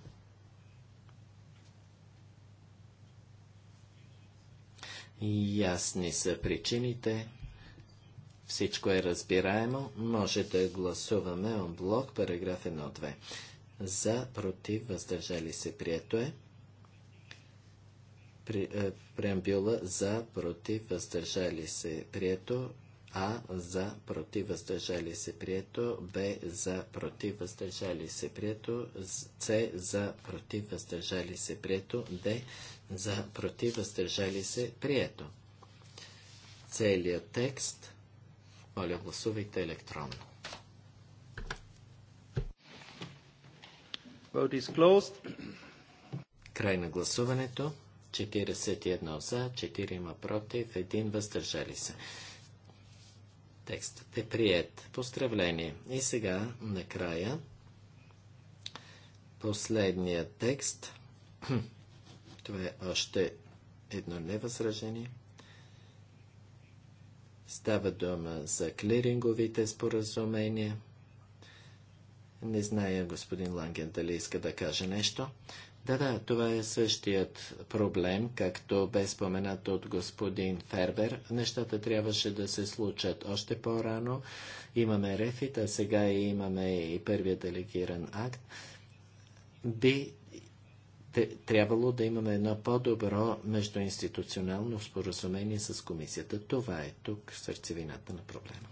Ясни са причините. Всичко е разбираемо. Може да гласуваме он блок, параграф 1-2. За, против, въздържали се, прието е. При, е преамбюла за, против, въздържали се, прието. А за против въздържали се прието, Б за против въздържали се прието, С за против въздържали се прието, Д за против въздържали се прието. Целият текст, моля гласувайте електронно. Vote is closed. Край на гласуването. 41 за, 4 против, 1 въздържали се. Текстът е прият. Поздравление. И сега, накрая, последният текст. Това е още едно невъзражение. Става дума за клиринговите споразумения. Не зная господин Ланген дали иска да каже нещо. Да, да, това е същият проблем, както бе споменат от господин Фербер. Нещата трябваше да се случат още по-рано. Имаме рефит, а сега и имаме и първия делегиран акт. Би трябвало да имаме едно по-добро междуинституционално споразумение с комисията. Това е тук сърцевината на проблема.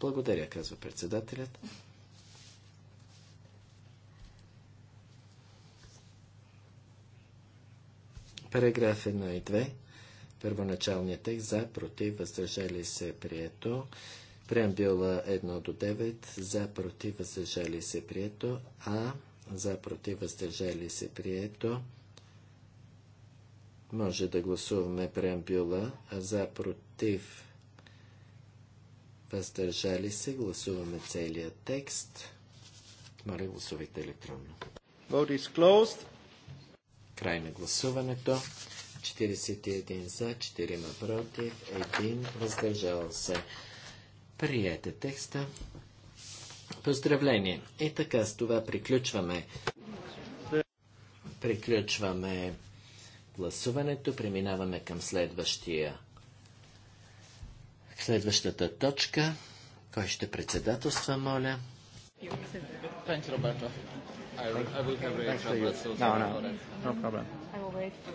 Благодаря, казва председателят. Параграф 1 и 2. Първоначалният текст за, против, въздържали се, прието. Преамбюла 1 до 9. За, против, въздържали се, прието. А. За, против, въздържали се, прието. Може да гласуваме преамбюла. За, против, въздържали се. Гласуваме целият текст. Моля, гласувайте електронно. Vote is closed. Край на гласуването. 41 за, 4 против, 1 въздържал се. Приете текста. Поздравление! И така с това приключваме. Приключваме гласуването. Преминаваме към следващия. Следващата точка. Кой ще председателства, моля? Thanks, Roberto. I will, I will have Thanks for you. No, no, no problem. I will wait for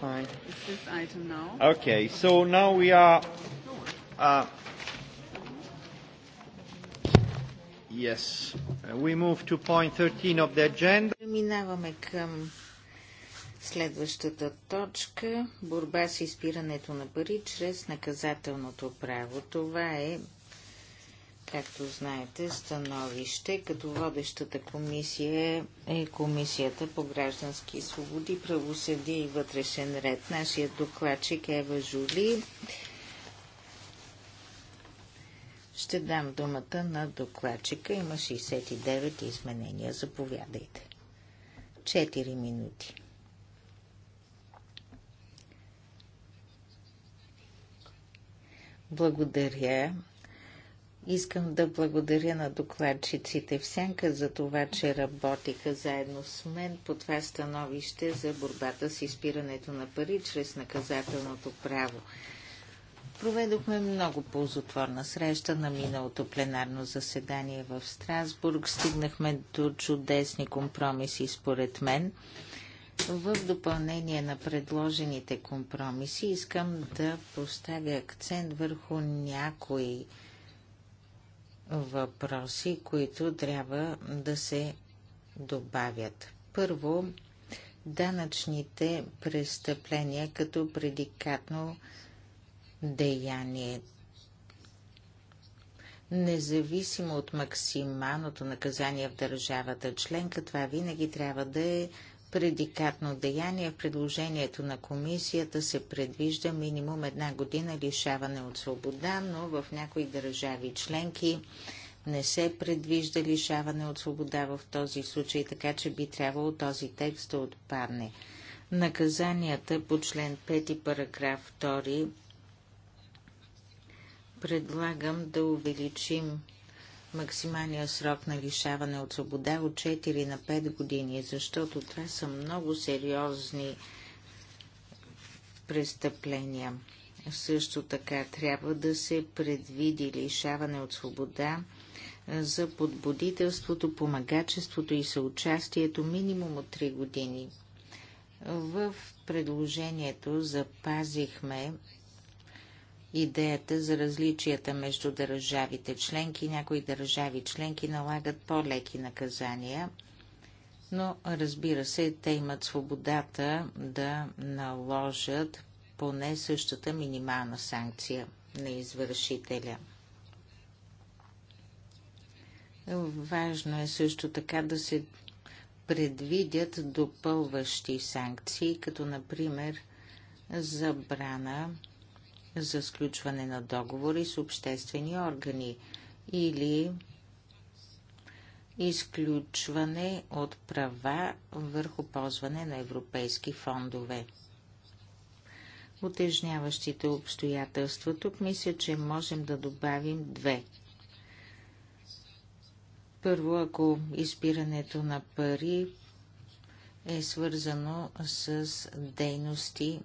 Fine. It's this item now. Okay, so now we are. Uh, yes, we move to point 13 of the agenda. Преминаваме към Следващата точка – борба с изпирането на пари чрез наказателното право. Това е Както знаете, становище като водещата комисия е Комисията по граждански свободи, правосъдие и вътрешен ред. Нашия докладчик е Ева Жули. Ще дам думата на докладчика. Има 69 изменения. Заповядайте. 4 минути. Благодаря. Искам да благодаря на докладчиците в Сянка за това, че работиха заедно с мен по това становище за борбата с изпирането на пари чрез наказателното право. Проведохме много ползотворна среща на миналото пленарно заседание в Страсбург. Стигнахме до чудесни компромиси, според мен. В допълнение на предложените компромиси искам да поставя акцент върху някои въпроси, които трябва да се добавят. Първо, данъчните престъпления като предикатно деяние. Независимо от максималното наказание в държавата членка, това винаги трябва да е предикатно деяние в предложението на комисията се предвижда минимум една година лишаване от свобода, но в някои държави членки не се предвижда лишаване от свобода в този случай, така че би трябвало този текст да отпадне. Наказанията по член 5 параграф 2 предлагам да увеличим максималния срок на лишаване от свобода от 4 на 5 години, защото това са много сериозни престъпления. Също така трябва да се предвиди лишаване от свобода за подбудителството, помагачеството и съучастието минимум от 3 години. В предложението запазихме идеята за различията между държавите членки. Някои държави членки налагат по-леки наказания, но разбира се, те имат свободата да наложат поне същата минимална санкция на извършителя. Важно е също така да се предвидят допълващи санкции, като например забрана за сключване на договори с обществени органи или изключване от права върху ползване на европейски фондове. Отежняващите обстоятелства тук мисля, че можем да добавим две. Първо, ако изпирането на пари е свързано с дейности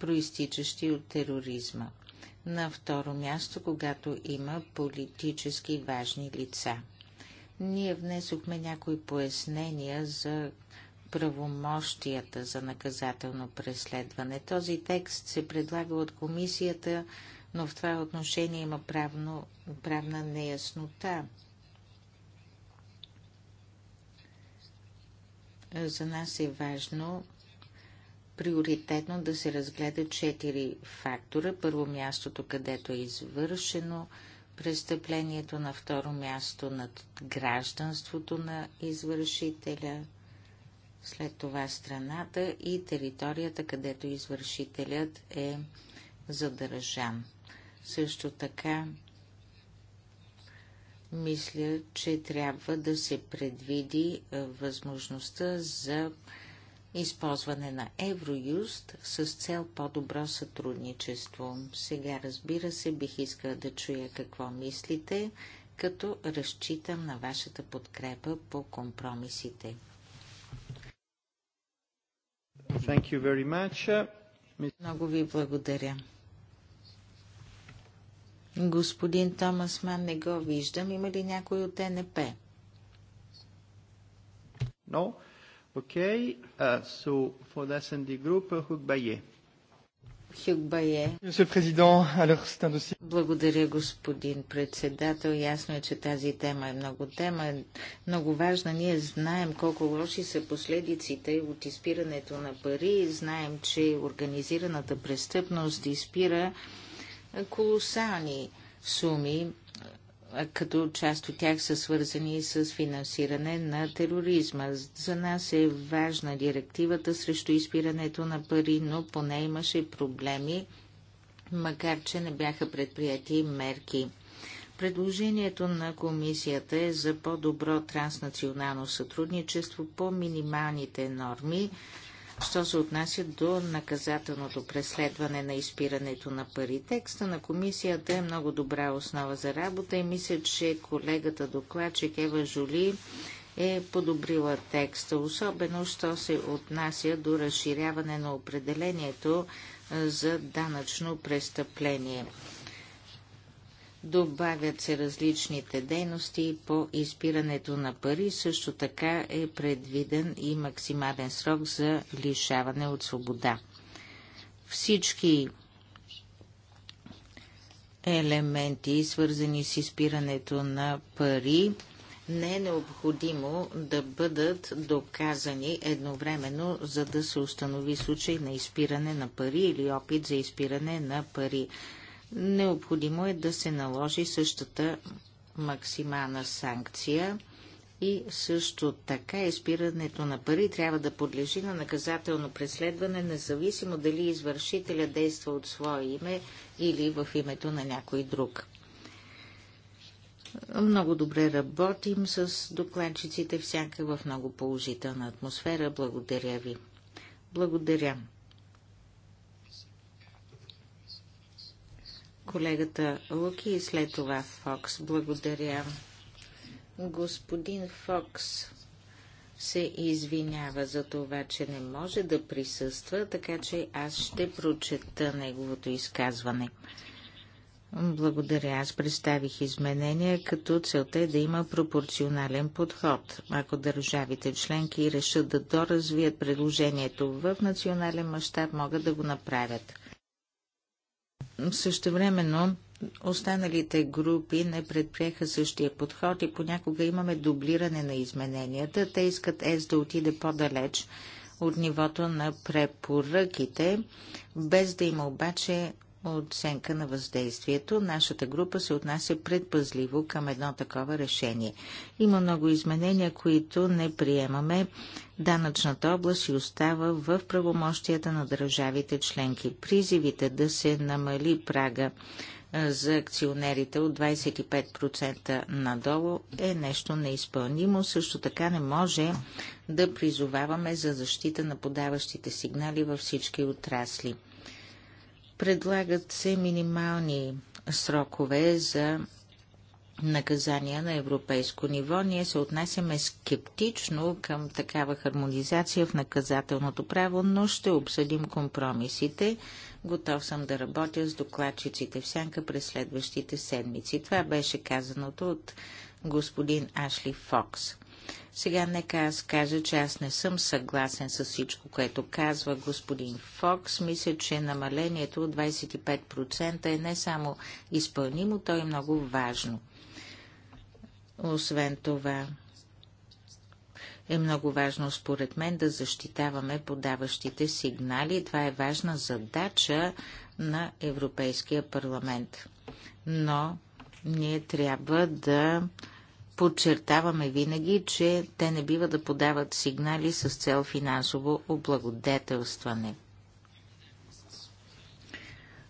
проистичащи от тероризма. На второ място, когато има политически важни лица. Ние внесохме някои пояснения за правомощията за наказателно преследване. Този текст се предлага от комисията, но в това отношение има правно, правна неяснота. За нас е важно приоритетно да се разгледат четири фактора. Първо мястото, където е извършено престъплението, на второ място над гражданството на извършителя, след това страната и територията, където извършителят е задържан. Също така мисля, че трябва да се предвиди възможността за използване на Евроюст с цел по-добро сътрудничество. Сега, разбира се, бих искала да чуя какво мислите, като разчитам на вашата подкрепа по компромисите. Thank you very much. Много ви благодаря. Господин Томас Ман не го виждам. Има ли някой от НП? No. Okay, uh, so for the SND group, uh, Hukbaye. Благодаря, господин председател. Ясно е, че тази тема е много тема, е много важна. Ние знаем колко лоши са последиците от изпирането на пари. Знаем, че организираната престъпност изпира колосални суми като част от тях са свързани с финансиране на тероризма. За нас е важна директивата срещу изпирането на пари, но поне имаше проблеми, макар че не бяха предприяти мерки. Предложението на комисията е за по-добро транснационално сътрудничество по минималните норми Що се отнася до наказателното преследване на изпирането на пари, текста на комисията е много добра основа за работа и мисля, че колегата докладчик Ева Жули е подобрила текста, особено що се отнася до разширяване на определението за данъчно престъпление. Добавят се различните дейности по изпирането на пари. Също така е предвиден и максимален срок за лишаване от свобода. Всички елементи, свързани с изпирането на пари, не е необходимо да бъдат доказани едновременно, за да се установи случай на изпиране на пари или опит за изпиране на пари необходимо е да се наложи същата максимална санкция и също така изпирането на пари трябва да подлежи на наказателно преследване, независимо дали извършителя действа от свое име или в името на някой друг. Много добре работим с докладчиците, всяка в много положителна атмосфера. Благодаря ви. Благодаря. колегата Луки и след това Фокс. Благодаря. Господин Фокс се извинява за това, че не може да присъства, така че аз ще прочета неговото изказване. Благодаря. Аз представих изменения, като целта е да има пропорционален подход. Ако държавите членки решат да доразвият предложението в национален мащаб, могат да го направят. Същевременно останалите групи не предприеха същия подход и понякога имаме дублиране на измененията. Те искат ЕС да отиде по-далеч от нивото на препоръките, без да има обаче оценка на въздействието. Нашата група се отнася предпазливо към едно такова решение. Има много изменения, които не приемаме. Данъчната област и остава в правомощията на държавите членки. Призивите да се намали прага за акционерите от 25% надолу е нещо неизпълнимо. Също така не може да призоваваме за защита на подаващите сигнали във всички отрасли. Предлагат се минимални срокове за наказания на европейско ниво. Ние се отнасяме скептично към такава хармонизация в наказателното право, но ще обсъдим компромисите. Готов съм да работя с докладчиците в сянка през следващите седмици. Това беше казаното от господин Ашли Фокс. Сега нека аз кажа, че аз не съм съгласен с всичко, което казва господин Фокс. Мисля, че намалението от 25% е не само изпълнимо, то е много важно. Освен това, е много важно според мен да защитаваме подаващите сигнали. Това е важна задача на Европейския парламент. Но ние трябва да подчертаваме винаги, че те не бива да подават сигнали с цел финансово облагодетелстване.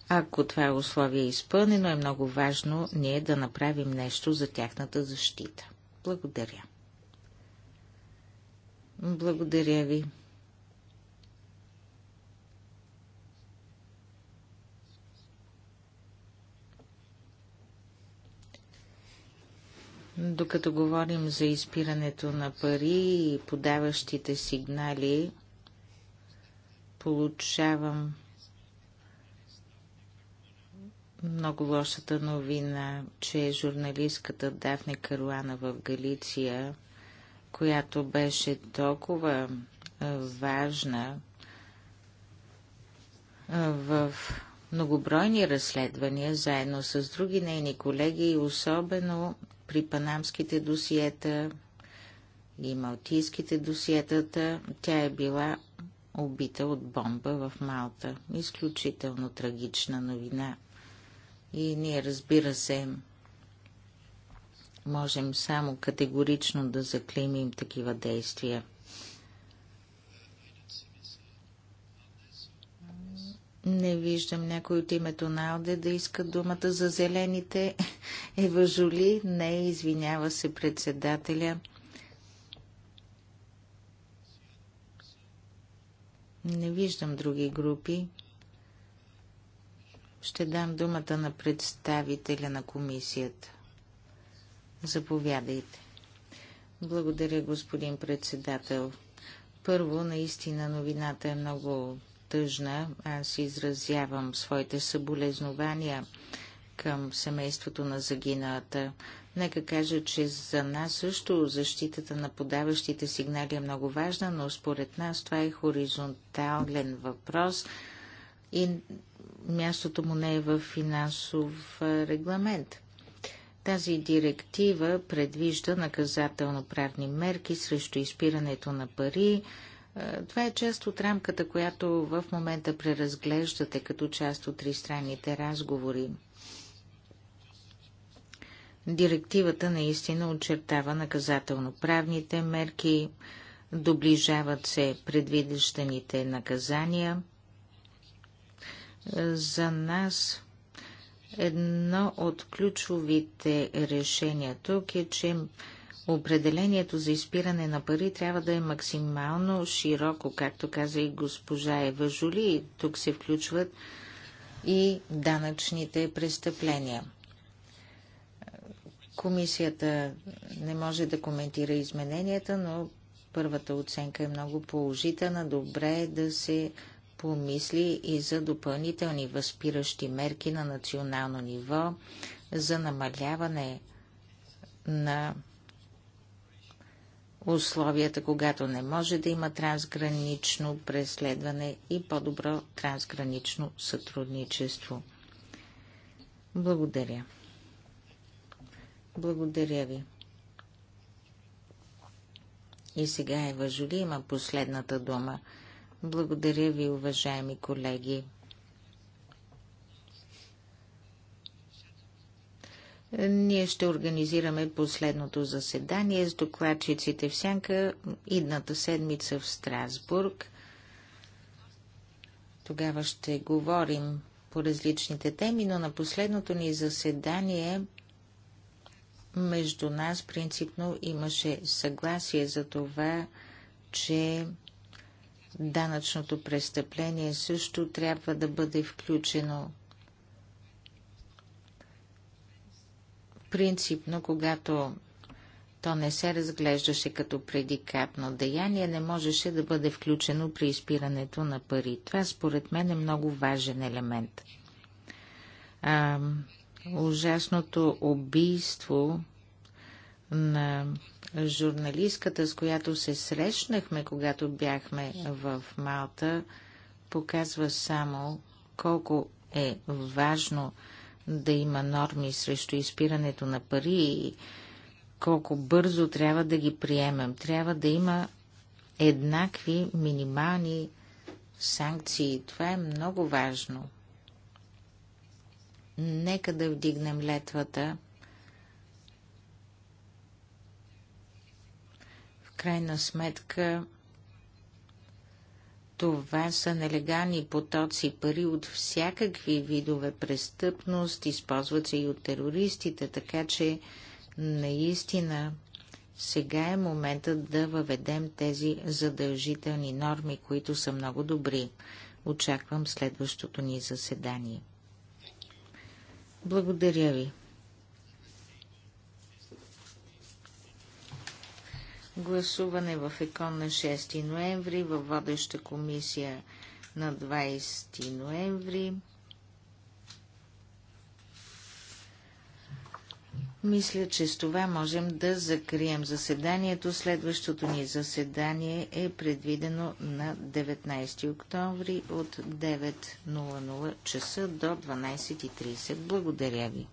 Ако това условие е изпълнено, е много важно ние да направим нещо за тяхната защита. Благодаря. Благодаря ви. Докато говорим за изпирането на пари и подаващите сигнали, получавам много лошата новина, че журналистката Дафне Каруана в Галиция, която беше толкова важна в многобройни разследвания, заедно с други нейни колеги и особено при панамските досиета и малтийските досиетата. Тя е била убита от бомба в Малта. Изключително трагична новина. И ние, разбира се, можем само категорично да заклеймим такива действия – Не виждам някой от името на Алде да иска думата за зелените. Ева Жули не извинява се председателя. Не виждам други групи. Ще дам думата на представителя на комисията. Заповядайте. Благодаря, господин председател. Първо, наистина новината е много тъжна. Аз изразявам своите съболезнования към семейството на загиналата. Нека кажа, че за нас също защитата на подаващите сигнали е много важна, но според нас това е хоризонтален въпрос и мястото му не е в финансов регламент. Тази директива предвижда наказателно-правни мерки срещу изпирането на пари, е, това е част от рамката, която в момента преразглеждате като част от тристранните разговори. Директивата наистина очертава наказателно-правните мерки, доближават се предвидещаните наказания. За нас едно от ключовите решения тук е, че Определението за изпиране на пари трябва да е максимално широко, както каза и госпожа Ева Жули. Тук се включват и данъчните престъпления. Комисията не може да коментира измененията, но първата оценка е много положителна. Добре е да се помисли и за допълнителни възпиращи мерки на национално ниво за намаляване на условията, когато не може да има трансгранично преследване и по-добро трансгранично сътрудничество. Благодаря. Благодаря ви. И сега Ева Жули има последната дума. Благодаря ви, уважаеми колеги. Ние ще организираме последното заседание с докладчиците в Сянка идната седмица в Страсбург. Тогава ще говорим по различните теми, но на последното ни заседание между нас принципно имаше съгласие за това, че данъчното престъпление също трябва да бъде включено Принципно, когато то не се разглеждаше като предикатно деяние, не можеше да бъде включено при изпирането на пари. Това според мен е много важен елемент. А, ужасното убийство на журналистката, с която се срещнахме, когато бяхме в Малта, показва само колко е важно да има норми срещу изпирането на пари и колко бързо трябва да ги приемем. Трябва да има еднакви минимални санкции. Това е много важно. Нека да вдигнем летвата. В крайна сметка това са нелегални потоци пари от всякакви видове престъпност, използват се и от терористите, така че наистина сега е моментът да въведем тези задължителни норми, които са много добри. Очаквам следващото ни заседание. Благодаря ви. Гласуване в ЕКОН на 6 ноември, във водеща комисия на 20 ноември. Мисля, че с това можем да закрием заседанието. Следващото ни заседание е предвидено на 19 октомври от 9.00 часа до 12.30. Благодаря ви.